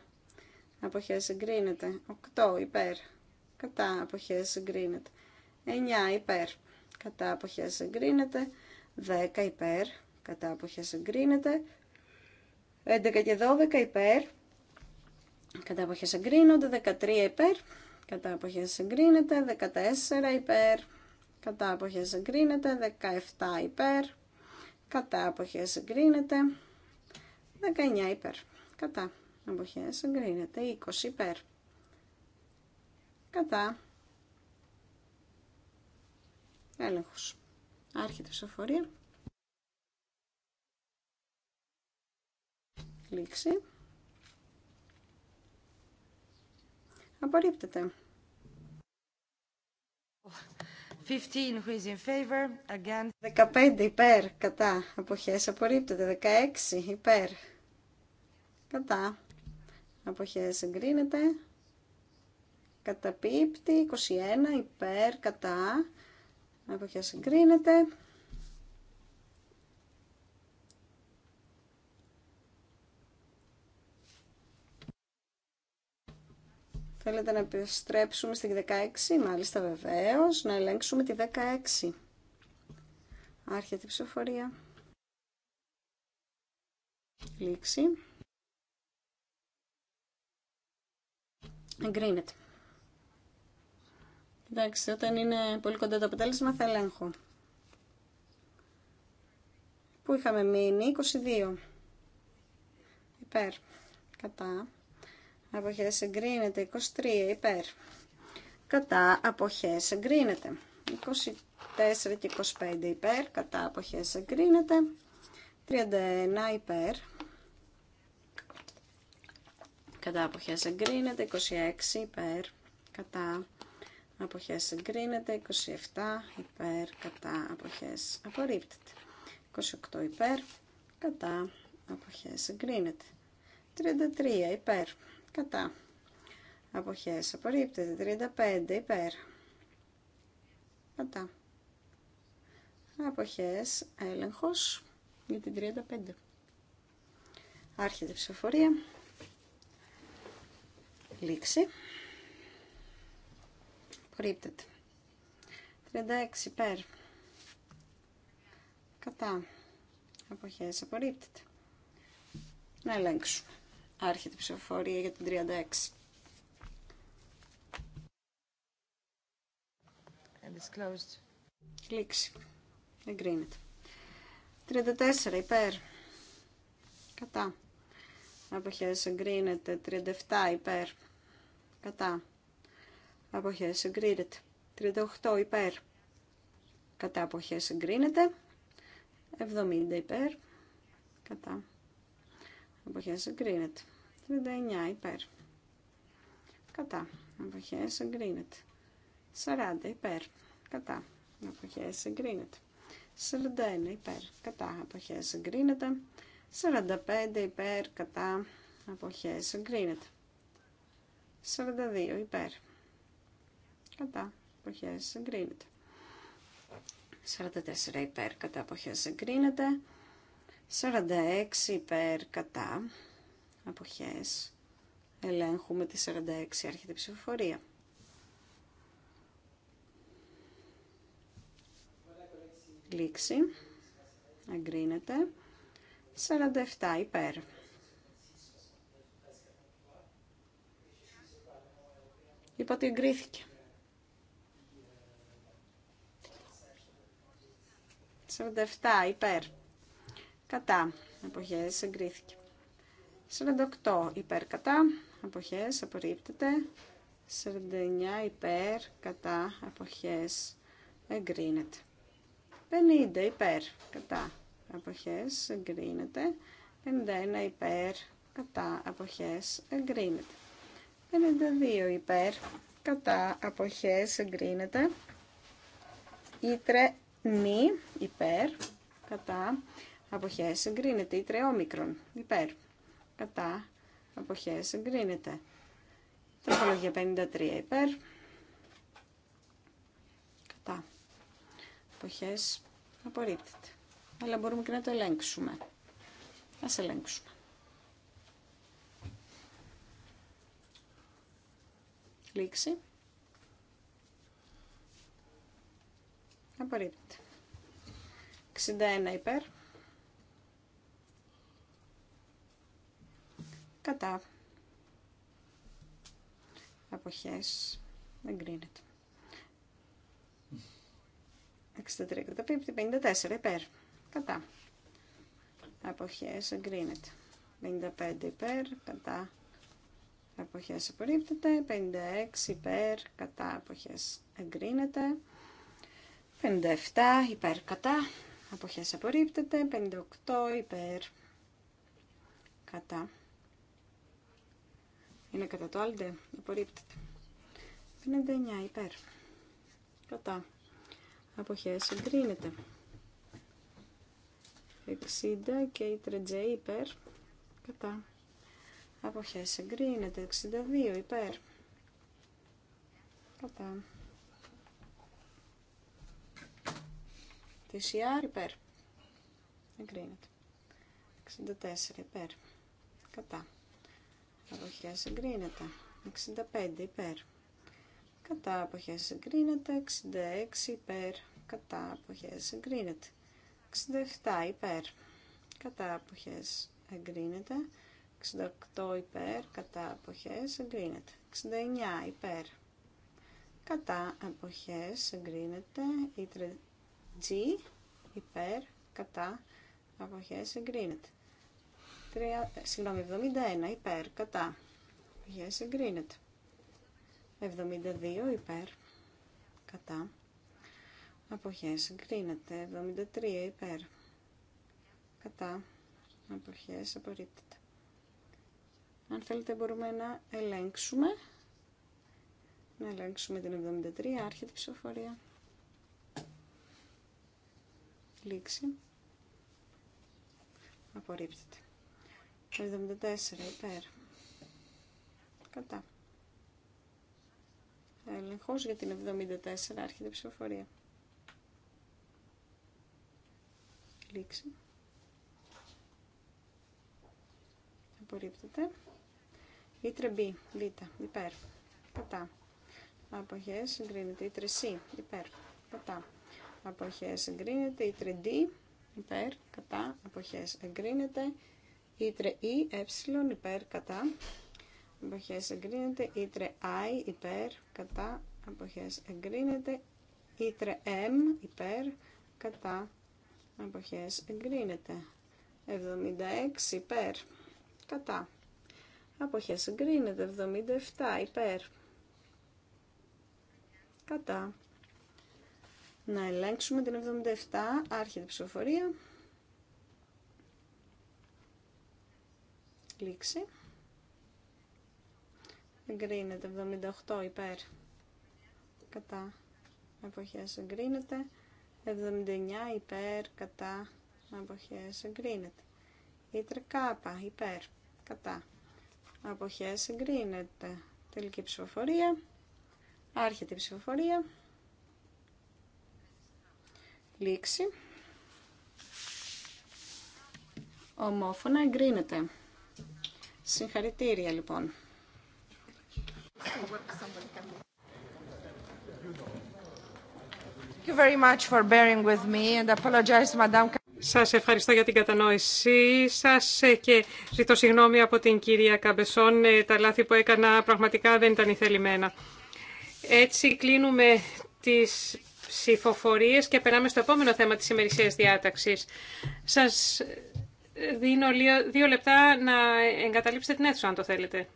Αποχέ συγκρίνεται. 8 υπέρ κατά αποχές συγκρίνεται. 9 υπέρ κατά αποχές συγκρίνεται. 10 υπέρ κατά αποχές συγκρίνεται. 11 και 12 υπέρ κατά αποχές συγκρίνονται. 13 υπέρ κατά αποχές συγκρίνεται. 14 υπέρ κατά αποχές εγκρίνεται, 17 υπέρ, κατά αποχές εγκρίνεται, 19 υπέρ, κατά αποχές εγκρίνεται, 20 υπέρ, κατά έλεγχος. Άρχεται η σοφορία. Λήξη. Απορρίπτεται. 15, υπέρ, κατά, αποχές, απορρίπτεται. 16 υπέρ, κατά, αποχές, εγκρίνεται. Καταπίπτει, 21 υπέρ, κατά, αποχές, εγκρίνεται. Θέλετε να επιστρέψουμε στη 16, μάλιστα βεβαίως, να ελέγξουμε τη 16. Άρχεται η ψηφοφορία. Λήξη. Εγκρίνεται. Εντάξει, όταν είναι πολύ κοντά το αποτέλεσμα θα ελέγχω. Πού είχαμε μείνει, 22. Υπέρ. Κατά αποχές εγκρίνεται 23 υπέρ κατά αποχές εγκρίνεται 24 και 25 υπέρ κατά αποχές εγκρίνεται 31 υπέρ κατά αποχές εγκρίνεται 26 υπέρ κατά αποχές εγκρίνεται 27 υπέρ κατά αποχές απορρίπτεται 28 υπέρ κατά αποχές εγκρίνεται 33 υπέρ κατά αποχές απορρίπτεται 35 υπέρ κατά αποχές έλεγχος για την 35 άρχεται η ψηφοφορία λήξη απορρίπτεται 36 υπέρ κατά αποχές απορρίπτεται να ελέγξουμε Άρχεται η ψηφοφορία για την 36. And Εγκρίνεται. 34 υπέρ. Κατά. Αποχές εγκρίνεται. 37 υπέρ. Κατά. Αποχές εγκρίνεται. 38 υπέρ. Κατά αποχές εγκρίνεται. 70 υπέρ. Κατά. Αποχές εγκρίνεται. 39 υπέρ. Κατά. Αποχές εγκρίνεται. 40 υπέρ. Κατά. Αποχές εγκρίνεται. 41 υπέρ. Κατά. Αποχές εγκρίνεται. 45 υπέρ. Κατά. Αποχές εγκρίνεται. 42 υπέρ. Κατά. Αποχές εγκρίνεται. 44 υπέρ. Κατά. Αποχές εγκρίνεται. 46 υπέρ. Κατά ελέγχου ελέγχουμε τη 46 έρχεται ψηφοφορία λήξη εγκρίνεται 47 υπέρ είπα ότι εγκρίθηκε 47 υπέρ κατά εποχές εγκρίθηκε 48 υπέρ κατά αποχές απορρίπτεται. 49 υπέρ κατά αποχές εγκρίνεται. 50 υπέρ κατά αποχές εγκρίνεται. 51 υπέρ κατά αποχές εγκρίνεται. 52 υπέρ κατά αποχές εγκρίνεται. Ήτρε νη υπέρ κατά αποχές εγκρίνεται. Ήτρε όμικρον υπέρ κατά αποχές εγκρίνεται. Τροφολογία 53 υπέρ κατά αποχές απορρίπτεται. Αλλά μπορούμε και να το ελέγξουμε. Ας ελέγξουμε. Λήξη. Απορρίπτεται. 61 υπέρ. κατά αποχές εγκρίνεται 63 κατά 54 υπέρ κατά αποχές εγκρίνεται 55 υπέρ κατά αποχές απορρίπτεται 56 υπέρ κατά αποχές εγκρίνεται 57 υπέρ κατά αποχές απορρίπτεται 58 υπέρ κατά είναι κατά το άλντε. Απορρίπτεται. 59 υπέρ. Κατά. Αποχές εγκρίνεται. 60 και η 3 υπέρ. Κατά. Αποχές εγκρίνεται. 62 υπέρ. Κατά. TCR υπέρ. Εγκρίνεται. 64 υπέρ. Κατά αποχές εγκρίνεται 65 υπέρ κατά αποχές εγκρίνεται 66 υπέρ κατά αποχές εγκρίνεται 67 υπέρ κατά αποχές εγκρίνεται 68 υπέρ κατά αποχές εγκρίνεται 69 υπέρ κατά αποχές εγκρίνεται η G υπέρ κατά αποχές εγκρίνεται 3, συγγνώμη, 71 υπέρ, κατά. Αποχές εγκρίνεται. 72 υπέρ, κατά. Αποχές εγκρίνεται. 73 υπέρ, κατά. αποχέ, απορρίπτεται. Αν θέλετε μπορούμε να ελέγξουμε. Να ελέγξουμε την 73, άρχεται η ψηφοφορία. Λήξη. Απορρίπτεται. 74 υπέρ. Κατά. Έλεγχο για την 74 άρχεται η ψηφοφορία. Λήξη. Απορρίπτεται. Ήτρε B, β, υπέρ. Κατά. Αποχέ συγκρίνεται. Ήτρε C, υπέρ. Κατά. Αποχέ συγκρίνεται. Ήτρε D, υπέρ. Κατά. αποχέ εγκρίνεται. Ήτρε ή ε, υπέρ, κατά. Αποχές εγκρίνεται. Ήτρε I, υπέρ, κατά. Αποχές εγκρίνεται. Ήτρε M, υπέρ, κατά. Αποχές εγκρίνεται. 76, υπέρ, κατά. Αποχές εγκρίνεται. 77, υπέρ, κατά. Να ελέγξουμε την 77, άρχεται ψηφοφορία. Λήξη. Εγκρίνεται 78 υπέρ. Κατά εποχές εγκρίνεται. 79 υπέρ. Κατά εποχές εγκρίνεται. Ήτρε κάπα υπέρ. Κατά εποχές εγκρίνεται. Τελική ψηφοφορία. Άρχεται η ψηφοφορία. Λήξη. Ομόφωνα εγκρίνεται. Συγχαρητήρια λοιπόν. Σας ευχαριστώ για την κατανόησή σας και ζητώ συγγνώμη από την κυρία Καμπεσόν. Ε, τα λάθη που έκανα πραγματικά δεν ήταν ηθελημένα. Έτσι κλείνουμε τις ψηφοφορίες και περάμε στο επόμενο θέμα της ημερησίας διάταξης. Σας δίνω δύο λεπτά να εγκαταλείψετε την αίθουσα αν το θέλετε.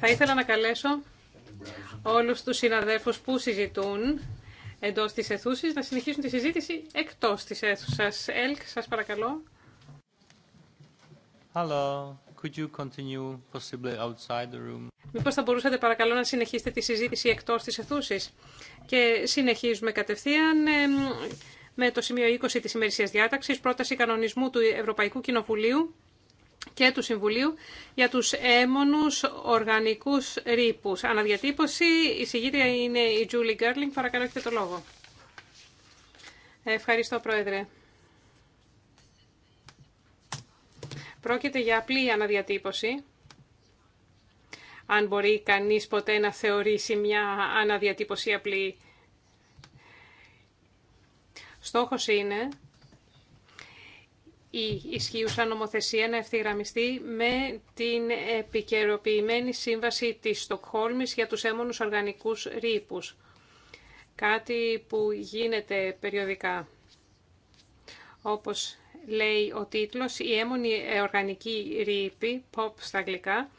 Θα ήθελα να καλέσω όλους τους συναδέλφους που συζητούν εντός της αιθούσης να συνεχίσουν τη συζήτηση εκτός της αίθουσας. Ελκ, σας παρακαλώ. Hello. Could you continue possibly outside the room? Μήπως θα μπορούσατε παρακαλώ να συνεχίσετε τη συζήτηση εκτός της αιθούσης. Και συνεχίζουμε κατευθείαν με το σημείο 20 της ημερησίας διάταξης, πρόταση κανονισμού του Ευρωπαϊκού Κοινοβουλίου και του Συμβουλίου για τους έμονους οργανικούς ρήπους. Αναδιατύπωση, η συγγήτρια είναι η Julie Γκέρλινγκ. Παρακαλώ, έχετε το λόγο. Ευχαριστώ, Πρόεδρε. Πρόκειται για απλή αναδιατύπωση. Αν μπορεί κανείς ποτέ να θεωρήσει μια αναδιατύπωση απλή Στόχος είναι η ισχύουσα νομοθεσία να ευθυγραμμιστεί με την επικαιροποιημένη σύμβαση της Στοκχόλμης για τους έμονους οργανικούς ρήπους. Κάτι που γίνεται περιοδικά. Όπως λέει ο τίτλος, η έμονη οργανική ρήπη, POP στα αγγλικά,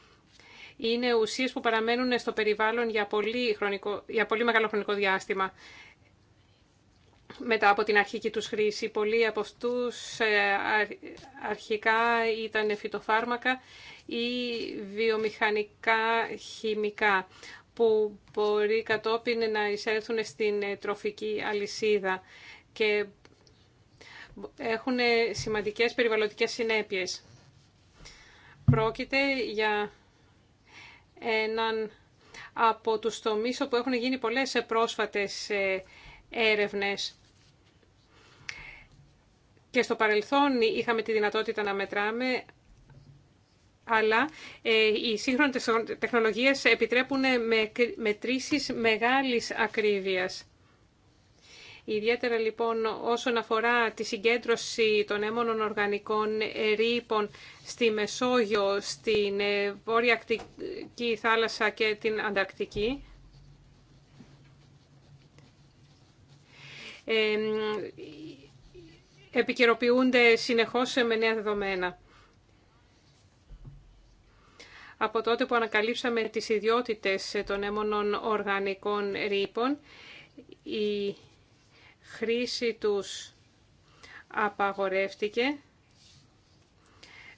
είναι ουσίες που παραμένουν στο περιβάλλον για πολύ, χρονικό, για πολύ μεγάλο χρονικό διάστημα μετά από την αρχική τους χρήση. Πολλοί από αυτούς ε, αρχικά ήταν φυτοφάρμακα ή βιομηχανικά χημικά που μπορεί κατόπιν να εισέλθουν στην ε, τροφική αλυσίδα και έχουν ε, σημαντικές περιβαλλοντικές συνέπειες. Πρόκειται για έναν από τους τομείς όπου έχουν γίνει πολλές πρόσφατες έρευνες και στο παρελθόν είχαμε τη δυνατότητα να μετράμε, αλλά ε, οι σύγχρονες τεχνολογίες επιτρέπουν μετρήσεις μεγάλης ακρίβειας. Ιδιαίτερα λοιπόν όσον αφορά τη συγκέντρωση των έμονων οργανικών ρήπων στη Μεσόγειο, στην ε, Βόρεια Ακτική θάλασσα και την Ανταρκτική. Ε, επικαιροποιούνται συνεχώς με νέα δεδομένα. Από τότε που ανακαλύψαμε τις ιδιότητες των έμονων οργανικών ρήπων, η χρήση τους απαγορεύτηκε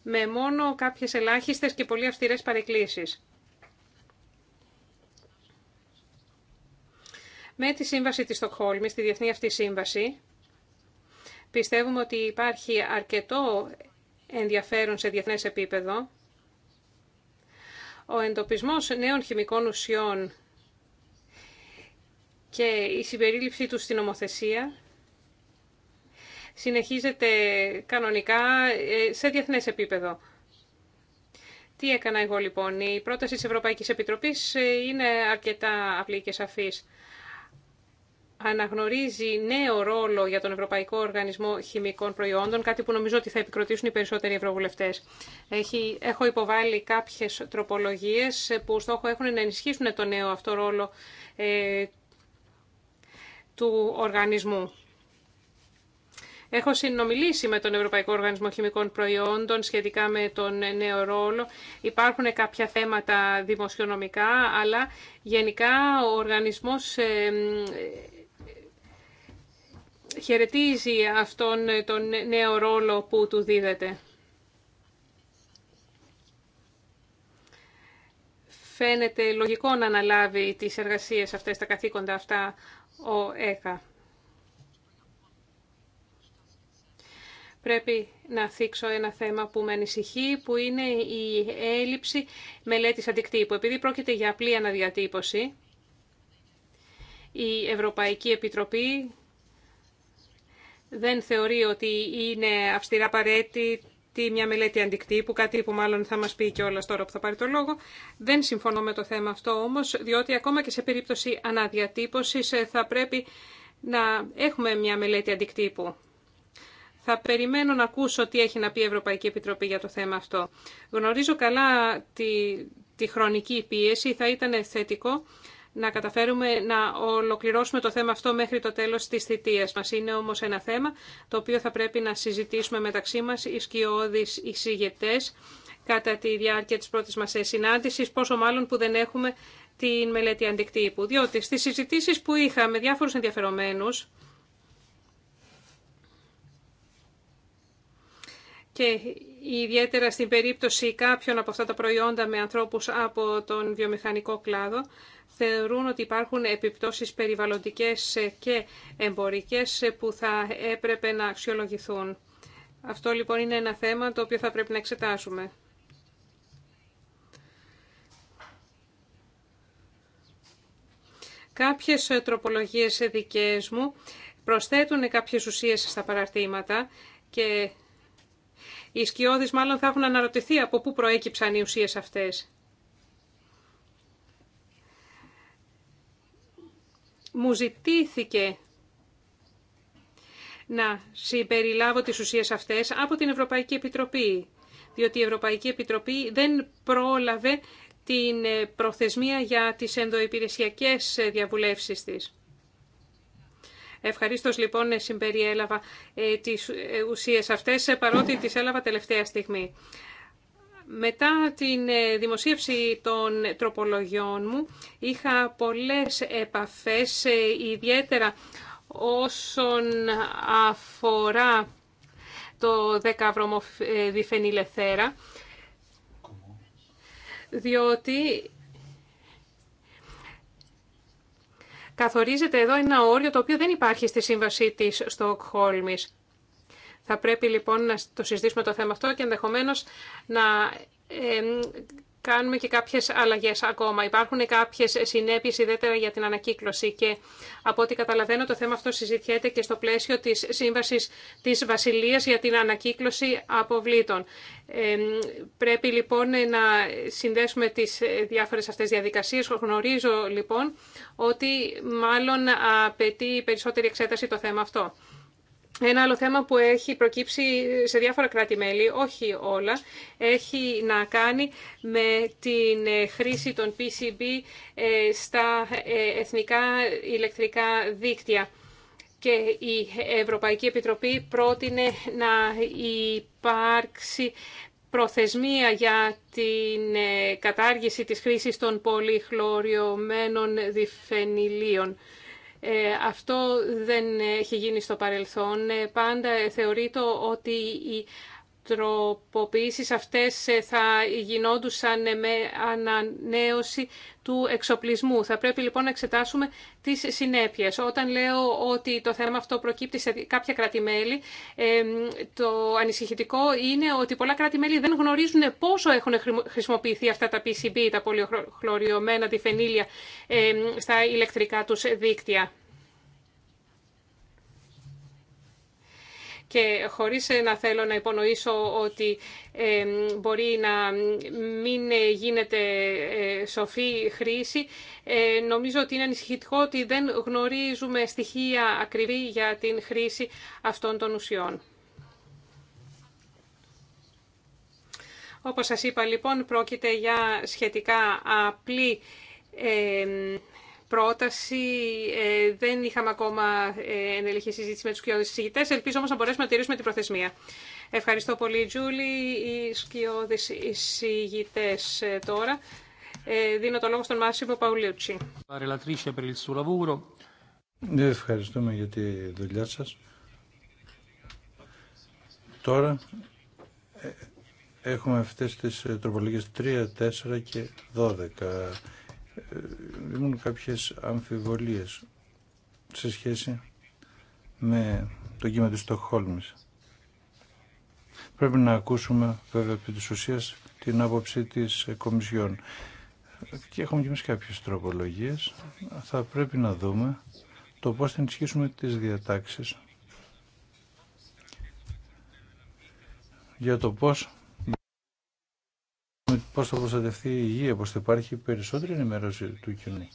με μόνο κάποιες ελάχιστες και πολύ αυστηρές παρεκκλήσεις. Με τη σύμβαση της Στοκχόλμης, τη διεθνή αυτή σύμβαση, Πιστεύουμε ότι υπάρχει αρκετό ενδιαφέρον σε διεθνές επίπεδο. Ο εντοπισμός νέων χημικών ουσιών και η συμπερίληψή του στην ομοθέσια συνεχίζεται κανονικά ε, σε διεθνές επίπεδο. Τι έκανα εγώ λοιπόν. Η πρόταση της Ευρωπαϊκής Επιτροπής ε, είναι αρκετά απλή και σαφής αναγνωρίζει νέο ρόλο για τον Ευρωπαϊκό Οργανισμό Χημικών Προϊόντων, κάτι που νομίζω ότι θα επικροτήσουν οι περισσότεροι ευρωβουλευτέ. Έχω υποβάλει κάποιε τροπολογίε που στόχο έχουν να ενισχύσουν το νέο αυτό ρόλο ε, του οργανισμού. Έχω συνομιλήσει με τον Ευρωπαϊκό Οργανισμό Χημικών Προϊόντων σχετικά με τον νέο ρόλο. Υπάρχουν κάποια θέματα δημοσιονομικά, αλλά γενικά ο οργανισμός ε, χαιρετίζει αυτόν τον νέο ρόλο που του δίδεται. Φαίνεται λογικό να αναλάβει τις εργασίες αυτές, τα καθήκοντα αυτά ο ΕΚΑ. Πρέπει να θίξω ένα θέμα που με ανησυχεί, που είναι η έλλειψη μελέτης αντικτύπου. Επειδή πρόκειται για απλή αναδιατύπωση, η Ευρωπαϊκή Επιτροπή δεν θεωρεί ότι είναι αυστηρά απαραίτητη μια μελέτη αντικτύπου, κάτι που μάλλον θα μας πει κιόλας τώρα που θα πάρει το λόγο. Δεν συμφωνώ με το θέμα αυτό όμως, διότι ακόμα και σε περίπτωση αναδιατύπωσης ε, θα πρέπει να έχουμε μια μελέτη αντικτύπου. Θα περιμένω να ακούσω τι έχει να πει η Ευρωπαϊκή Επιτροπή για το θέμα αυτό. Γνωρίζω καλά τη, τη χρονική πίεση, θα ήταν θετικό να καταφέρουμε να ολοκληρώσουμε το θέμα αυτό μέχρι το τέλος της θητείας μας. Είναι όμως ένα θέμα το οποίο θα πρέπει να συζητήσουμε μεταξύ μας οι σκιώδεις εισηγητές κατά τη διάρκεια της πρώτης μας ε, συνάντησης, πόσο μάλλον που δεν έχουμε την μελέτη αντικτύπου. Διότι στις συζητήσεις που είχαμε με διάφορους ενδιαφερομένους, και ιδιαίτερα στην περίπτωση κάποιων από αυτά τα προϊόντα με ανθρώπους από τον βιομηχανικό κλάδο, θεωρούν ότι υπάρχουν επιπτώσεις περιβαλλοντικές και εμπορικές που θα έπρεπε να αξιολογηθούν. Αυτό λοιπόν είναι ένα θέμα το οποίο θα πρέπει να εξετάσουμε. Κάποιες τροπολογίες δικές μου προσθέτουν κάποιες ουσίες στα παραρτήματα και οι σκιώδεις μάλλον θα έχουν αναρωτηθεί από πού προέκυψαν οι ουσίες αυτές. Μου ζητήθηκε να συμπεριλάβω τις ουσίες αυτές από την Ευρωπαϊκή Επιτροπή, διότι η Ευρωπαϊκή Επιτροπή δεν πρόλαβε την προθεσμία για τις ενδοϊπηρεσιακές διαβουλεύσεις της. Ευχαρίστως λοιπόν συμπεριέλαβα ε, τις ε, ουσίες αυτές, ε, παρότι τις έλαβα τελευταία στιγμή. Μετά την δημοσίευση των τροπολογιών μου, είχα πολλές επαφές, ιδιαίτερα όσον αφορά το δεκαβρομοδιφενήλεθέρα, διότι Καθορίζεται εδώ ένα όριο το οποίο δεν υπάρχει στη σύμβαση της Στοκχόλμης. Θα πρέπει λοιπόν να το συζητήσουμε το θέμα αυτό και ενδεχομένω να ε, κάνουμε και κάποιες αλλαγές ακόμα. Υπάρχουν κάποιες συνέπειες ιδιαίτερα για την ανακύκλωση και από ό,τι καταλαβαίνω το θέμα αυτό συζητιέται και στο πλαίσιο της Σύμβασης της Βασιλείας για την ανακύκλωση αποβλήτων. Ε, πρέπει λοιπόν να συνδέσουμε τις διάφορες αυτές διαδικασίες. Γνωρίζω λοιπόν ότι μάλλον απαιτεί περισσότερη εξέταση το θέμα αυτό. Ένα άλλο θέμα που έχει προκύψει σε διάφορα κράτη-μέλη, όχι όλα, έχει να κάνει με την ε, χρήση των PCB ε, στα ε, εθνικά ηλεκτρικά δίκτυα. Και η Ευρωπαϊκή Επιτροπή πρότεινε να υπάρξει προθεσμία για την κατάργηση της χρήσης των πολυχλωριωμένων διφενηλίων. Ε, αυτό δεν έχει γίνει στο παρελθόν. Ε, πάντα θεωρείται ότι η τροποποιήσεις αυτές ε, θα γινόντουσαν ε, με ανανέωση του εξοπλισμού. Θα πρέπει λοιπόν να εξετάσουμε τις συνέπειες. Όταν λέω ότι το θέμα αυτό προκύπτει σε κάποια κράτη-μέλη, ε, το ανησυχητικό είναι ότι πολλά δεν γνωρίζουν πόσο έχουν χρησιμοποιηθεί αυτά τα PCB, τα τη φενήλια, στα ηλεκτρικά τους δίκτυα. και χωρίς ε, να θέλω να υπονοήσω ότι ε, μπορεί να μην ε, γίνεται σοφή χρήση, νομίζω ότι είναι ανησυχητικό ότι δεν γνωρίζουμε στοιχεία ακριβή για την χρήση αυτών των ουσιών. Όπως σας είπα λοιπόν, πρόκειται για σχετικά απλή πρόταση. Ε, δεν είχαμε ακόμα ε, ενελεχή συζήτηση με του κοιόδης εισηγητέ. Ελπίζω όμω να μπορέσουμε να τηρήσουμε την προθεσμία. Ευχαριστώ πολύ, Τζούλη. Οι εισηγητέ ε, τώρα. Ε, δίνω το λόγο στον Μάσιμο Παουλίουτσι. Ναι, ευχαριστούμε για τη δουλειά σα. Τώρα έχουμε αυτέ τι τροπολογίε 3, 4 και 12. Ε, ήμουν κάποιες αμφιβολίες σε σχέση με το κύμα της Στοχόλμης. Πρέπει να ακούσουμε βέβαια επί της την άποψη της ε, Κομισιόν. Και έχουμε και εμείς κάποιες τροπολογίες. Θα πρέπει να δούμε το πώς θα ενισχύσουμε τις διατάξεις για το πώς πώς θα προστατευτεί η υγεία, πώς θα υπάρχει περισσότερη ενημέρωση του κοινού.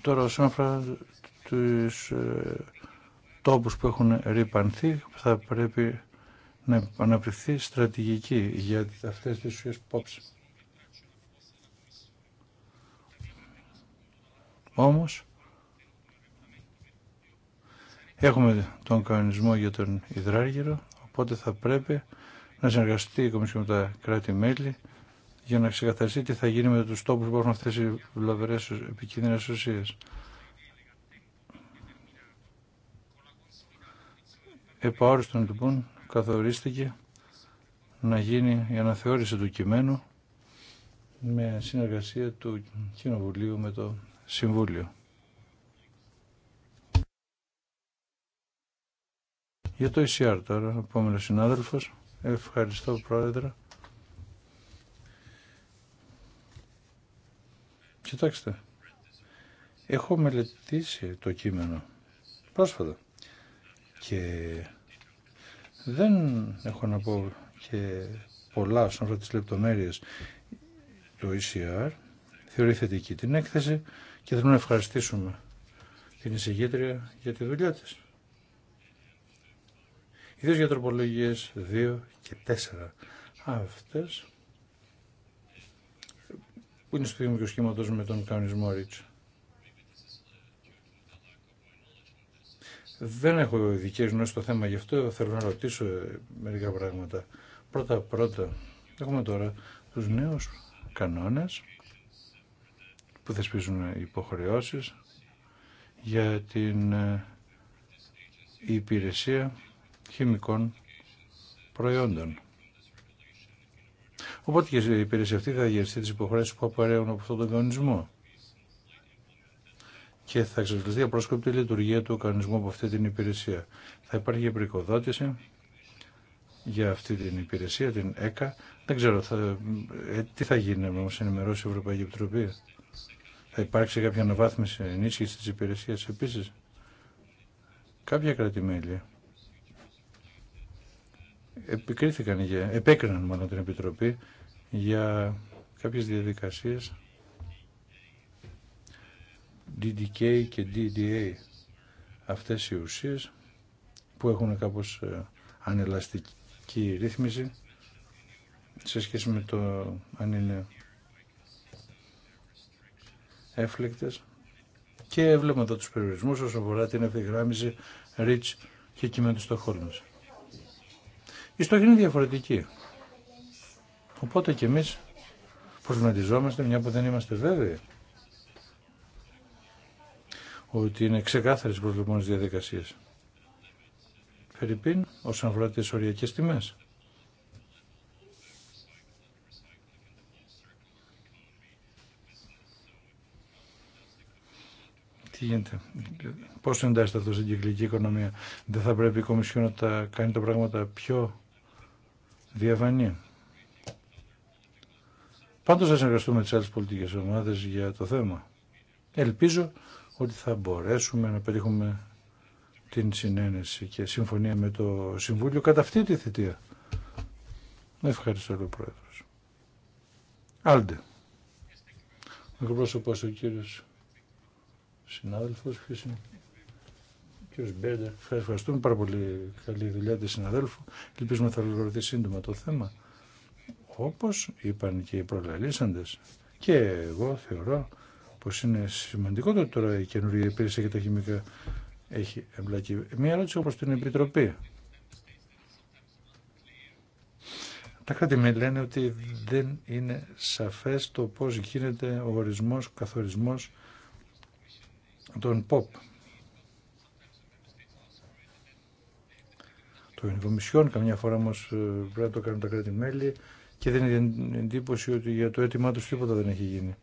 Τώρα, όσον αφορά τους ε, τόπους που έχουν ρηπανθεί, θα πρέπει να αναπτυχθεί στρατηγική για αυτές τις ουσίες πόψη. Όμως, έχουμε τον κανονισμό για τον υδράργυρο, οπότε θα πρέπει να συνεργαστεί η Κομισιόν με τα κράτη-μέλη για να ξεκαθαριστεί τι θα γίνει με τους τόπου που έχουν αυτέ οι βλαβερές επικίνδυνες ουσίε. Επαόριστον λοιπόν καθορίστηκε να γίνει η αναθεώρηση του κειμένου με συνεργασία του Κοινοβουλίου με το Συμβούλιο. Για το ECR τώρα, ο επόμενος συνάδελφος. Ευχαριστώ πρόεδρε. Κοιτάξτε, έχω μελετήσει το κείμενο πρόσφατα και δεν έχω να πω και πολλά στον αυτές τις λεπτομέρειες το ECR θεωρεί θετική την έκθεση και θέλω να ευχαριστήσουμε την εισηγήτρια για τη δουλειά της ιδίως για τροπολογίες 2 και 4. Αυτές που είναι στο και του σχήματος με τον κανονισμό Ρίτσα. Δεν έχω ειδικέ γνώσει στο θέμα, γι' αυτό θέλω να ρωτήσω μερικά πράγματα. Πρώτα πρώτα, έχουμε τώρα τους νέους κανόνες που θεσπίζουν υποχρεώσεις για την ε, υπηρεσία χημικών προϊόντων. Οπότε και η υπηρεσία αυτή θα διαχειριστεί τι υποχρέωσει που απαραίουν από αυτόν τον κανονισμό και θα εξασφαλιστεί απρόσκοπτη λειτουργία του κανονισμού από αυτή την υπηρεσία. Θα υπάρχει επρικοδότηση για αυτή την υπηρεσία, την ΕΚΑ. Δεν ξέρω θα, ε, τι θα γίνει να ενημερώσει η Ευρωπαϊκή Επιτροπή. Θα υπάρξει κάποια αναβάθμιση ενίσχυση της υπηρεσίας επίση, Κάποια κρατημέλια επικρίθηκαν, για, επέκριναν μόνο την Επιτροπή για κάποιες διαδικασίες DDK και DDA αυτές οι ουσίες που έχουν κάπως ε, ανελαστική ρύθμιση σε σχέση με το αν είναι έφλεκτες και βλέπουμε εδώ τους περιορισμούς όσον αφορά την ευθυγράμμιση REACH και κειμένου στο χώρο μας. Η στόχη είναι διαφορετική. Οπότε και εμείς προβληματιζόμαστε μια που δεν είμαστε βέβαιοι ότι είναι ξεκάθαρες προβλημόνες διαδικασίες. Φερρυπίν όσον αφορά τις οριακές τιμές. Τι γίνεται, πώς εντάσσεται αυτό στην κυκλική οικονομία. Δεν θα πρέπει η Κομισιόν να τα κάνει τα πράγματα πιο διαφανεί. Πάντως θα συνεργαστούμε τις άλλες πολιτικές ομάδες για το θέμα. Ελπίζω ότι θα μπορέσουμε να πετύχουμε την συνένεση και συμφωνία με το Συμβούλιο κατά αυτή τη θητεία. Ευχαριστώ, ο Πρόεδρος. Άλντε. Ο ο κύριος συνάδελφος, ποιος είναι. Κύριος Μπέντερ, ευχαριστούμε πάρα πολύ καλή δουλειά τη συναδέλφου. Ελπίζουμε θα ολοκληρωθεί σύντομα το θέμα. Όπως είπαν και οι προλαλήσαντες και εγώ θεωρώ πως είναι σημαντικό το τώρα η καινούργια υπηρεσία για τα χημικά έχει εμπλακεί. Μία ερώτηση όπως την Επιτροπή. Τα κράτη με λένε ότι δεν είναι σαφές το πώς γίνεται ο ορισμός, καθορισμός των ΠΟΠ καμιά φορά όμω ε, πρέπει να το κάνουν τα κράτη-μέλη και δεν είναι εντύπωση ότι για το αίτημά του τίποτα δεν έχει γίνει.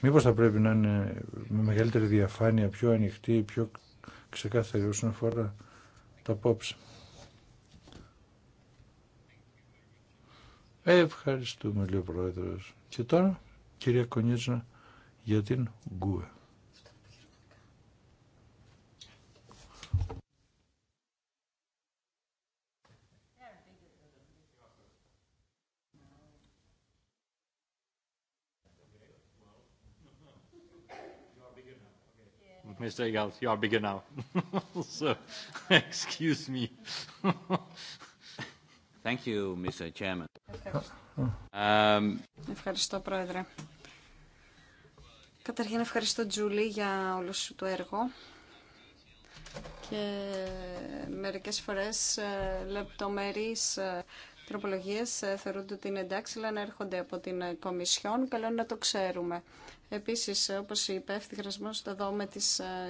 Μήπω θα πρέπει να είναι με μεγαλύτερη διαφάνεια, πιο ανοιχτή, πιο ξεκάθαρη όσον αφορά τα απόψη. Ευχαριστούμε, λέει ο Πρόεδρος. Και τώρα, κυρία Κονίτσνα, για την Γκουε. Ευχαριστώ, Πρόεδρε. Καταρχήν ευχαριστώ Τζούλη για όλο σου το έργο και μερικές φορές ε, λεπτομερείς ε, τροπολογίες ε, θεωρούνται ότι είναι εντάξει αλλά να έρχονται από την Κομισιόν, καλό είναι να το ξέρουμε. Επίσης, όπως είπε, ευθυγρασμός εδώ με τη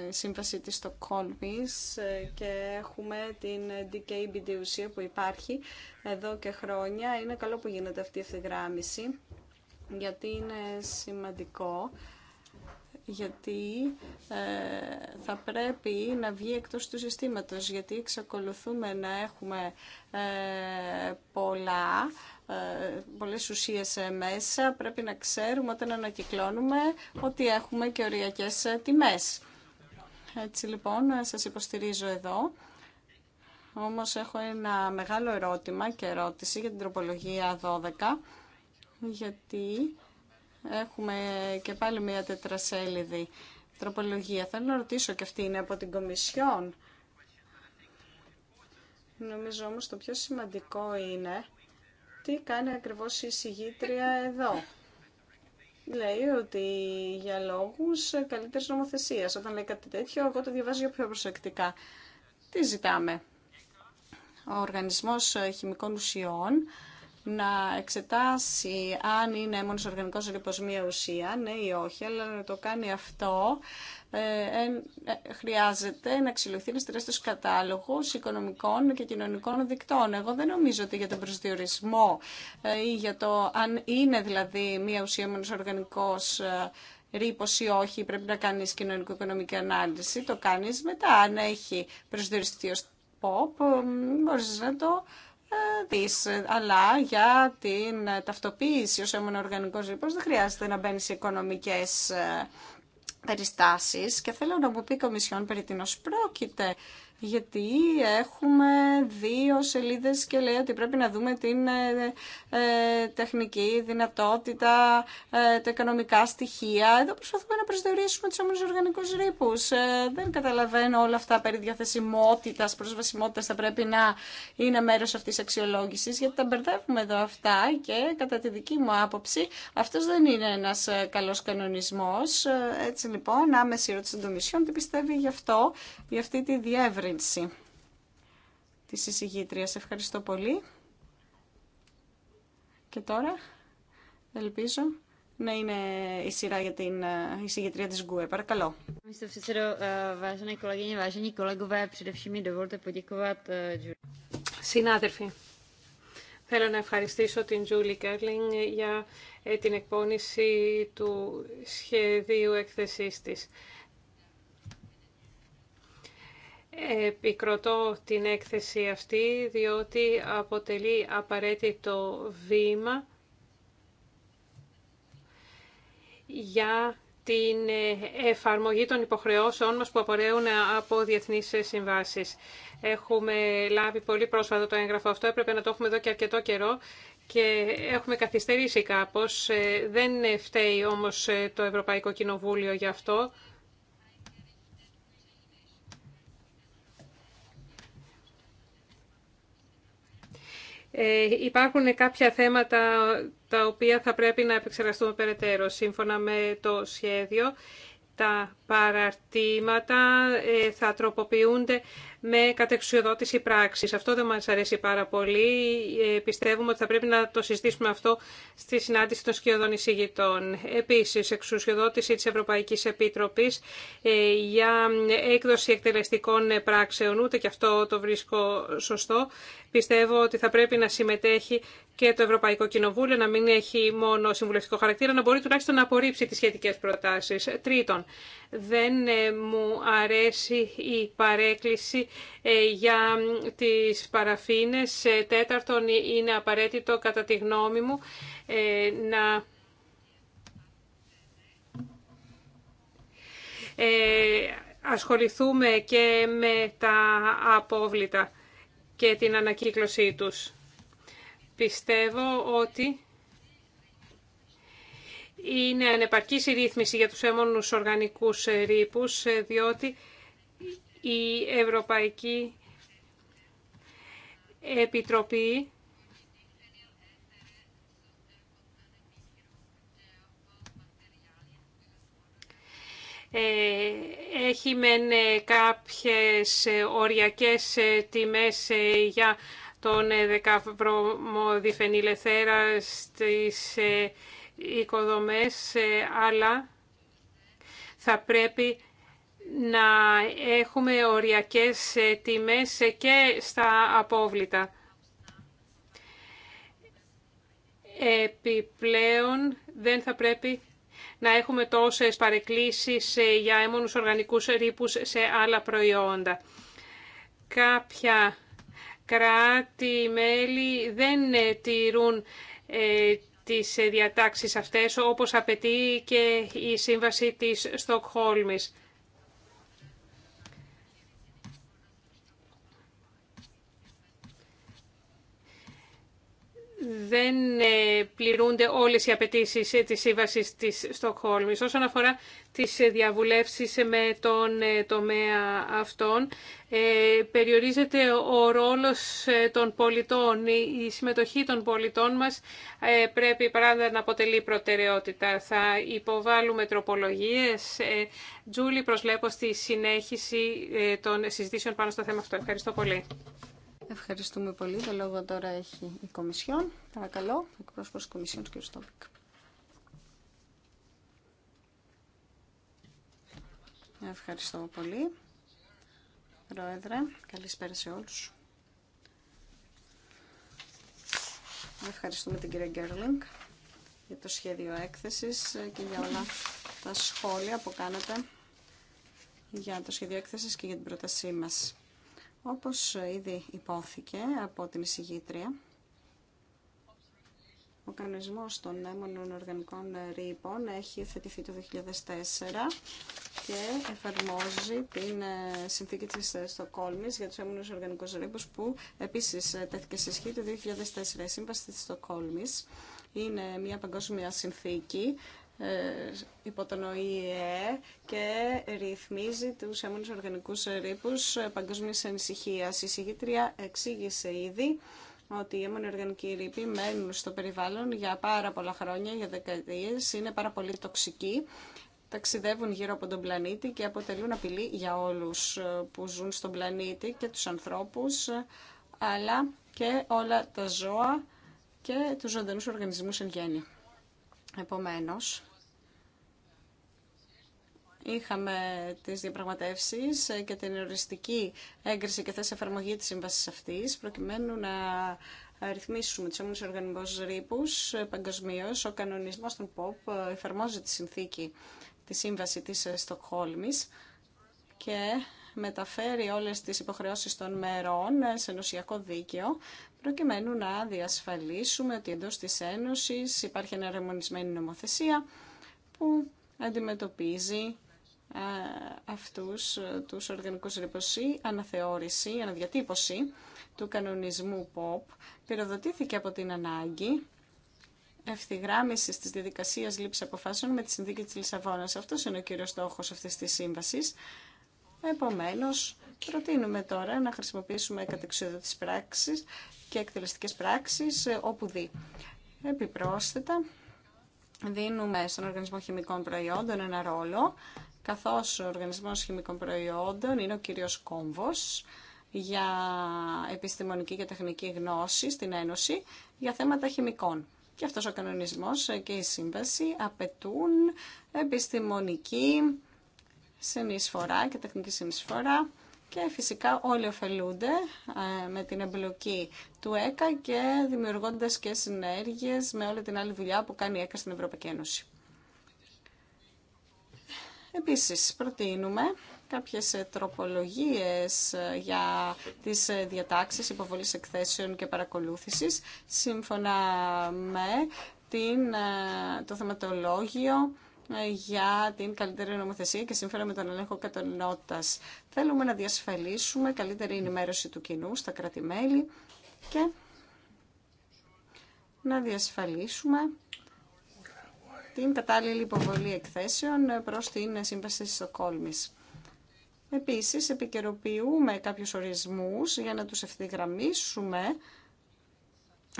ε, σύμβαση της Στοκχόλμη ε, και έχουμε την DKBD που υπάρχει εδώ και χρόνια. Είναι καλό που γίνεται αυτή η ευθυγράμμιση, γιατί είναι σημαντικό γιατί ε, θα πρέπει να βγει εκτός του συστήματος, γιατί εξακολουθούμε να έχουμε πολλά ε, πολλές ουσίες ε, μέσα, πρέπει να ξέρουμε όταν ανακυκλώνουμε ότι έχουμε και οριακές ε, τιμές. Έτσι λοιπόν, σας υποστηρίζω εδώ. Όμως έχω ένα μεγάλο ερώτημα και ερώτηση για την τροπολογία 12, γιατί έχουμε και πάλι μια τετρασέλιδη τροπολογία. Θέλω να ρωτήσω και αυτή είναι από την Κομισιόν. Νομίζω όμως το πιο σημαντικό είναι τι κάνει ακριβώς η συγγήτρια εδώ. Λέει ότι για λόγους καλύτερης νομοθεσίας. Όταν λέει κάτι τέτοιο, εγώ το διαβάζω πιο προσεκτικά. Τι ζητάμε. Ο Οργανισμός Χημικών Ουσιών να εξετάσει αν είναι μόνος οργανικός ρήπος μία ουσία, ναι ή όχι, αλλά να το κάνει αυτό ε, ε, χρειάζεται να αξιολογηθεί ένα τεράστιο κατάλογος οικονομικών και κοινωνικών δικτών. Εγώ δεν νομίζω ότι για τον προσδιορισμό ε, ή για το αν είναι δηλαδή μία ουσία μόνος οργανικός ρήπο ή όχι, πρέπει να κάνει κοινωνικο-οικονομική ανάλυση. Το κάνει μετά. Αν έχει προσδιοριστεί ω pop, μπορεί να το αλλά για την ταυτοποίηση ως οργανικός ρήπος λοιπόν, δεν χρειάζεται να μπαίνει σε οικονομικές ε, περιστάσεις και θέλω να μου πει η Κομισιόν περί τίνος πρόκειται γιατί έχουμε δύο σελίδες και λέει ότι πρέπει να δούμε την ε, ε, τεχνική δυνατότητα, ε, τα οικονομικά στοιχεία. Εδώ προσπαθούμε να προσδιορίσουμε τους όμορους οργανικούς ρήπους. δεν καταλαβαίνω όλα αυτά περί διαθεσιμότητας, προσβασιμότητας θα πρέπει να είναι μέρος αυτής της αξιολόγησης, γιατί τα μπερδεύουμε εδώ αυτά και κατά τη δική μου άποψη αυτός δεν είναι ένας καλός κανονισμός. Έτσι λοιπόν, άμεση ερώτηση των Κομισιών, τι πιστεύει γι' αυτό, για αυτή τη διεύρυνση Τη της εισηγήτριας. Ευχαριστώ πολύ. Και τώρα ελπίζω να είναι η σειρά για την ε, εισηγητρία της ΓΚΟΕ. Παρακαλώ. Ε, ε, Συνάδελφοι, θέλω να ευχαριστήσω την Τζούλη Κέρλινγκ για την εκπόνηση του σχεδίου έκθεσής της. Επικροτώ την έκθεση αυτή διότι αποτελεί απαραίτητο βήμα για την εφαρμογή των υποχρεώσεων μας που απορρέουν από διεθνείς συμβάσεις. Έχουμε λάβει πολύ πρόσφατα το έγγραφο αυτό, έπρεπε να το έχουμε εδώ και αρκετό καιρό και έχουμε καθυστερήσει κάπως. Ε, δεν φταίει όμως ε, το Ευρωπαϊκό Κοινοβούλιο γι' αυτό. Ε, υπάρχουν κάποια θέματα τα οποία θα πρέπει να επεξεργαστούμε περαιτέρω. Σύμφωνα με το σχέδιο, τα παραρτήματα ε, θα τροποποιούνται με κατεξουσιοδότηση πράξη. Αυτό δεν μας αρέσει πάρα πολύ. Ε, πιστεύουμε ότι θα πρέπει να το συζητήσουμε αυτό στη συνάντηση των σκιωδών εισηγητών. Επίσης, εξουσιοδότηση της Ευρωπαϊκής Επίτροπης ε, για έκδοση εκτελεστικών πράξεων. Ούτε και αυτό το βρίσκω σωστό. Πιστεύω ότι θα πρέπει να συμμετέχει και το Ευρωπαϊκό Κοινοβούλιο, να μην έχει μόνο συμβουλευτικό χαρακτήρα, να μπορεί τουλάχιστον να απορρίψει τις σχετικές προτάσεις. Τρίτον, δεν ε, μου αρέσει η παρέκκληση ε, για τις παραφίνες. Ε, τέταρτον, είναι απαραίτητο κατά τη γνώμη μου να ασχοληθούμε και με τα απόβλητα και την ανακύκλωσή τους. Πιστεύω ότι είναι ανεπαρκής η ρύθμιση για τους έμονους οργανικούς ρήπους, διότι η Ευρωπαϊκή Επιτροπή ε, έχει μεν κάποιες οριακές τιμές για τον δεκαβρομοδιφενήλεθέρα στις ε, οικοδομές, ε, αλλά θα πρέπει να έχουμε οριακές ε, τιμές ε, και στα απόβλητα. Επιπλέον δεν θα πρέπει να έχουμε τόσες παρεκκλήσεις για έμονους οργανικούς ρήπους σε άλλα προϊόντα. Κάποια κράτη-μέλη δεν τηρούν τις ε, διατάξεις αυτές όπως απαιτεί και η Σύμβαση της Στοκχόλμης. δεν ε, πληρούνται όλες οι απαιτήσει ε, της σύμβαση της Στοκχόλμης. Όσον αφορά τις ε, διαβουλεύσεις με τον τομέα αυτών, περιορίζεται ο ρόλος των πολιτών. Η συμμετοχή των πολιτών μας πρέπει πάντα να αποτελεί προτεραιότητα. Θα υποβάλουμε τροπολογίες. Τζούλη, προσλέπω στη συνέχιση των συζητήσεων πάνω στο θέμα αυτό. Ευχαριστώ πολύ. Ευχαριστούμε πολύ. Το λόγο τώρα έχει η Κομισιόν. Παρακαλώ, εκπρόσωπος της Κομισιόν, κ. Στόπικ. Ευχαριστώ πολύ. Πρόεδρε, καλησπέρα σε όλους. Ευχαριστούμε την κυρία Γκέρλινγκ για το σχέδιο έκθεσης και για όλα τα σχόλια που κάνατε για το σχέδιο έκθεσης και για την πρότασή μας. Όπως ήδη υπόθηκε από την εισηγήτρια, ο κανονισμός των έμονων οργανικών ρήπων έχει θετηθεί το 2004 και εφαρμόζει την ε, συνθήκη της ε, Στοκόλμης για τους έμονους οργανικούς ρήπους που επίσης ε, τέθηκε σε ισχύ το 2004. Η σύμβαση της Στοκόλμης είναι μια παγκόσμια συνθήκη ε, υπό τον ΟΗΕ και ρυθμίζει τους έμονους οργανικούς ρήπους ε, παγκόσμιας ανησυχίας. Η συγγήτρια εξήγησε ήδη ότι οι έμονοι οργανικοί ρήποι μένουν στο περιβάλλον για πάρα πολλά χρόνια, για δεκαετίες, είναι πάρα πολύ τοξικοί, ταξιδεύουν γύρω από τον πλανήτη και αποτελούν απειλή για όλους ε, που ζουν στον πλανήτη και τους ανθρώπους, αλλά και όλα τα ζώα και τους ζωντανούς οργανισμούς εν γέννη. Επομένως, είχαμε τις διαπραγματεύσεις και την οριστική έγκριση και θέση εφαρμογή της σύμβασης αυτής, προκειμένου να ρυθμίσουμε τους όμως οργανισμούς ρήπους παγκοσμίω. Ο κανονισμός των ΠΟΠ εφαρμόζει τη συνθήκη της σύμβαση της Στοκχόλμης και μεταφέρει όλες τις υποχρεώσεις των μερών σε νοσιακό δίκαιο προκειμένου να διασφαλίσουμε ότι εντός της Ένωσης υπάρχει ένα ρεμονισμένη νομοθεσία που αντιμετωπίζει ε, αυτούς ε, τους οργανικούς ρήπους λοιπόν, αναθεώρηση, αναδιατύπωση του κανονισμού ΠΟΠ. πυροδοτήθηκε από την ανάγκη ευθυγράμμιση τη διαδικασία λήψη αποφάσεων με τη Συνδίκη τη Λισαβόνα. Αυτό είναι ο κύριο στόχο αυτή τη σύμβαση. Επομένω, προτείνουμε τώρα να χρησιμοποιήσουμε κατεξοδότηση πράξη και εκτελεστικές πράξεις ε, όπου δει. Επιπρόσθετα, δίνουμε στον Οργανισμό Χημικών Προϊόντων ένα ρόλο, καθώς ο Οργανισμός Χημικών Προϊόντων είναι ο κύριος κόμβος για επιστημονική και τεχνική γνώση στην Ένωση για θέματα χημικών. Και αυτός ο κανονισμός και η σύμβαση απαιτούν επιστημονική συνεισφορά και τεχνική συνεισφορά και φυσικά όλοι ωφελούνται ε, με την εμπλοκή του ΕΚΑ και δημιουργώντας και συνέργειες με όλη την άλλη δουλειά που κάνει η ΕΚΑ στην Ευρωπαϊκή Ένωση. Επίσης, προτείνουμε κάποιες ε, τροπολογίες ε, για τις διατάξεις υποβολής εκθέσεων και παρακολούθησης σύμφωνα με την, το θεματολόγιο για την καλύτερη νομοθεσία και σύμφωνα με τον ελέγχο κατανότητα. Θέλουμε να διασφαλίσουμε καλύτερη ενημέρωση του κοινού στα κρατη και να διασφαλίσουμε την κατάλληλη υποβολή εκθέσεων προς την Σύμβαση της Στοκόλμης. Επίσης, επικαιροποιούμε κάποιους ορισμούς για να τους ευθυγραμμίσουμε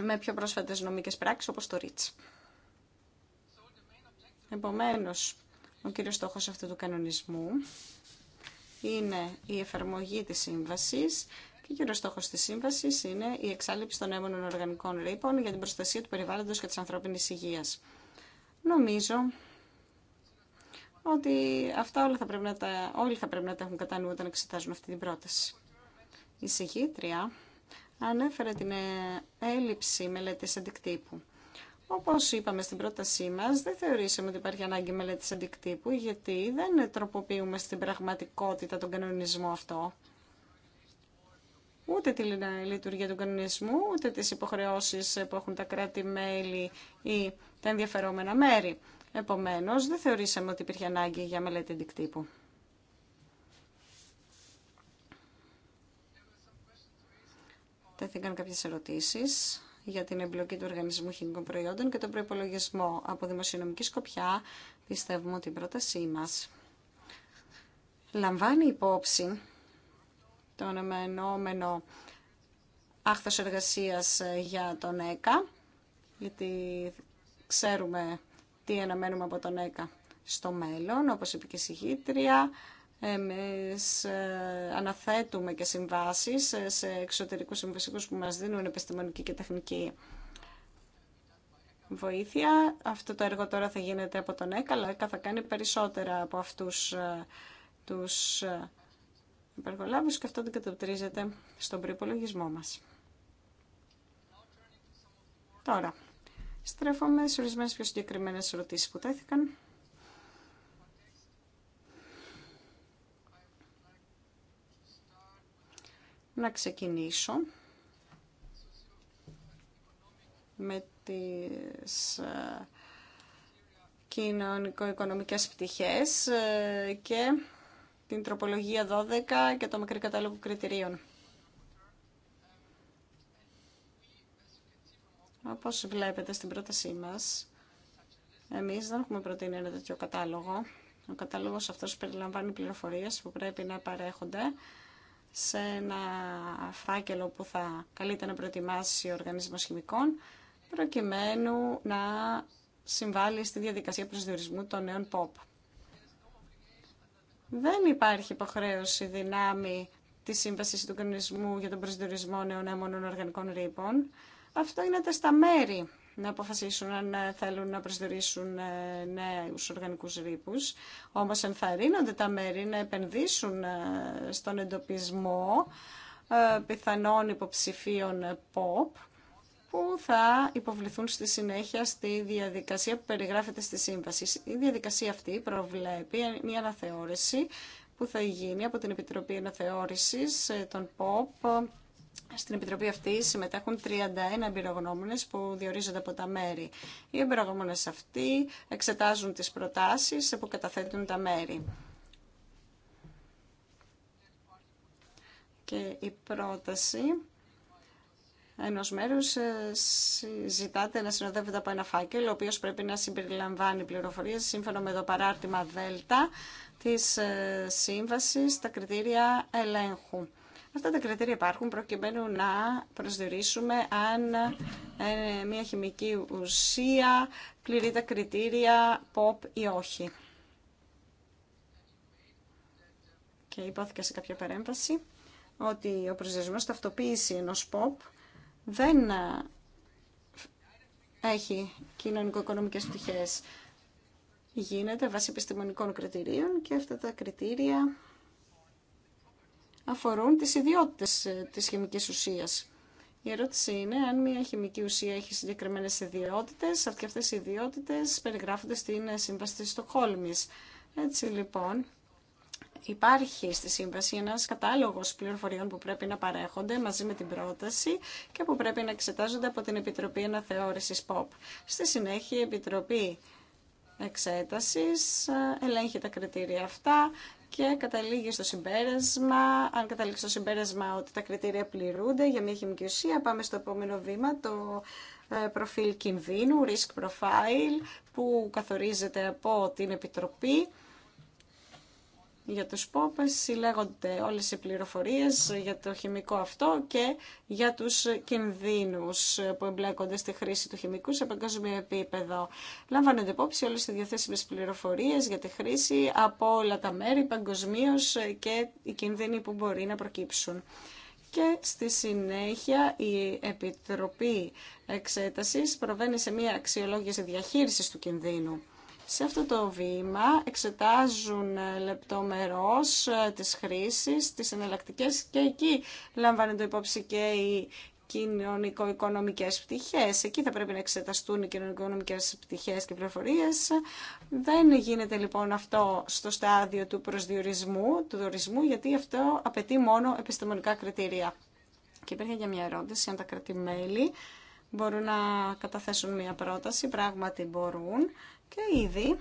με πιο πρόσφατες νομικές πράξεις όπως το ΡΙΤΣ. Επομένως, ο κύριος στόχος αυτού του κανονισμού είναι η εφαρμογή της σύμβασης και ο κύριος στόχος της σύμβασης είναι η εξάλληψη των έμονων οργανικών ρήπων για την προστασία του περιβάλλοντος και της ανθρώπινης υγείας. Νομίζω ότι αυτά όλα θα πρέπει να τα, όλοι θα πρέπει να τα έχουν κατά νου όταν εξετάζουν αυτή την πρόταση. Η συγγήτρια ανέφερε την ε, έλλειψη μελέτης αντικτύπου. Όπω είπαμε στην πρότασή μα, δεν θεωρήσαμε ότι υπάρχει ανάγκη μελέτη αντικτύπου, γιατί δεν τροποποιούμε στην πραγματικότητα τον κανονισμό αυτό. Ούτε τη λειτουργία του κανονισμού, ούτε τι υποχρεώσει που έχουν τα κράτη-μέλη ή τα ενδιαφερόμενα μέρη. Επομένως, δεν θεωρήσαμε ότι υπήρχε ανάγκη για μελέτη αντικτύπου. Τέθηκαν κάποιες ερωτήσεις για την εμπλοκή του οργανισμού χημικών προϊόντων και τον προπολογισμό. Από δημοσιονομική σκοπιά πιστεύουμε ότι η πρότασή μα. λαμβάνει υπόψη το αναμενόμενο άχθος εργασία ε, για τον ΕΚΑ, γιατί ξέρουμε τι αναμένουμε από τον ΕΚΑ στο μέλλον, όπως είπε και η συγχύτρια, εμείς ε, αναθέτουμε και συμβάσεις ε, σε εξωτερικούς συμβασικούς που μας δίνουν επιστημονική και τεχνική βοήθεια. Αυτό το έργο τώρα θα γίνεται από τον ΕΚΑ, αλλά ΕΚΑ θα κάνει περισσότερα από αυτούς ε, τους υπεργολάβους και αυτό δεν κατοπτρίζεται στον προϋπολογισμό μας. Τώρα, στρέφομαι σε ορισμένε πιο συγκεκριμένε ερωτήσει που τέθηκαν. να ξεκινήσω με τις ε, κοινωνικο-οικονομικές πτυχές ε, και την τροπολογία 12 και το μικρή κατάλογο κριτηρίων. Όπως βλέπετε στην πρότασή μας, εμείς δεν έχουμε προτείνει ένα τέτοιο κατάλογο. Ο κατάλογος αυτός περιλαμβάνει πληροφορίες που πρέπει να παρέχονται σε ένα φάκελο που θα καλείται να προετοιμάσει ο οργανισμός χημικών προκειμένου να συμβάλλει στη διαδικασία προσδιορισμού των νέων ΠΟΠ. Δεν υπάρχει υποχρέωση δυνάμει τη σύμβαση του κανονισμού για τον προσδιορισμό νέων αίμονων οργανικών ρήπων. Αυτό είναι στα μέρη να αποφασίσουν αν ε, θέλουν να προσδιορίσουν ε, νέους οργανικούς ρήπους. Όμως ενθαρρύνονται τα μέρη να επενδύσουν ε, στον εντοπισμό πιθανών υποψηφίων ΠΟΠ που θα υποβληθούν στη συνέχεια στη διαδικασία που περιγράφεται στη σύμβαση. Η διαδικασία αυτή προβλέπει μια αναθεώρηση που θα γίνει από την Επιτροπή Αναθεώρησης των ΠΟΠ στην Επιτροπή αυτή συμμετέχουν 31 εμπειρογνώμονε που διορίζονται από τα μέρη. Οι εμπειρογνώμονε αυτοί εξετάζουν τι προτάσει που καταθέτουν τα μέρη. Και η πρόταση ενό μέρου ε, ζητάται να συνοδεύεται από ένα φάκελο, ο οποίο πρέπει να συμπεριλαμβάνει πληροφορίε σύμφωνα με το παράρτημα Δέλτα τη ε, σύμβαση, στα κριτήρια ελέγχου. Αυτά τα κριτήρια υπάρχουν προκειμένου να προσδιορίσουμε αν ε, μια χημική ουσία πληρεί τα κριτήρια POP ή όχι. Και υπόθηκε σε κάποια παρέμβαση ότι ο προσδιορισμός ταυτοποίηση ενός POP δεν ε, έχει κοινωνικο-οικονομικές πτυχές. Γίνεται βάσει επιστημονικών κριτηρίων και αυτά τα κριτήρια αφορούν τις ιδιότητες ε, της χημικής ουσίας. Η ερώτηση είναι αν μια χημική ουσία έχει συγκεκριμένες ιδιότητες. και αυτέ οι ιδιότητε περιγράφονται στην ε, Σύμβαση της Στοκχόλμης. Έτσι λοιπόν, υπάρχει στη Σύμβαση ένας κατάλογος πληροφοριών που πρέπει να παρέχονται μαζί με την πρόταση και που πρέπει να εξετάζονται από την Επιτροπή Αναθεώρηση ΠΟΠ. Στη συνέχεια, η Επιτροπή Εξέτασης ε, ελέγχει τα κριτήρια αυτά και καταλήγει στο συμπέρασμα, αν καταλήξει στο συμπέρασμα ότι τα κριτήρια πληρούνται για μια χημική ουσία, πάμε στο επόμενο βήμα, το ε, προφίλ κινδύνου, risk profile, που καθορίζεται από την Επιτροπή για τους πόπες, συλλέγονται όλες οι πληροφορίες για το χημικό αυτό και για τους κινδύνους που εμπλέκονται στη χρήση του χημικού σε παγκόσμιο επίπεδο. Λαμβάνονται υπόψη όλες οι διαθέσιμες πληροφορίες για τη χρήση από όλα τα μέρη παγκοσμίω και οι κινδύνοι που μπορεί να προκύψουν. Και στη συνέχεια η Επιτροπή Εξέτασης προβαίνει σε μια αξιολόγηση διαχείρισης του κινδύνου σε αυτό το βήμα εξετάζουν ε, λεπτομερώς ε, τις χρήσεις, τις εναλλακτικέ και εκεί λαμβάνεται υπόψη και οι κοινωνικο-οικονομικές πτυχές. Εκεί θα πρέπει να εξεταστούν οι κοινωνικο-οικονομικές πτυχές και πληροφορίες. Δεν γίνεται λοιπόν αυτό στο στάδιο του προσδιορισμού, του δορισμού, γιατί αυτό απαιτεί μόνο επιστημονικά κριτήρια. Και υπήρχε για μια ερώτηση αν τα κρατημέλη μπορούν να καταθέσουν μια πρόταση. Πράγματι μπορούν. Και ήδη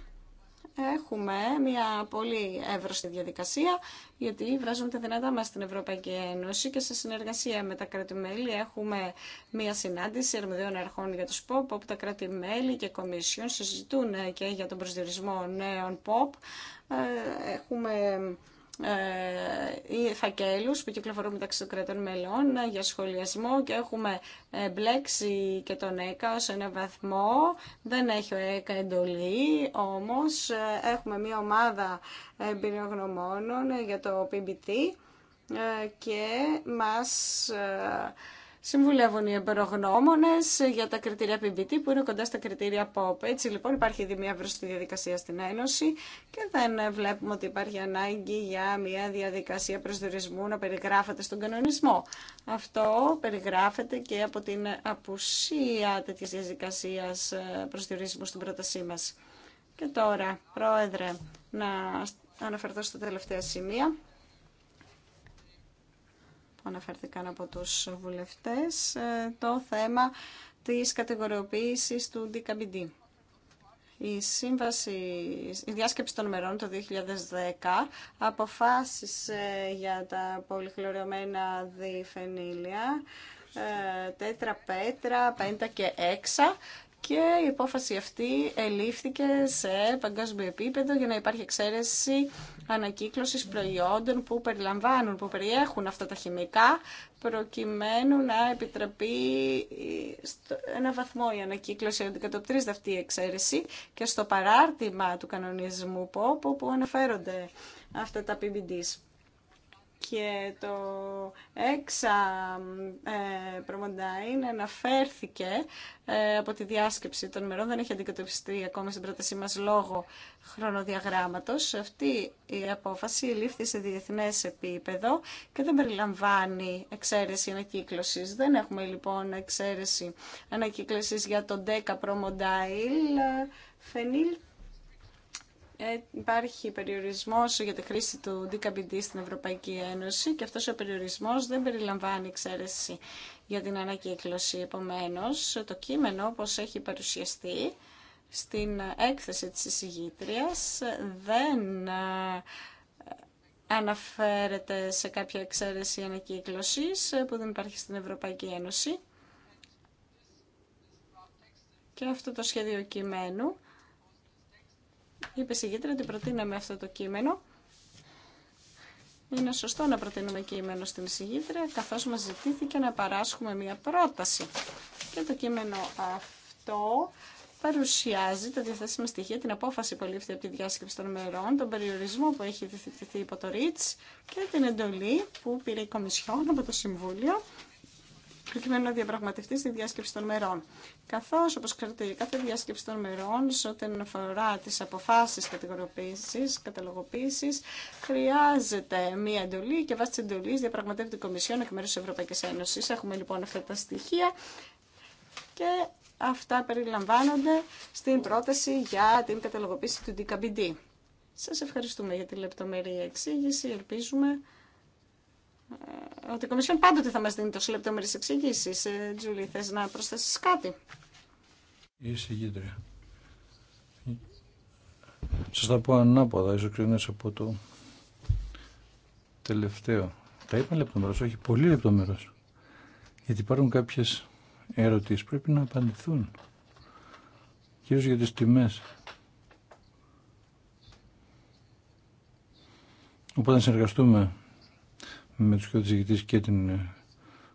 έχουμε μια πολύ εύρωστη διαδικασία, γιατί βράζουμε τα δυνατά μας στην Ευρωπαϊκή Ένωση και σε συνεργασία με τα κράτη-μέλη έχουμε μια συνάντηση ερμηδιών αρχών για το ΠΟΠ, όπου τα κράτη-μέλη και κομισιόν συζητούν και για τον προσδιορισμό νέων ΠΟΠ. Ε, έχουμε ε, φακέλους που κυκλοφορούν μεταξύ των κρατών μελών για σχολιασμό και έχουμε μπλέξει και τον ΕΚΑ ως ένα βαθμό. Δεν έχει ο ΕΚΑ εντολή, όμως ε, έχουμε μια ομάδα εμπειρογνωμόνων για το PBT ε, και μας ε, Συμβουλεύουν οι εμπερογνώμονε για τα κριτήρια PBT που είναι κοντά στα κριτήρια POP. Έτσι λοιπόν υπάρχει ήδη μια βρωστή διαδικασία στην Ένωση και δεν βλέπουμε ότι υπάρχει ανάγκη για μια διαδικασία προσδιορισμού να περιγράφεται στον κανονισμό. Αυτό περιγράφεται και από την απουσία τέτοια διαδικασία ε, προσδιορισμού στην πρότασή μα. Και τώρα, Πρόεδρε, να αναφερθώ στα τελευταία σημεία που αναφέρθηκαν από τους βουλευτές, ε, το θέμα της κατηγοριοποίησης του DKBD. Η, σύμβαση, η διάσκεψη των μερών το 2010 αποφάσισε για τα πολυχλωριωμένα διφενήλια ε, τέτρα, πέτρα, πέντα και έξα και η απόφαση αυτή ελήφθηκε σε παγκόσμιο επίπεδο για να υπάρχει εξαίρεση ανακύκλωσης προϊόντων που περιλαμβάνουν, που περιέχουν αυτά τα χημικά προκειμένου να επιτραπεί ένα βαθμό η ανακύκλωση, αντικατοπτρίζεται αυτή η εξαίρεση και στο παράρτημα του κανονισμού που που αναφέρονται αυτά τα PBDs και το έξα ε, προμοντάιν αναφέρθηκε ε, από τη διάσκεψη των μερών, δεν έχει αντικατοπιστεί ακόμα στην πρότασή μας λόγω χρονοδιαγράμματος. Αυτή η απόφαση λήφθη σε διεθνές επίπεδο και δεν περιλαμβάνει εξαίρεση ανακύκλωσης. Δεν έχουμε λοιπόν εξαίρεση ανακύκλωσης για τον 10 προμοντάιλ φενίλ ε, υπάρχει περιορισμός για τη χρήση του DKBD στην Ευρωπαϊκή Ένωση και αυτός ο περιορισμός δεν περιλαμβάνει εξαίρεση για την ανακύκλωση. Επομένως, το κείμενο όπως έχει παρουσιαστεί στην έκθεση της εισηγήτριας δεν ε, αναφέρεται σε κάποια εξαίρεση ανακύκλωσης ε, που δεν υπάρχει στην Ευρωπαϊκή Ένωση. Και αυτό το σχέδιο κειμένου είπε συγκέντρα ότι προτείναμε αυτό το κείμενο. Είναι σωστό να προτείνουμε κείμενο στην εισηγήτρια, καθώς μας ζητήθηκε να παράσχουμε μια πρόταση. Και το κείμενο αυτό παρουσιάζει τα διαθέσιμα στοιχεία, την απόφαση που λήφθη από τη διάσκεψη των μερών, τον περιορισμό που έχει διευθυνθεί υπό το ΡΙΤΣ και την εντολή που πήρε η Κομισιόν από το Συμβούλιο προκειμένου να διαπραγματευτεί στη διάσκεψη των μερών. Καθώ, όπω ξέρετε, κάθε διάσκεψη των μερών, σε ό,τι αφορά τι αποφάσει κατηγοροποίηση, καταλογοποίηση, χρειάζεται μία εντολή και βάσει τη εντολή διαπραγματεύεται η Κομισιόν εκ μέρου τη Ευρωπαϊκή Ένωση. Έχουμε λοιπόν αυτά τα στοιχεία και αυτά περιλαμβάνονται στην πρόταση για την καταλογοποίηση του DKBD. Σας ευχαριστούμε για τη λεπτομερή εξήγηση. Ελπίζουμε ότι η Κομισιόν πάντοτε θα μας δίνει τόσο λεπτομέρειες εξηγήσεις. Ε, Τζούλη, θες να προσθέσεις κάτι. Είσαι γύτρια. Σας θα πω ανάποδα, ίσως από το τελευταίο. Τα είπα λεπτομέρως, όχι πολύ λεπτομέρως. Γιατί υπάρχουν κάποιες ερωτήσεις πρέπει να απαντηθούν. Κυρίως για τις τιμές. Οπότε να συνεργαστούμε με τους και την ε,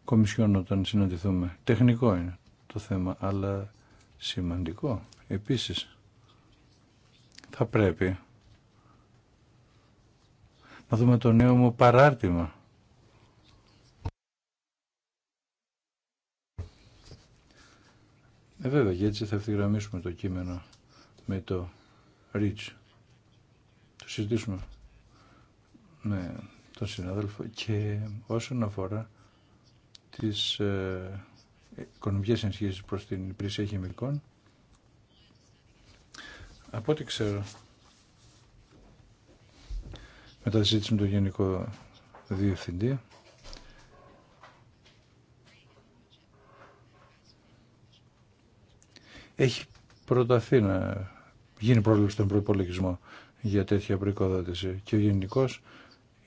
Κομισιόν όταν συναντηθούμε. Τεχνικό είναι το θέμα, αλλά σημαντικό. Επίσης, θα πρέπει να δούμε το νέο μου παράρτημα. Ε, βέβαια, και έτσι θα ευθυγραμμίσουμε το κείμενο με το REACH. Το συζητήσουμε. Ναι τον συνάδελφο και όσον αφορά τις ε, οικονομικές προ προς την υπηρεσία χημικών από ό,τι ξέρω μετά τη συζήτηση με τον Γενικό Διευθυντή έχει προταθεί να γίνει πρόβλημα στον προπολογισμό για τέτοια προϋποδότηση και ο Γενικός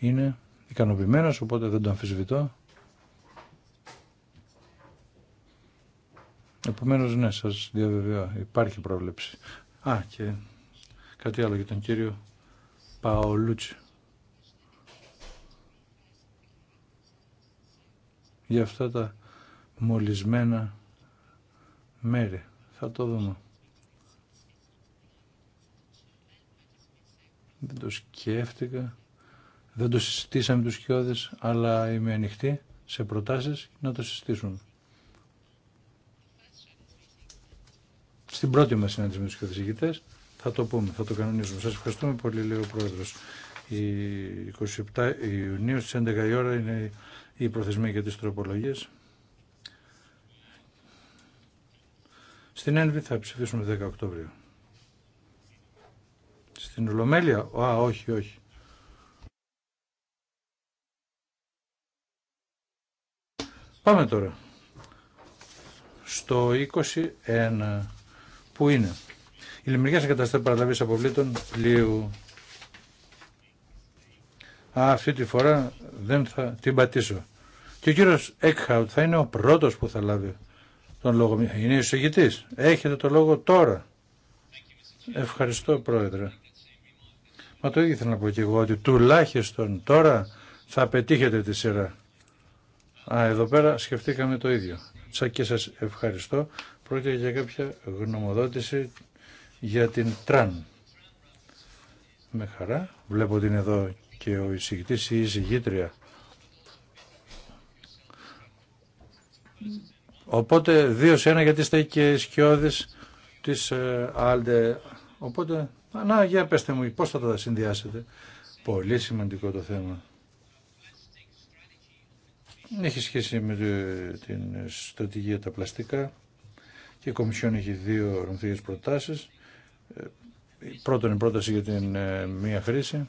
είναι ικανοποιημένος, οπότε δεν το αμφισβητώ. Επομένως, ναι, σας διαβεβαιώ, υπάρχει πρόβλεψη. Α, και κάτι άλλο για τον κύριο Παολούτσι. Για αυτά τα μολυσμένα μέρη. Θα το δούμε. Δεν το σκέφτηκα. Δεν το συζητήσαμε τους κοιόδες, αλλά είμαι ανοιχτή σε προτάσεις να το συζητήσουμε. Στην πρώτη μας συνάντηση με τους κοιόδες θα το πούμε, θα το κανονίσουμε. Σας ευχαριστούμε πολύ, λέει ο Πρόεδρος. Η 27 Ιουνίου στις 11 η ώρα είναι η προθεσμία για τις τροπολογίες. Στην ΕΝΒΗ θα ψηφίσουμε 10 Οκτώβριο. Στην Ολομέλεια, α, όχι, όχι. Πάμε τώρα στο 21 που είναι Η σε εγκαταστάσεις παραλαβή αποβλήτων πλοίου. Α, αυτή τη φορά δεν θα την πατήσω. Και ο κύριο Έκχαουτ θα είναι ο πρώτος που θα λάβει τον λόγο. Είναι εισηγητής. Έχετε το λόγο τώρα. Ευχαριστώ πρόεδρε. Μα το ήθελα να πω και εγώ ότι τουλάχιστον τώρα θα πετύχετε τη σειρά. Α, εδώ πέρα σκεφτήκαμε το ίδιο. Σα και σας ευχαριστώ. Πρόκειται για κάποια γνωμοδότηση για την Τραν. Με χαρά. Βλέπω ότι είναι εδώ και ο εισηγητής ή η εισηγήτρια. Οπότε δύο σε ένα γιατί είστε και σκιώδης της ε, Άλντε. Οπότε, να, για πέστε μου πώς θα τα συνδυάσετε. Πολύ σημαντικό το θέμα. Έχει σχέση με την στρατηγία τα πλαστικά και η Κομισιόν έχει δύο προτάσεις. Ε, πρώτον η πρόταση για την ε, μία χρήση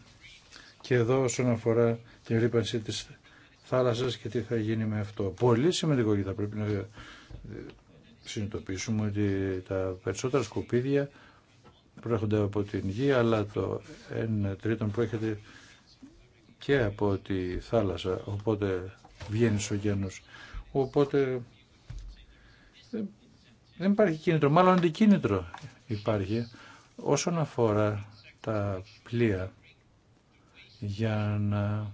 και εδώ όσον αφορά την ρήπανση της θάλασσας και τι θα γίνει με αυτό. Πολύ σημαντικό και θα πρέπει να ε, συνειδητοποιήσουμε ότι τα περισσότερα σκουπίδια προέρχονται από την γη αλλά το 1 τρίτον προέρχεται και από τη θάλασσα. Οπότε βγαίνει ο γένος. Οπότε δεν υπάρχει κίνητρο, μάλλον αντικίνητρο υπάρχει όσον αφορά τα πλοία για να,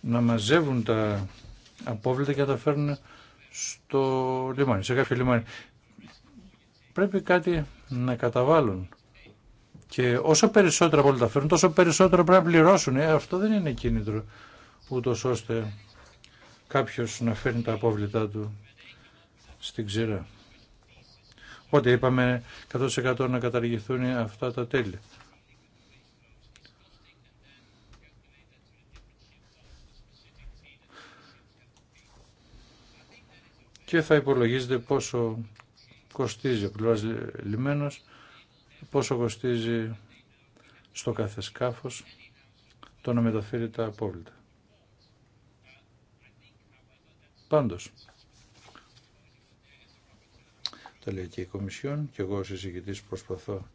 να μαζεύουν τα απόβλητα και να τα φέρνουν στο λιμάνι, σε κάποιο λιμάνι. Πρέπει κάτι να καταβάλουν και όσο περισσότερα από όλα τα φέρουν, τόσο περισσότερο πρέπει να πληρώσουν. Ε, αυτό δεν είναι κίνητρο, ούτω ώστε κάποιο να φέρνει τα απόβλητά του στην ξηρά. Οπότε είπαμε 100% να καταργηθούν αυτά τα τέλη. Και θα υπολογίζεται πόσο κοστίζει ο πλουράς λιμένος πόσο κοστίζει στο κάθε σκάφος το να μεταφέρει τα απόβλητα. Πάντως, τα λέει και η Κομισιόν και εγώ ως εισηγητής προσπαθώ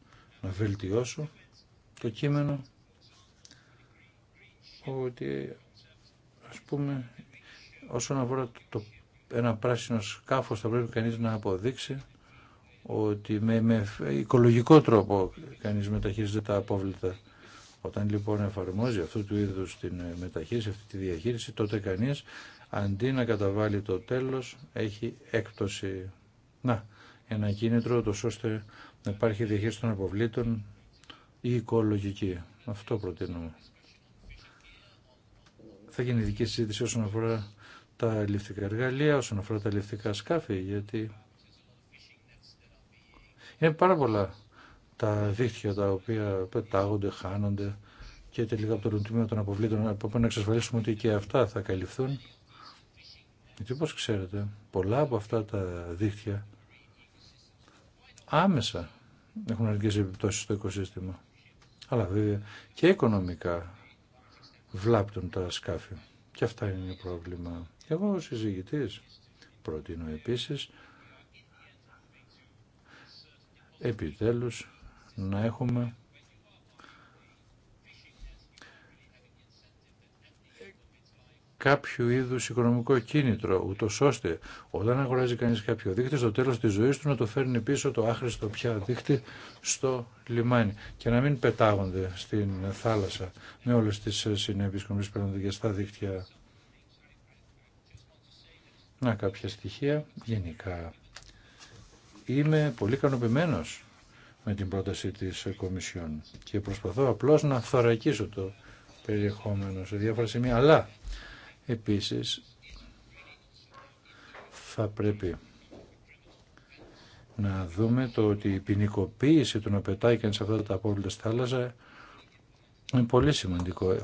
να βελτιώσω το κείμενο ότι ας πούμε όσον αφορά το, το, ένα πράσινο σκάφος θα πρέπει κανείς να αποδείξει ότι με, με οικολογικό τρόπο κανείς μεταχείριζε τα απόβλητα. Όταν λοιπόν εφαρμόζει αυτού του είδους την ε, μεταχείριση, αυτή τη διαχείριση, τότε κανείς αντί να καταβάλει το τέλος έχει έκπτωση. Να, ένα κίνητρο τόσο ώστε να υπάρχει διαχείριση των αποβλήτων ή οικολογική. Αυτό προτείνουμε. Θα γίνει ειδική συζήτηση όσον αφορά τα ληφτικά εργαλεία, όσον αφορά τα ληφτικά σκάφη, γιατί είναι πάρα πολλά τα δίχτυα τα οποία πετάγονται, χάνονται και τελικά από το τμήμα των αποβλήτων. Από να εξασφαλίσουμε ότι και αυτά θα καλυφθούν. Γιατί όπως ξέρετε, πολλά από αυτά τα δίχτυα άμεσα έχουν αρκετές επιπτώσεις στο οικοσύστημα. Αλλά βέβαια και οικονομικά βλάπτουν τα σκάφη. Και αυτά είναι πρόβλημα. Εγώ ως συζητητής προτείνω επίσης επιτέλους να έχουμε κάποιο είδου οικονομικό κίνητρο, ούτω ώστε όταν αγοράζει κανεί κάποιο δίκτυο στο τέλο τη ζωή του να το φέρνει πίσω το άχρηστο πια δίκτυο στο λιμάνι και να μην πετάγονται στην θάλασσα με όλε τι συνέπειε για για στα δίκτυα. Να κάποια στοιχεία γενικά είμαι πολύ ικανοποιημένο με την πρόταση της Κομισιόν και προσπαθώ απλώς να θωρακίσω το περιεχόμενο σε διάφορα σημεία, αλλά επίσης θα πρέπει να δούμε το ότι η ποινικοποίηση του να πετάει κανείς αυτά τα απόλυτα στη θάλασσα είναι πολύ σημαντικό.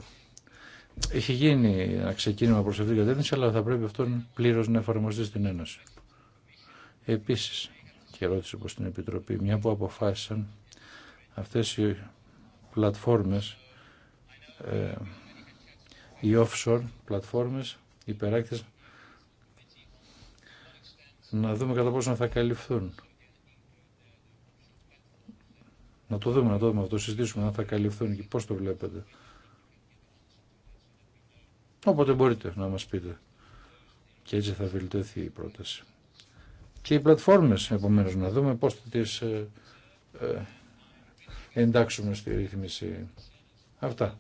Έχει γίνει ένα ξεκίνημα προς αυτήν την κατεύθυνση, αλλά θα πρέπει αυτόν πλήρως να εφαρμοστεί στην Ένωση. Επίσης, ερώτηση προς την Επιτροπή. Μια που αποφάσισαν αυτές οι πλατφόρμες, ε, οι offshore πλατφόρμες, οι υπεράκτες, να δούμε κατά πόσο θα καλυφθούν. Να το δούμε, να το δούμε, να το συζητήσουμε, να θα καλυφθούν και πώς το βλέπετε. Όποτε μπορείτε να μας πείτε. Και έτσι θα βελτιωθεί η πρόταση και οι πλατφόρμες επομένως να δούμε πώς θα τις ε, ε, εντάξουμε στη ρύθμιση. Αυτά.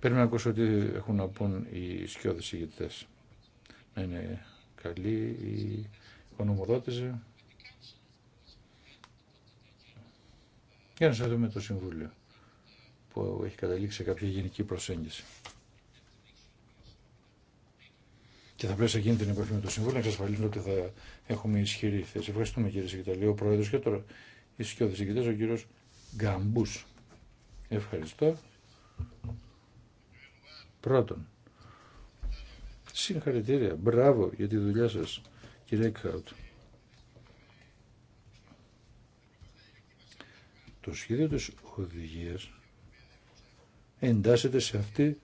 Πρέπει να ακούσω τι έχουν να πούν οι σκιώδες ηγητές. Να είναι καλή η ονομοδότηση. Για να σας δούμε το Συμβούλιο που έχει καταλήξει σε κάποια γενική προσέγγιση και θα πρέπει να εκείνη την επαφή με το Συμβούλιο να εξασφαλίσουμε ότι θα έχουμε ισχυρή θέση. Ευχαριστούμε κύριε Σικηταλή. Ο Πρόεδρο και τώρα οι σκιώδη ο κύριο Γκαμπού. Ευχαριστώ. Πρώτον, συγχαρητήρια. Μπράβο για τη δουλειά σα, κύριε Εκχάουτ. Το σχέδιο της οδηγίας εντάσσεται σε αυτή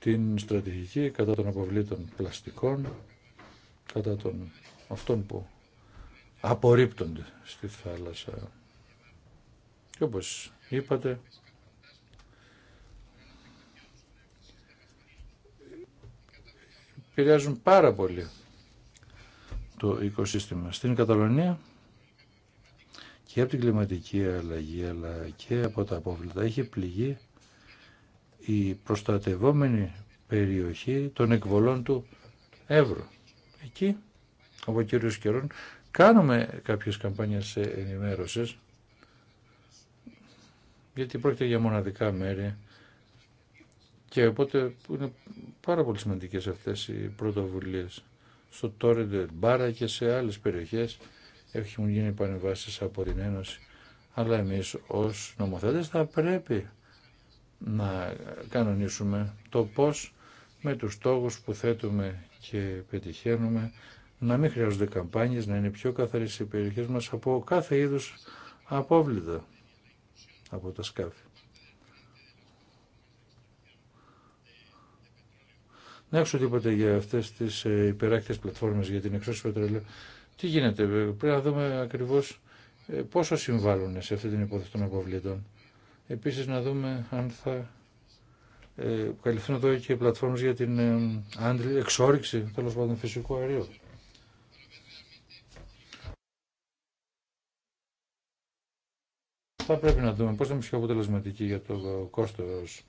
την στρατηγική κατά των αποβλήτων πλαστικών, κατά των αυτών που απορρίπτονται στη θάλασσα. Και όπως είπατε, επηρεάζουν πάρα πολύ το οικοσύστημα στην Καταλωνία και από την κλιματική αλλαγή αλλά και από τα απόβλητα έχει πληγεί η προστατευόμενη περιοχή των εκβολών του Εύρου. Εκεί, από κύριους καιρών, κάνουμε κάποιες καμπάνιες ενημέρωσης, γιατί πρόκειται για μοναδικά μέρη και οπότε είναι πάρα πολύ σημαντικές αυτές οι πρωτοβουλίες. Στο Τόρεντε Μπάρα και σε άλλες περιοχές έχουν γίνει πανεβάσεις από την Ένωση. Αλλά εμείς ως νομοθέτες θα πρέπει να κανονίσουμε το πώς με τους στόχους που θέτουμε και πετυχαίνουμε να μην χρειάζονται καμπάνιες, να είναι πιο καθαρές οι περιοχές μας από κάθε είδους απόβλητα από τα σκάφη. Να έξω τίποτα για αυτές τις ε, υπεράκτητες πλατφόρμες για την εξώση πετρελαίου. Τι γίνεται, ε, πρέπει να δούμε ακριβώς ε, πόσο συμβάλλουν σε αυτή την υπόθεση των αποβλήτων. Επίσης να δούμε αν θα ε, καλυφθούν εδώ και οι πλατφόρμες για την ε, εξόριξη τέλος πάντων φυσικού αερίου. Θα πρέπει να δούμε πώς θα είμαστε αποτελεσματικοί για το κόστος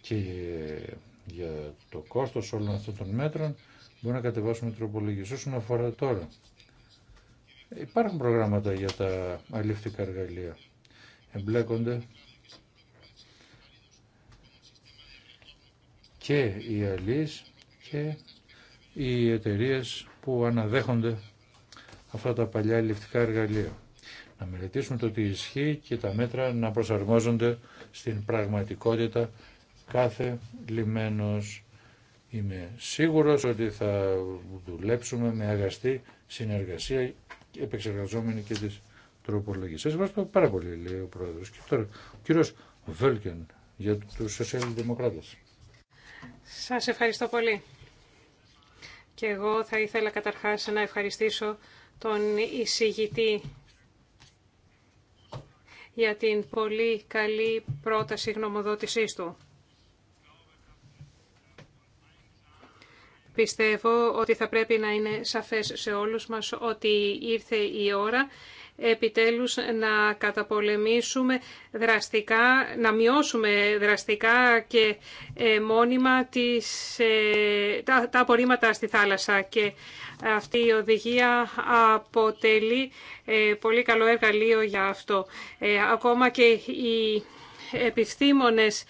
και για το κόστος όλων αυτών των μέτρων μπορεί να κατεβάσουμε τροπολογίες όσον αφορά τώρα. Υπάρχουν προγράμματα για τα αλήφθηκα εργαλεία εμπλέκονται και οι αλλοίς και οι εταιρείε που αναδέχονται αυτά τα παλιά ληφτικά εργαλεία. Να μελετήσουμε το τι ισχύει και τα μέτρα να προσαρμόζονται στην πραγματικότητα κάθε λιμένος. Είμαι σίγουρος ότι θα δουλέψουμε με αγαστή συνεργασία επεξεργαζόμενοι και τις τροπολογίες. Σα ευχαριστώ πάρα πολύ, λέει ο πρόεδρο. Και τώρα ο κύριο Βέλκεν για τους σοσιαλδημοκράτε. Σας ευχαριστώ πολύ. Και εγώ θα ήθελα καταρχά να ευχαριστήσω τον εισηγητή για την πολύ καλή πρόταση γνωμοδότησής του. Πιστεύω ότι θα πρέπει να είναι σαφές σε όλους μας ότι ήρθε η ώρα επιτέλους να καταπολεμήσουμε δραστικά, να μειώσουμε δραστικά και ε, μόνιμα τις, ε, τα, τα απορρίμματα στη θάλασσα. Και αυτή η οδηγία αποτελεί ε, πολύ καλό εργαλείο για αυτό. Ακόμα και οι επιστήμονες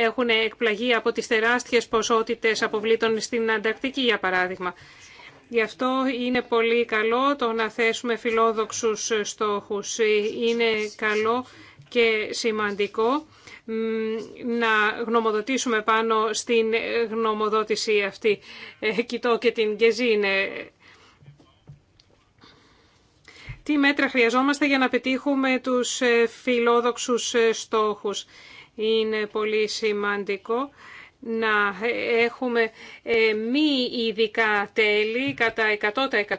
έχουν εκπλαγεί από τις τεράστιες ποσότητες αποβλήτων στην Ανταρκτική, για παράδειγμα. Γι' αυτό είναι πολύ καλό το να θέσουμε φιλόδοξους στόχους. Είναι καλό και σημαντικό να γνωμοδοτήσουμε πάνω στην γνωμοδότηση αυτή. Ε, κοιτώ και την Γκεζίνε. Τι μέτρα χρειαζόμαστε για να πετύχουμε τους φιλόδοξους στόχους. Είναι πολύ σημαντικό να έχουμε ε, μη ειδικά τέλη κατά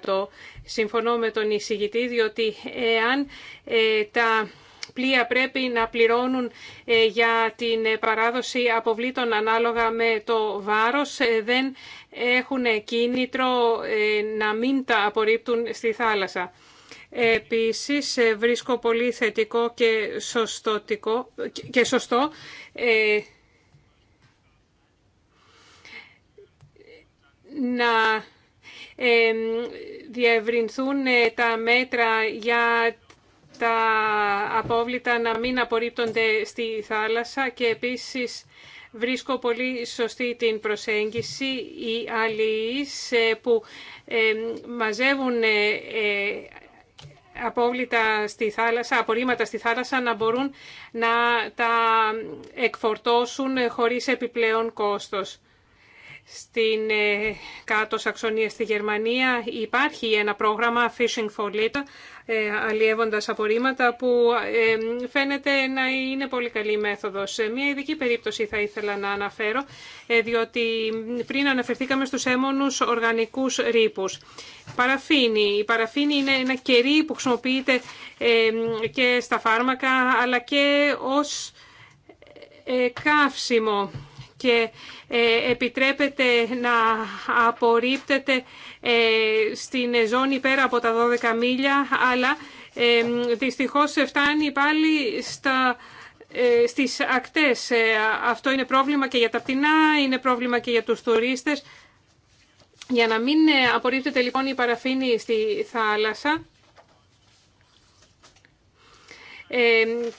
100% συμφωνώ με τον εισηγητή διότι εάν ε, τα πλοία πρέπει να πληρώνουν ε, για την παράδοση αποβλήτων ανάλογα με το βάρος δεν έχουν κίνητρο να μην τα απορρίπτουν στη θάλασσα. Επίσης βρίσκω πολύ θετικό και, σωστοτικό, και σωστό να διευρυνθούν ε, τα μέτρα για τα απόβλητα να μην απορρίπτονται στη θάλασσα και επίσης βρίσκω πολύ σωστή την προσέγγιση οι αλληλείς ε, που μαζεύουν ε, απόβλητα στη θάλασσα, απορρίμματα στη θάλασσα να μπορούν να τα εκφορτώσουν χωρίς επιπλέον κόστος. Στην ε, κάτω Σαξονία στη Γερμανία υπάρχει ένα πρόγραμμα Fishing for ε, αλλιεύοντας απορρίμματα που ε, φαίνεται να είναι πολύ καλή μέθοδος. Ε, Μία ειδική περίπτωση θα ήθελα να αναφέρω, διότι πριν αναφερθήκαμε στους έμονους οργανικούς ρήπους. Παραφίνη. Η παραφίνη είναι ένα κερί που χρησιμοποιείται και στα φάρμακα, αλλά και ως καύσιμο και ε, επιτρέπεται να απορρίπτεται ε, στην ζώνη πέρα από τα 12 μίλια, αλλά ε, δυστυχώς φτάνει πάλι στα στις ακτές. Αυτό είναι πρόβλημα και για τα πτηνά, είναι πρόβλημα και για τους τουρίστες. Για να μην απορρίπτεται λοιπόν η παραφήνη στη θάλασσα,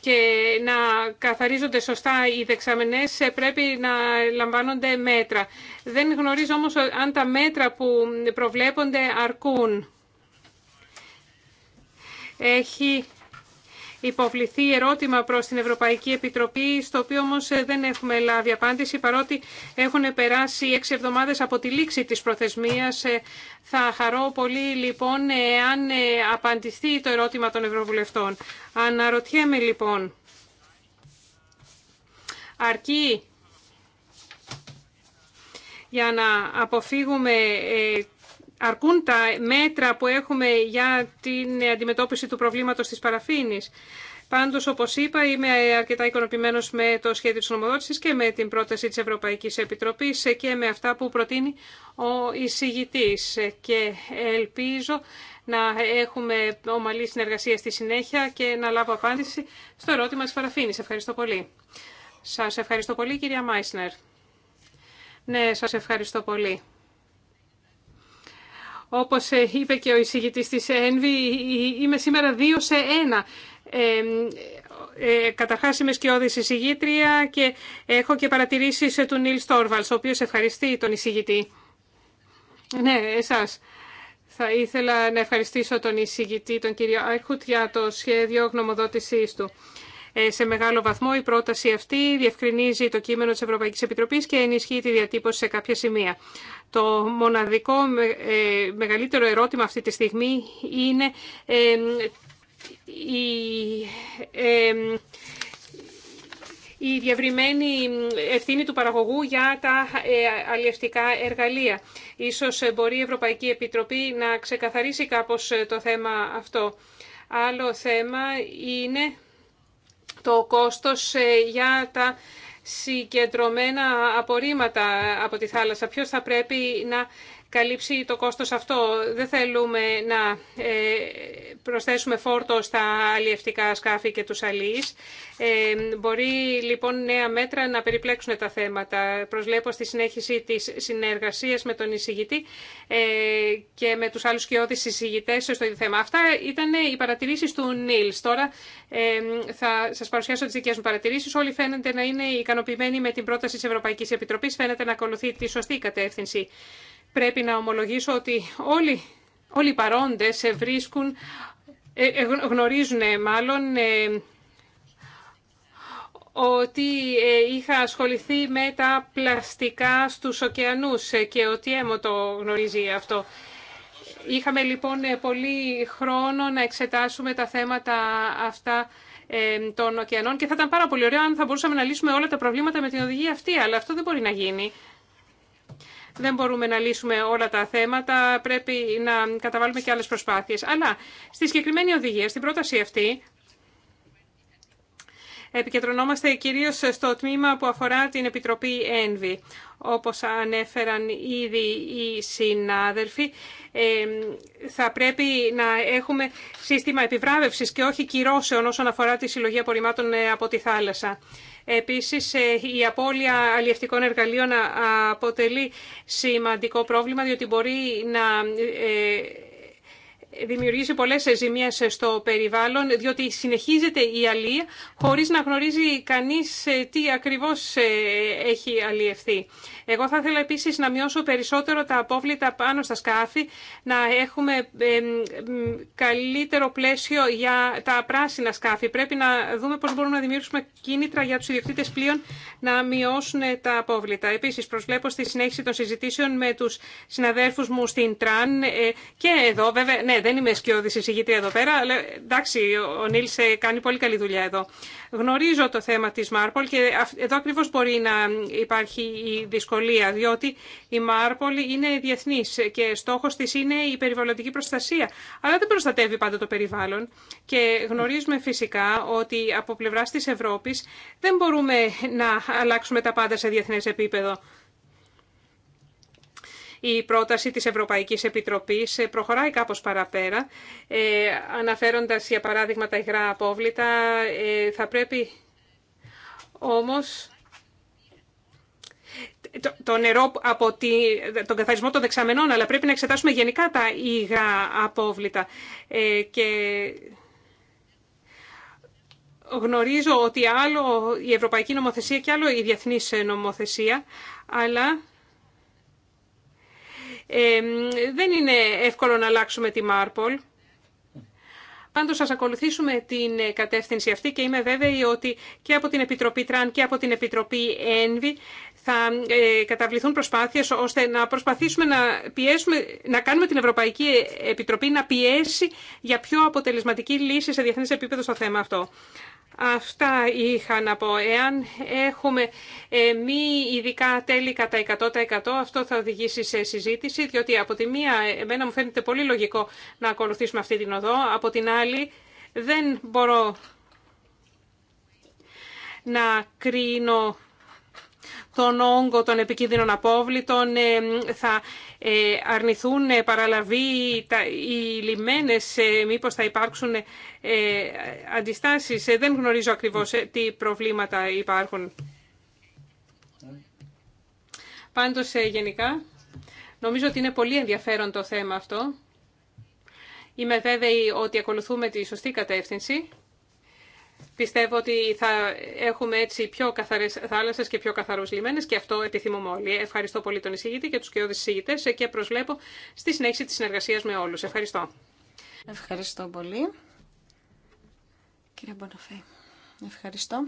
και να καθαρίζονται σωστά οι δεξαμενές ε, πρέπει να λαμβάνονται μέτρα. Δεν γνωρίζω όμως αν τα μέτρα που προβλέπονται αρκούν. Έχει υποβληθεί ερώτημα προς την Ευρωπαϊκή Επιτροπή, στο οποίο όμως ε, δεν έχουμε λάβει απάντηση, παρότι έχουν περάσει έξι εβδομάδες από τη λήξη της προθεσμίας. Ε, θα χαρώ πολύ λοιπόν εάν ε, απαντηθεί το ερώτημα των Ευρωβουλευτών. Αναρωτιέμαι λοιπόν, αρκεί για να αποφύγουμε Αρκούν τα μέτρα που έχουμε για την αντιμετώπιση του προβλήματος της παραφήνης. Πάντως, όπως είπα, είμαι αρκετά ικανοποιημένο με το σχέδιο τη νομοδότηση και με την πρόταση της Ευρωπαϊκής Επιτροπής και με αυτά που προτείνει ο εισηγητή. Και ελπίζω να έχουμε ομαλή συνεργασία στη συνέχεια και να λάβω απάντηση στο ερώτημα τη παραφήνη. Ευχαριστώ πολύ. Σα ευχαριστώ πολύ, κυρία Μάισνερ. Ναι, σα ευχαριστώ πολύ. Όπως ε, είπε και ο εισηγητής της ΕΝΒΗ, είμαι σήμερα δύο σε ένα. Ε, ε, καταρχάς είμαι σκιώδης εισηγήτρια και έχω και παρατηρήσεις ε, του Νίλ Στόρβαλς, ο οποίος ευχαριστεί τον εισηγητή. Ναι, εσάς. Θα ήθελα να ευχαριστήσω τον εισηγητή, τον κύριο Άρχουτ για το σχέδιο γνωμοδότησής του. Ε, σε μεγάλο βαθμό η πρόταση αυτή διευκρινίζει το κείμενο της Ευρωπαϊκής Επιτροπής και ενισχύει τη διατύπωση σε κάποια σημεία. Το μοναδικό ε, μεγαλύτερο ερώτημα αυτή τη στιγμή είναι ε, η η διαβριμένη ευθύνη του παραγωγού για τα αλλιευτικά εργαλεία. Ίσως μπορεί η Ευρωπαϊκή Επιτροπή να ξεκαθαρίσει κάπως το θέμα αυτό. Άλλο θέμα είναι το κόστος ε, για τα συγκεντρωμένα απορρίμματα από τη θάλασσα. Ποιος θα πρέπει να καλύψει το κόστος αυτό. Δεν θέλουμε να ε, προσθέσουμε φόρτο στα αλλιευτικά σκάφη και τους αλλιείς. Ε, μπορεί λοιπόν νέα μέτρα να περιπλέξουν τα θέματα. Προσλέπω στη συνέχιση της συνεργασίας με τον εισηγητή ε, και με τους άλλους κοιώδεις εισηγητές στο ίδιο θέμα. Αυτά ήταν οι παρατηρήσεις του Νίλ. Τώρα θα σας παρουσιάσω τις δικές μου παρατηρήσεις. Όλοι φαίνεται να είναι ικανοποιημένοι με την πρόταση της Ευρωπαϊκής Επιτροπής. Φαίνεται να ακολουθεί τη σωστή κατεύθυνση πρέπει να ομολογήσω ότι όλοι, όλοι οι παρόντες βρίσκουν, ε, ε, γνωρίζουν μάλλον ε, ότι είχα ασχοληθεί με τα πλαστικά στους ωκεανούς και ότι έμω το γνωρίζει αυτό. Είχαμε λοιπόν πολύ χρόνο να εξετάσουμε τα θέματα αυτά των ωκεανών και θα ήταν πάρα πολύ ωραίο αν θα μπορούσαμε να λύσουμε όλα τα προβλήματα με την οδηγία αυτή, αλλά αυτό δεν μπορεί να γίνει δεν μπορούμε να λύσουμε όλα τα θέματα, πρέπει να καταβάλουμε και άλλες προσπάθειες. Αλλά στη συγκεκριμένη οδηγία, στην πρόταση αυτή, επικεντρωνόμαστε κυρίως στο τμήμα που αφορά την Επιτροπή ΕΝΒΗ. Όπως ανέφεραν ήδη οι συνάδελφοι, ε, θα πρέπει να έχουμε σύστημα επιβράβευσης και όχι κυρώσεων όσον αφορά τη συλλογή απορριμμάτων από τη θάλασσα. Επίσης, ε, η απώλεια αλλιευτικών εργαλείων αποτελεί σημαντικό πρόβλημα, διότι μπορεί να ε, δημιουργήσει πολλές ζημίες στο περιβάλλον, διότι συνεχίζεται η αλία χωρίς να γνωρίζει κανείς ε, τι ακριβώς ε, έχει αλλιευθεί. Εγώ θα ήθελα επίσης να μειώσω περισσότερο τα απόβλητα πάνω στα σκάφη, να έχουμε καλύτερο πλαίσιο για τα πράσινα σκάφη. Πρέπει να δούμε πώς μπορούμε να δημιουργήσουμε κίνητρα για τους ιδιοκτήτες πλοίων να μειώσουν τα απόβλητα. Επίσης, προσβλέπω στη συνέχιση των συζητήσεων με τους συναδέρφους μου στην Τραν ε, και εδώ, βέβαια, ναι, δεν είμαι σκιώδης εισηγήτρια εδώ πέρα, αλλά εντάξει, ο Νίλσε κάνει πολύ καλή δουλειά εδώ. Γνωρίζω το θέμα της Μάρπολ και εδώ ακριβώ μπορεί να υπάρχει η δυσκολία, διότι η Μάρπολ είναι διεθνής και στόχος της είναι η περιβαλλοντική προστασία, αλλά δεν προστατεύει πάντα το περιβάλλον. Και γνωρίζουμε φυσικά ότι από πλευρά τη Ευρώπη δεν μπορούμε να αλλάξουμε τα πάντα σε διεθνές επίπεδο η πρόταση της Ευρωπαϊκής Επιτροπής ε, προχωράει κάπως παραπέρα. Ε, αναφέροντας, για παράδειγμα, τα υγρά απόβλητα, ε, θα πρέπει όμως το νερό από τη, τον καθαρισμό των δεξαμενών, αλλά πρέπει να εξετάσουμε γενικά τα υγρά απόβλητα. και γνωρίζω ότι άλλο η ευρωπαϊκή νομοθεσία και άλλο η διεθνής νομοθεσία, αλλά δεν είναι εύκολο να αλλάξουμε τη Μάρπολ. Πάντως σας ακολουθήσουμε την κατεύθυνση αυτή και είμαι βέβαιη ότι και από την Επιτροπή Τραν και από την Επιτροπή Ένβη θα ε, καταβληθούν προσπάθειες ώστε να προσπαθήσουμε να, πιέσουμε, να κάνουμε την Ευρωπαϊκή Επιτροπή να πιέσει για πιο αποτελεσματική λύση σε διεθνές επίπεδο στο θέμα αυτό. Αυτά είχα να πω. Εάν έχουμε ε, μη ειδικά τέλη κατά 100% αυτό θα οδηγήσει σε συζήτηση, διότι από τη μία εμένα μου φαίνεται πολύ λογικό να ακολουθήσουμε αυτή την οδό, από την άλλη δεν μπορώ να κρίνω τον όγκο των επικίνδυνων απόβλητων, ε, θα ε, αρνηθούν ε, παραλαβή οι λιμένες, ε, μήπως θα υπάρξουν αντιστάσεις. Δεν γνωρίζω ακριβώς τι προβλήματα υπάρχουν. Πάντως γενικά νομίζω ότι είναι πολύ ενδιαφέρον το θέμα αυτό. Είμαι βέβαιη ότι ακολουθούμε τη σωστή κατεύθυνση. Πιστεύω ότι θα έχουμε έτσι πιο καθαρές θάλασσες και πιο καθαρούς λιμένες και αυτό επιθυμούμε όλοι. Ευχαριστώ πολύ τον εισηγητή και τους κοιόδη εισηγητέ και προσβλέπω στη συνέχιση της συνεργασίας με όλους. Ευχαριστώ. Ευχαριστώ πολύ. Κύριε Μπονοφέ, ευχαριστώ.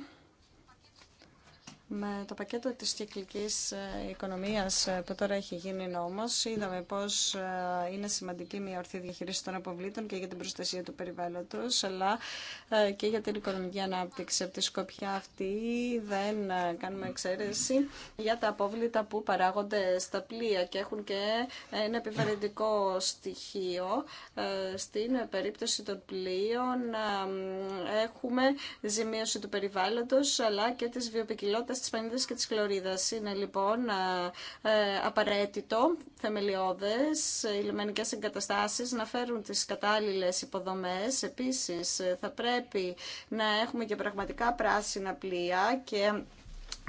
Με το πακέτο της κυκλικής ε, οικονομίας ε, που τώρα έχει γίνει νόμος, είδαμε πως ε, είναι σημαντική μια ορθή διαχείριση των αποβλήτων και για την προστασία του περιβάλλοντος, αλλά και για την οικονομική ανάπτυξη. Από τη σκοπιά αυτή δεν κάνουμε εξαίρεση για τα απόβλητα που παράγονται στα πλοία και έχουν και ένα επιβαρυντικό στοιχείο. Στην περίπτωση των πλοίων έχουμε ζημίωση του περιβάλλοντος, αλλά και τις βιοπικιλότητας της πανίδας και της κλωρίδας. Είναι λοιπόν ε, ε, απαραίτητο θεμελιώδες οι λιμενικές εγκαταστάσεις να φέρουν τις κατάλληλες υποδομές. Επίσης ε, θα πρέπει να έχουμε και πραγματικά πράσινα πλοία και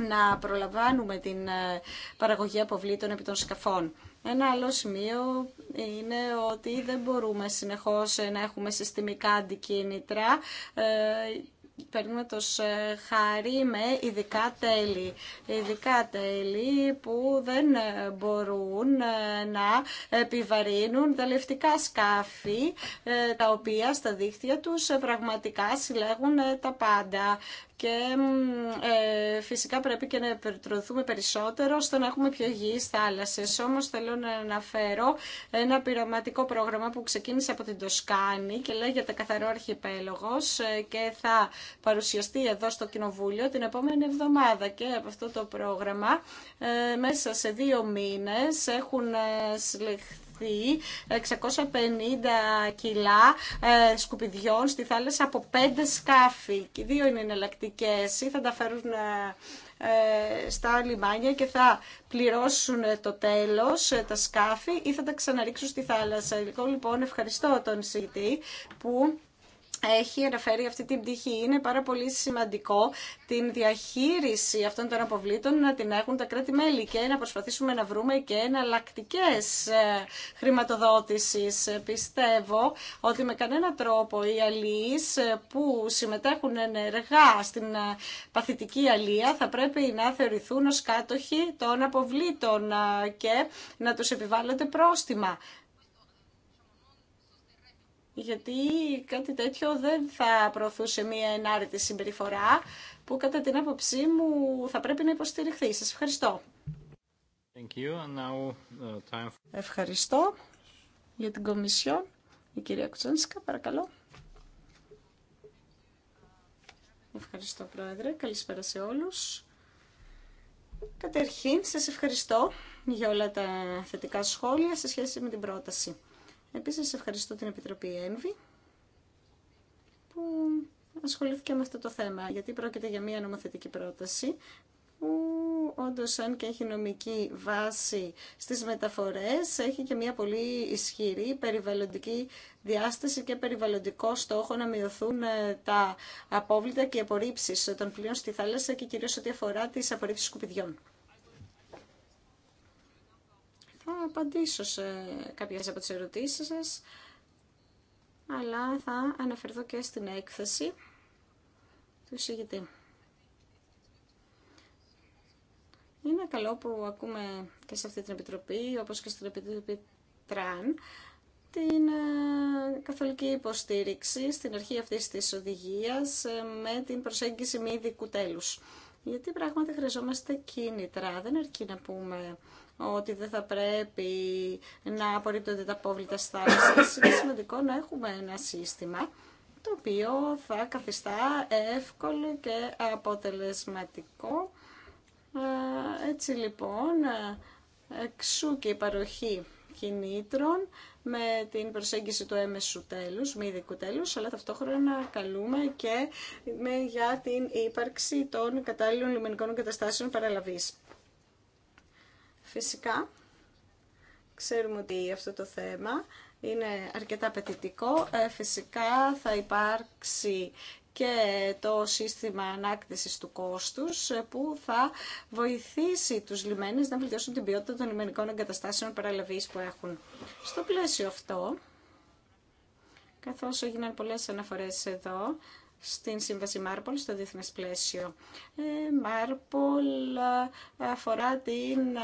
να προλαμβάνουμε την παραγωγή αποβλήτων επί των σκαφών. Ένα άλλο σημείο είναι ότι δεν μπορούμε συνεχώς να έχουμε συστημικά αντικίνητρα το χάρη με ειδικά τέλη. Ειδικά τέλη που δεν μπορούν ε, να επιβαρύνουν τα λευτικά σκάφη, ε, τα οποία στα δίχτυα τους ε, πραγματικά συλλέγουν τα πάντα και ε, φυσικά πρέπει και να επερτρωθούμε περισσότερο στο να έχουμε πιο υγιείς θάλασσες. Όμως θέλω να αναφέρω ένα πειραματικό πρόγραμμα που ξεκίνησε από την Τοσκάνη και λέγεται Καθαρό Αρχιπέλογος ε, και θα παρουσιαστεί εδώ στο Κοινοβούλιο την επόμενη εβδομάδα και από αυτό το πρόγραμμα ε, μέσα σε δύο μήνε έχουν συλλεχθεί 650 κιλά ε, σκουπιδιών στη θάλασσα από πέντε σκάφη. Και δύο είναι εναλλακτικέ ή θα τα φέρουν ε, ε, στα λιμάνια και θα πληρώσουν το τέλος τα σκάφη ή θα τα ξαναρίξουν στη θάλασσα. Λοιπόν, λοιπόν ευχαριστώ τον Σίτη που έχει αναφέρει αυτή την πτυχή. Είναι πάρα πολύ σημαντικό την διαχείριση αυτών των αποβλήτων να την έχουν τα κράτη-μέλη και να προσπαθήσουμε να βρούμε και εναλλακτικέ ε, χρηματοδότηση. Πιστεύω ότι με κανένα τρόπο οι αλληλεί ε, που συμμετέχουν ενεργά στην ε, παθητική αλία θα πρέπει να θεωρηθούν ω κάτοχοι των αποβλήτων και να του επιβάλλονται πρόστιμα γιατί κάτι τέτοιο δεν θα προωθούσε μία ενάρετη συμπεριφορά που κατά την άποψή μου θα πρέπει να υποστηριχθεί. Σας ευχαριστώ. Thank you. And now, uh, time Ευχαριστώ για την Κομισιόν. Η κυρία Κουτσόνσικα, παρακαλώ. Ευχαριστώ, Πρόεδρε. Καλησπέρα σε όλους. Κατερχήν, σας ευχαριστώ για όλα τα θετικά σχόλια σε σχέση με την πρόταση. Επίσης ευχαριστώ την Επιτροπή ΕΝΒΗ που ασχολήθηκε με αυτό το θέμα, γιατί πρόκειται για μια νομοθετική πρόταση που όντως αν και έχει νομική βάση στις μεταφορές έχει και μια πολύ ισχυρή περιβαλλοντική διάσταση και περιβαλλοντικό στόχο να μειωθούν ε, τα απόβλητα και οι απορρίψεις των πλοίων στη θάλασσα και κυρίως ό,τι αφορά τις απορρίψεις σκουπιδιών. απαντήσω σε κάποιες από τις ερωτήσεις σας, αλλά θα αναφερθώ και στην έκθεση του εισηγητή. Είναι καλό που ακούμε και σε αυτή την Επιτροπή, όπως και στην Επιτροπή Τραν, την ε, καθολική υποστήριξη στην αρχή αυτής της οδηγίας ε, με την προσέγγιση μη ειδικού τέλους. Γιατί πράγματι χρειαζόμαστε κίνητρα. Δεν αρκεί να πούμε ότι δεν θα πρέπει να απορρίπτονται τα απόβλητα στάσεις. Είναι σημαντικό να έχουμε ένα σύστημα το οποίο θα καθιστά εύκολο και αποτελεσματικό. Ε, έτσι λοιπόν, εξού και η παροχή κινήτρων με την προσέγγιση του έμεσου τέλους, μη ειδικού τέλους, αλλά ταυτόχρονα καλούμε και για την ύπαρξη των κατάλληλων λιμενικών εγκαταστάσεων παραλαβής. Φυσικά, ξέρουμε ότι αυτό το θέμα είναι αρκετά απαιτητικό. Ε, φυσικά θα υπάρξει και το σύστημα ανάκτησης του κόστους ε, που θα βοηθήσει τους λιμένες να βελτιώσουν την ποιότητα των λιμενικών εγκαταστάσεων παραλαβής που έχουν. Στο πλαίσιο αυτό, καθώς έγιναν πολλές αναφορές εδώ, στην Σύμβαση Μάρπολ στο διεθνέ πλαίσιο. Ε, Μάρπολ ε, αφορά την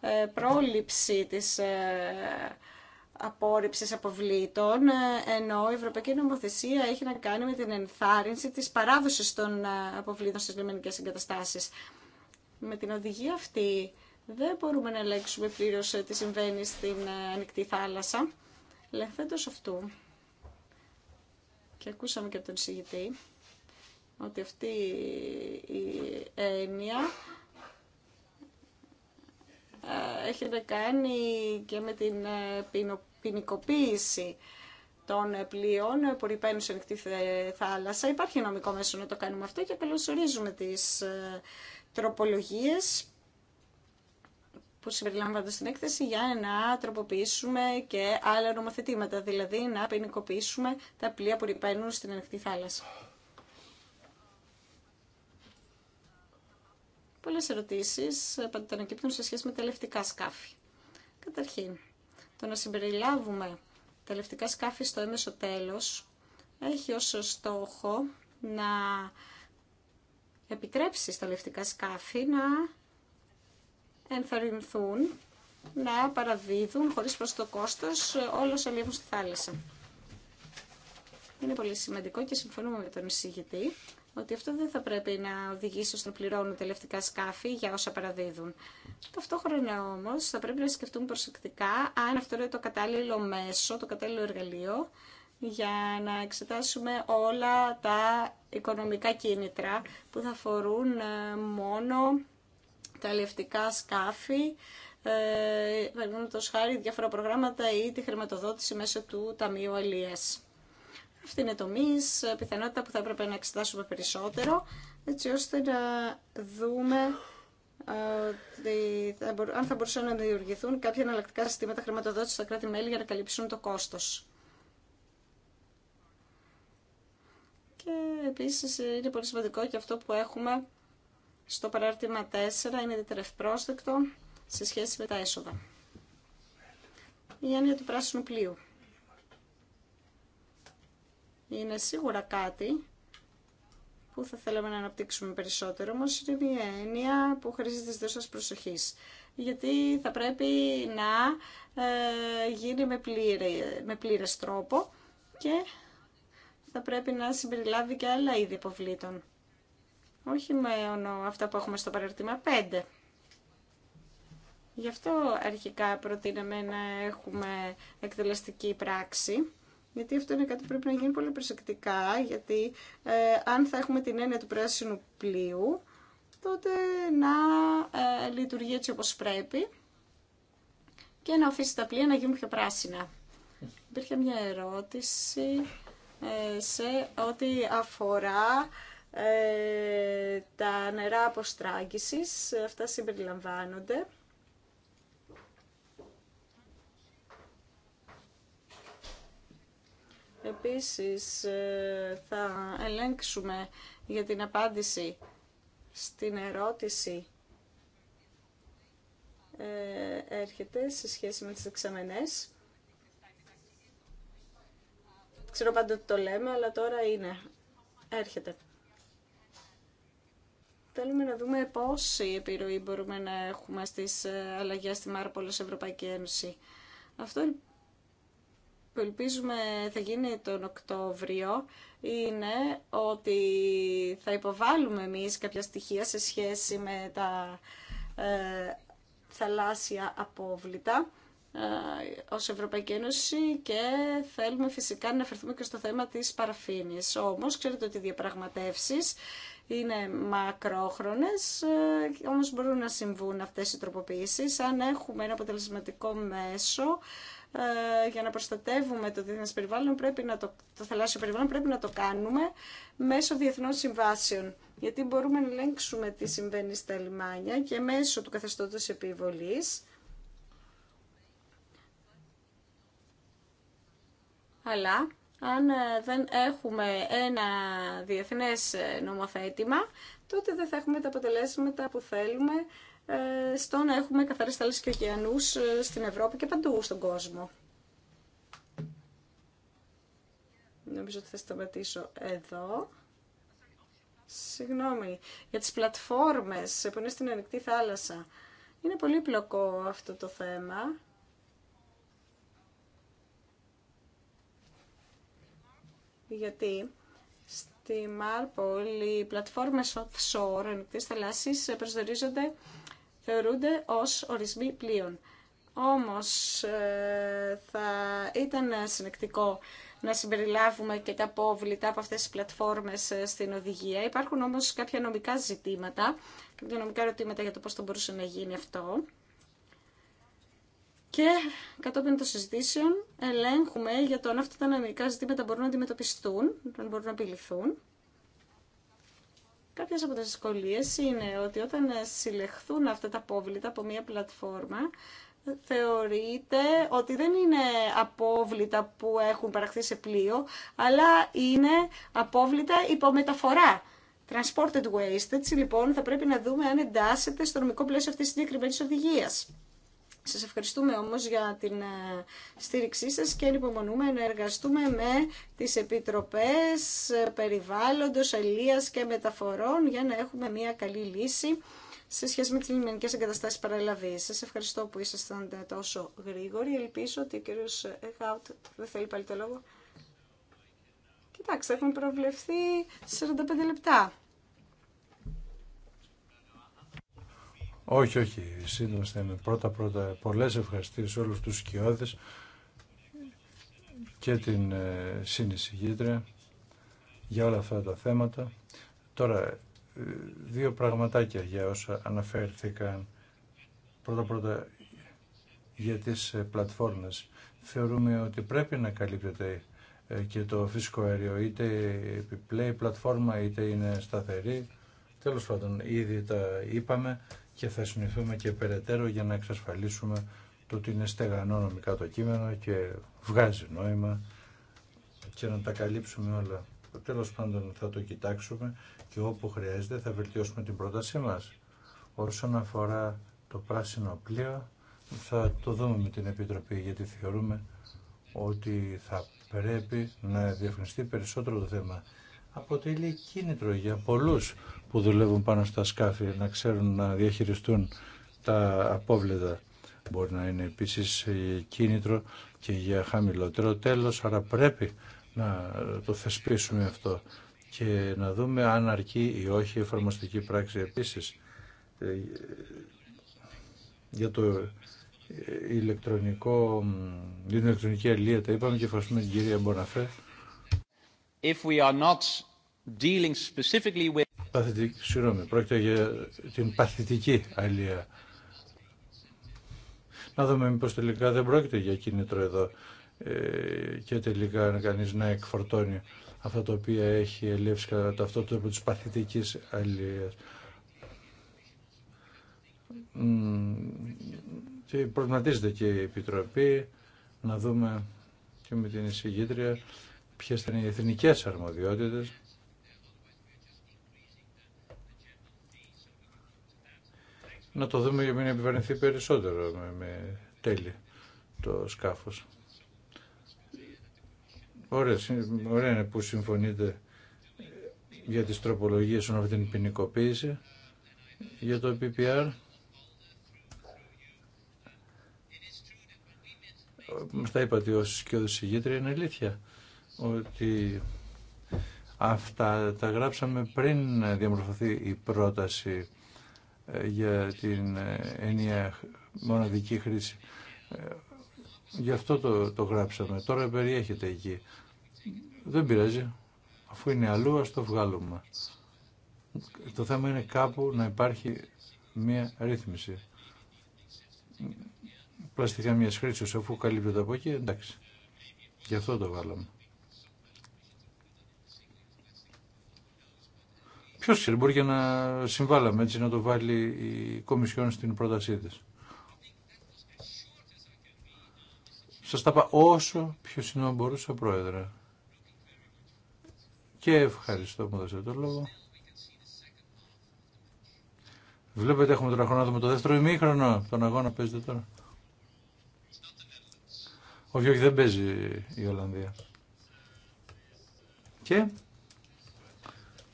ε, πρόληψη της απόρριψης αποβλήτων, ενώ η Ευρωπαϊκή Νομοθεσία έχει να κάνει με την ενθάρρυνση της παράδοσης των αποβλήτων στις λιμενικές εγκαταστάσεις. Με την οδηγία αυτή δεν μπορούμε να ελέγξουμε πλήρως τι συμβαίνει στην ανοιχτή θάλασσα. Λεχθέντος αυτού, και ακούσαμε και από τον συγητή ότι αυτή η έννοια ε, έχει να κάνει και με την ε, ποινικοποίηση των ε, πλοίων που ρηπαίνουν σε ανοιχτή θάλασσα. Υπάρχει νομικό μέσο να το κάνουμε αυτό και καλωσορίζουμε τις τροπολογίες που συμπεριλαμβάνονται στην έκθεση για να τροποποιήσουμε και άλλα νομοθετήματα, δηλαδή να ποινικοποιήσουμε τα πλοία που ρηπαίνουν στην ανοιχτή θάλασσα. Πολλές ερωτήσεις πάντοτε σε σχέση με τα λευτικά σκάφη. Καταρχήν, το να συμπεριλάβουμε τα λευτικά σκάφη στο έμεσο τέλος έχει ως στόχο να επιτρέψει στα λευτικά σκάφη να ενθαρρυνθούν να παραδίδουν χωρίς προς το κόστος ε, όλο αλλιεύουν στη θάλασσα. Είναι πολύ σημαντικό και συμφωνούμε με τον εισηγητή ότι αυτό δεν θα πρέπει να οδηγήσει ώστε να πληρώνουν τελευταία σκάφη για όσα παραδίδουν. Ταυτόχρονα όμω, θα πρέπει να σκεφτούμε προσεκτικά αν αυτό είναι το κατάλληλο μέσο, το κατάλληλο εργαλείο για να εξετάσουμε όλα τα οικονομικά κίνητρα που θα αφορούν ε, μόνο τα λευτικά σκάφη, ε, παραδείγματος χάρη διάφορα προγράμματα ή τη χρηματοδότηση μέσω του Ταμείου Αλίες. Αυτή είναι το τομή, πιθανότητα που θα έπρεπε να εξετάσουμε περισσότερο, έτσι ώστε να δούμε ε, ότι αν θα μπορούσαν να δημιουργηθούν κάποια εναλλακτικά συστήματα χρηματοδότηση στα κράτη-μέλη για να καλύψουν το κόστος. Και επίσης είναι πολύ σημαντικό και αυτό που έχουμε στο παράρτημα 4 είναι τετρευπρόσδεκτο σε σχέση με τα έσοδα. Η έννοια του πράσινου πλοίου. Είναι σίγουρα κάτι που θα θέλαμε να αναπτύξουμε περισσότερο, όμως είναι μια έννοια που χρήζει της σας προσοχής. Γιατί θα πρέπει να ε, γίνει με, πλήρε, πλήρες τρόπο και θα πρέπει να συμπεριλάβει και άλλα είδη υποβλήτων όχι μόνο αυτά που έχουμε στο παραρτήμα 5. Γι' αυτό αρχικά προτείναμε να έχουμε εκτελεστική πράξη, γιατί αυτό είναι κάτι που πρέπει να γίνει πολύ προσεκτικά, γιατί ε, αν θα έχουμε την έννοια του πράσινου πλοίου, τότε να ε, λειτουργεί έτσι όπως πρέπει και να αφήσει τα πλοία να γίνουν πιο πράσινα. Υπήρχε μια ερώτηση ε, σε ό,τι αφορά ε, τα νερά αποστράγγισης, αυτά συμπεριλαμβάνονται. Επίσης ε, θα ελέγξουμε για την απάντηση στην ερώτηση ε, έρχεται σε σχέση με τις δεξαμενές. Ξέρω πάντα ότι το λέμε, αλλά τώρα είναι. Έρχεται. Θέλουμε να δούμε πόση επιρροή μπορούμε να έχουμε στις ε, αλλαγές στη σε Ευρωπαϊκή Ένωση. Αυτό που ελπίζουμε θα γίνει τον Οκτώβριο είναι ότι θα υποβάλουμε εμείς κάποια στοιχεία σε σχέση με τα ε, θαλάσσια απόβλητα ε, ως Ευρωπαϊκή Ένωση και θέλουμε φυσικά να αναφερθούμε και στο θέμα της παραφήνης. Όμως, ξέρετε ότι οι διαπραγματεύσεις είναι μακρόχρονες, ε, όμως μπορούν να συμβούν αυτές οι τροποποιήσεις αν έχουμε ένα αποτελεσματικό μέσο ε, για να προστατεύουμε το διεθνές περιβάλλον, πρέπει να το, το θαλάσσιο περιβάλλον πρέπει να το κάνουμε μέσω διεθνών συμβάσεων. Γιατί μπορούμε να ελέγξουμε τι συμβαίνει στα λιμάνια και μέσω του καθεστώτος επιβολής. Αλλά αν ε, δεν έχουμε ένα διεθνές ε, νομοθέτημα, τότε δεν θα έχουμε τα αποτελέσματα που θέλουμε ε, στο να έχουμε καθαρές θάλασσες και ωκεανούς στην Ευρώπη και παντού στον κόσμο. Νομίζω ότι θα σταματήσω εδώ. Συγγνώμη, για τις πλατφόρμες που είναι στην ανοιχτή θάλασσα. Είναι πολύ πλοκό αυτό το θέμα γιατί στη Μάρπολ οι πλατφόρμες offshore, ανοιχτές θαλάσσης, θεωρούνται ως ορισμοί πλοίων. Όμως ε, θα ήταν συνεκτικό να συμπεριλάβουμε και τα πόβλητα από αυτές τις πλατφόρμες ε, στην οδηγία. Υπάρχουν όμως κάποια νομικά ζητήματα, κάποια νομικά ερωτήματα για το πώς θα μπορούσε να γίνει αυτό και κατόπιν των συζητήσεων ελέγχουμε για το αν αυτά τα νομικά ζητήματα μπορούν να αντιμετωπιστούν, αν μπορούν να επιληθούν. Κάποιε από τι δυσκολίε είναι ότι όταν συλλεχθούν αυτά τα απόβλητα από μια πλατφόρμα, θεωρείται ότι δεν είναι απόβλητα που έχουν παραχθεί σε πλοίο, αλλά είναι απόβλητα υπομεταφορά. Transported waste, έτσι λοιπόν θα πρέπει να δούμε αν εντάσσεται στο νομικό πλαίσιο αυτή τη συγκεκριμένη οδηγία. Σας ευχαριστούμε όμως για την ε, στήριξή σας και ανυπομονούμε να εργαστούμε με τις Επιτροπές ε, Περιβάλλοντος, Ελίας και Μεταφορών για να έχουμε μια καλή λύση σε σχέση με τις λιμενικές εγκαταστάσεις παραλαβής. Σας ευχαριστώ που ήσασταν τόσο γρήγοροι. Ελπίζω ότι ο κύριος Εχάουτ δεν θέλει πάλι το λόγο. Κοιτάξτε, έχουν προβλεφθεί 45 λεπτά. Όχι, όχι, σύντομα θα είμαι. Πρώτα, πρώτα, πολλές ευχαριστίες όλους τους σκιώδες και την ε, για όλα αυτά τα θέματα. Τώρα, ε, δύο πραγματάκια για όσα αναφέρθηκαν. Πρώτα, πρώτα, για τις ε, πλατφόρμες. Θεωρούμε ότι πρέπει να καλύπτεται ε, και το φυσικό αέριο, είτε επιπλέει πλατφόρμα, είτε είναι σταθερή. Τέλος πάντων, ήδη τα είπαμε και θα συνηθούμε και περαιτέρω για να εξασφαλίσουμε το ότι είναι στεγανό νομικά το κείμενο και βγάζει νόημα και να τα καλύψουμε όλα. Τέλος πάντων θα το κοιτάξουμε και όπου χρειάζεται θα βελτιώσουμε την πρότασή μας. Όσον αφορά το πράσινο πλοίο θα το δούμε με την Επιτροπή γιατί θεωρούμε ότι θα πρέπει να διευκρινιστεί περισσότερο το θέμα. Αποτελεί κίνητρο για πολλούς που δουλεύουν πάνω στα σκάφη να ξέρουν να διαχειριστούν τα απόβλητα. Μπορεί να είναι επίσης κίνητρο και για χαμηλότερο τέλος, άρα πρέπει να το θεσπίσουμε αυτό και να δούμε αν αρκεί ή όχι η εφαρμοστική πράξη επίσης ε, για το ηλεκτρονικό, την ηλεκτρονική αλληλεία τα είπαμε και ευχαριστούμε την κυρία Μποναφέ. If we are specifically with παθητική, συγγνώμη, πρόκειται για την παθητική αλία. Να δούμε μήπως τελικά δεν πρόκειται για κίνητρο εδώ ε, και τελικά να κανείς να εκφορτώνει αυτά τα οποία έχει ελεύσει κατά το αυτό το τρόπο τη παθητική Και προβληματίζεται και η Επιτροπή να δούμε και με την εισηγήτρια ποιες θα είναι οι εθνικές αρμοδιότητες να το δούμε για να μην επιβαρυνθεί περισσότερο με, με τέλη το σκάφος. Ωραία, ωραία είναι που συμφωνείτε για τις τροπολογίες όταν αυτή την ποινικοποίηση για το PPR. Μας τα είπατε ως σκιώδης ηγήτρια, είναι αλήθεια ότι αυτά τα γράψαμε πριν διαμορφωθεί η πρόταση για την ε, ενιαία μοναδική χρήση. Ε, γι' αυτό το, το γράψαμε. Τώρα περιέχεται εκεί. Δεν πειράζει. Αφού είναι αλλού, ας το βγάλουμε. Το θέμα είναι κάπου να υπάρχει μία ρύθμιση. Πλαστικά μια χρήση αφού καλύπτεται από εκεί, εντάξει. Γι' αυτό το βάλαμε. Ποιο ξέρει, μπορεί και να συμβάλαμε έτσι να το βάλει η Κομισιόν στην πρότασή τη. Σα τα πάω όσο πιο σύντομα μπορούσα, Πρόεδρε. Και ευχαριστώ που μου δώσατε το λόγο. Βλέπετε, έχουμε τώρα χρόνο να δούμε το δεύτερο ημίχρονο τον αγώνα παίζεται τώρα. Όχι, όχι, δεν παίζει η Ολλανδία. Και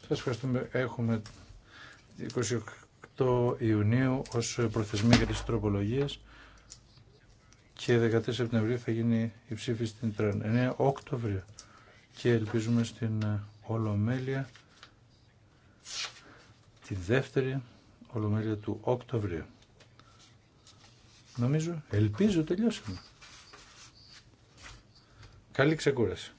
σας ευχαριστούμε. Έχουμε 28 Ιουνίου ως προθεσμή για τις τροπολογίες και 14 Σεπτεμβρίου θα γίνει η ψήφιση στην Τραν. 9 Οκτωβρίου και ελπίζουμε στην ε, Ολομέλεια τη δεύτερη Ολομέλεια του Οκτωβρίου. Νομίζω, ελπίζω τελειώσαμε. Καλή ξεκούραση.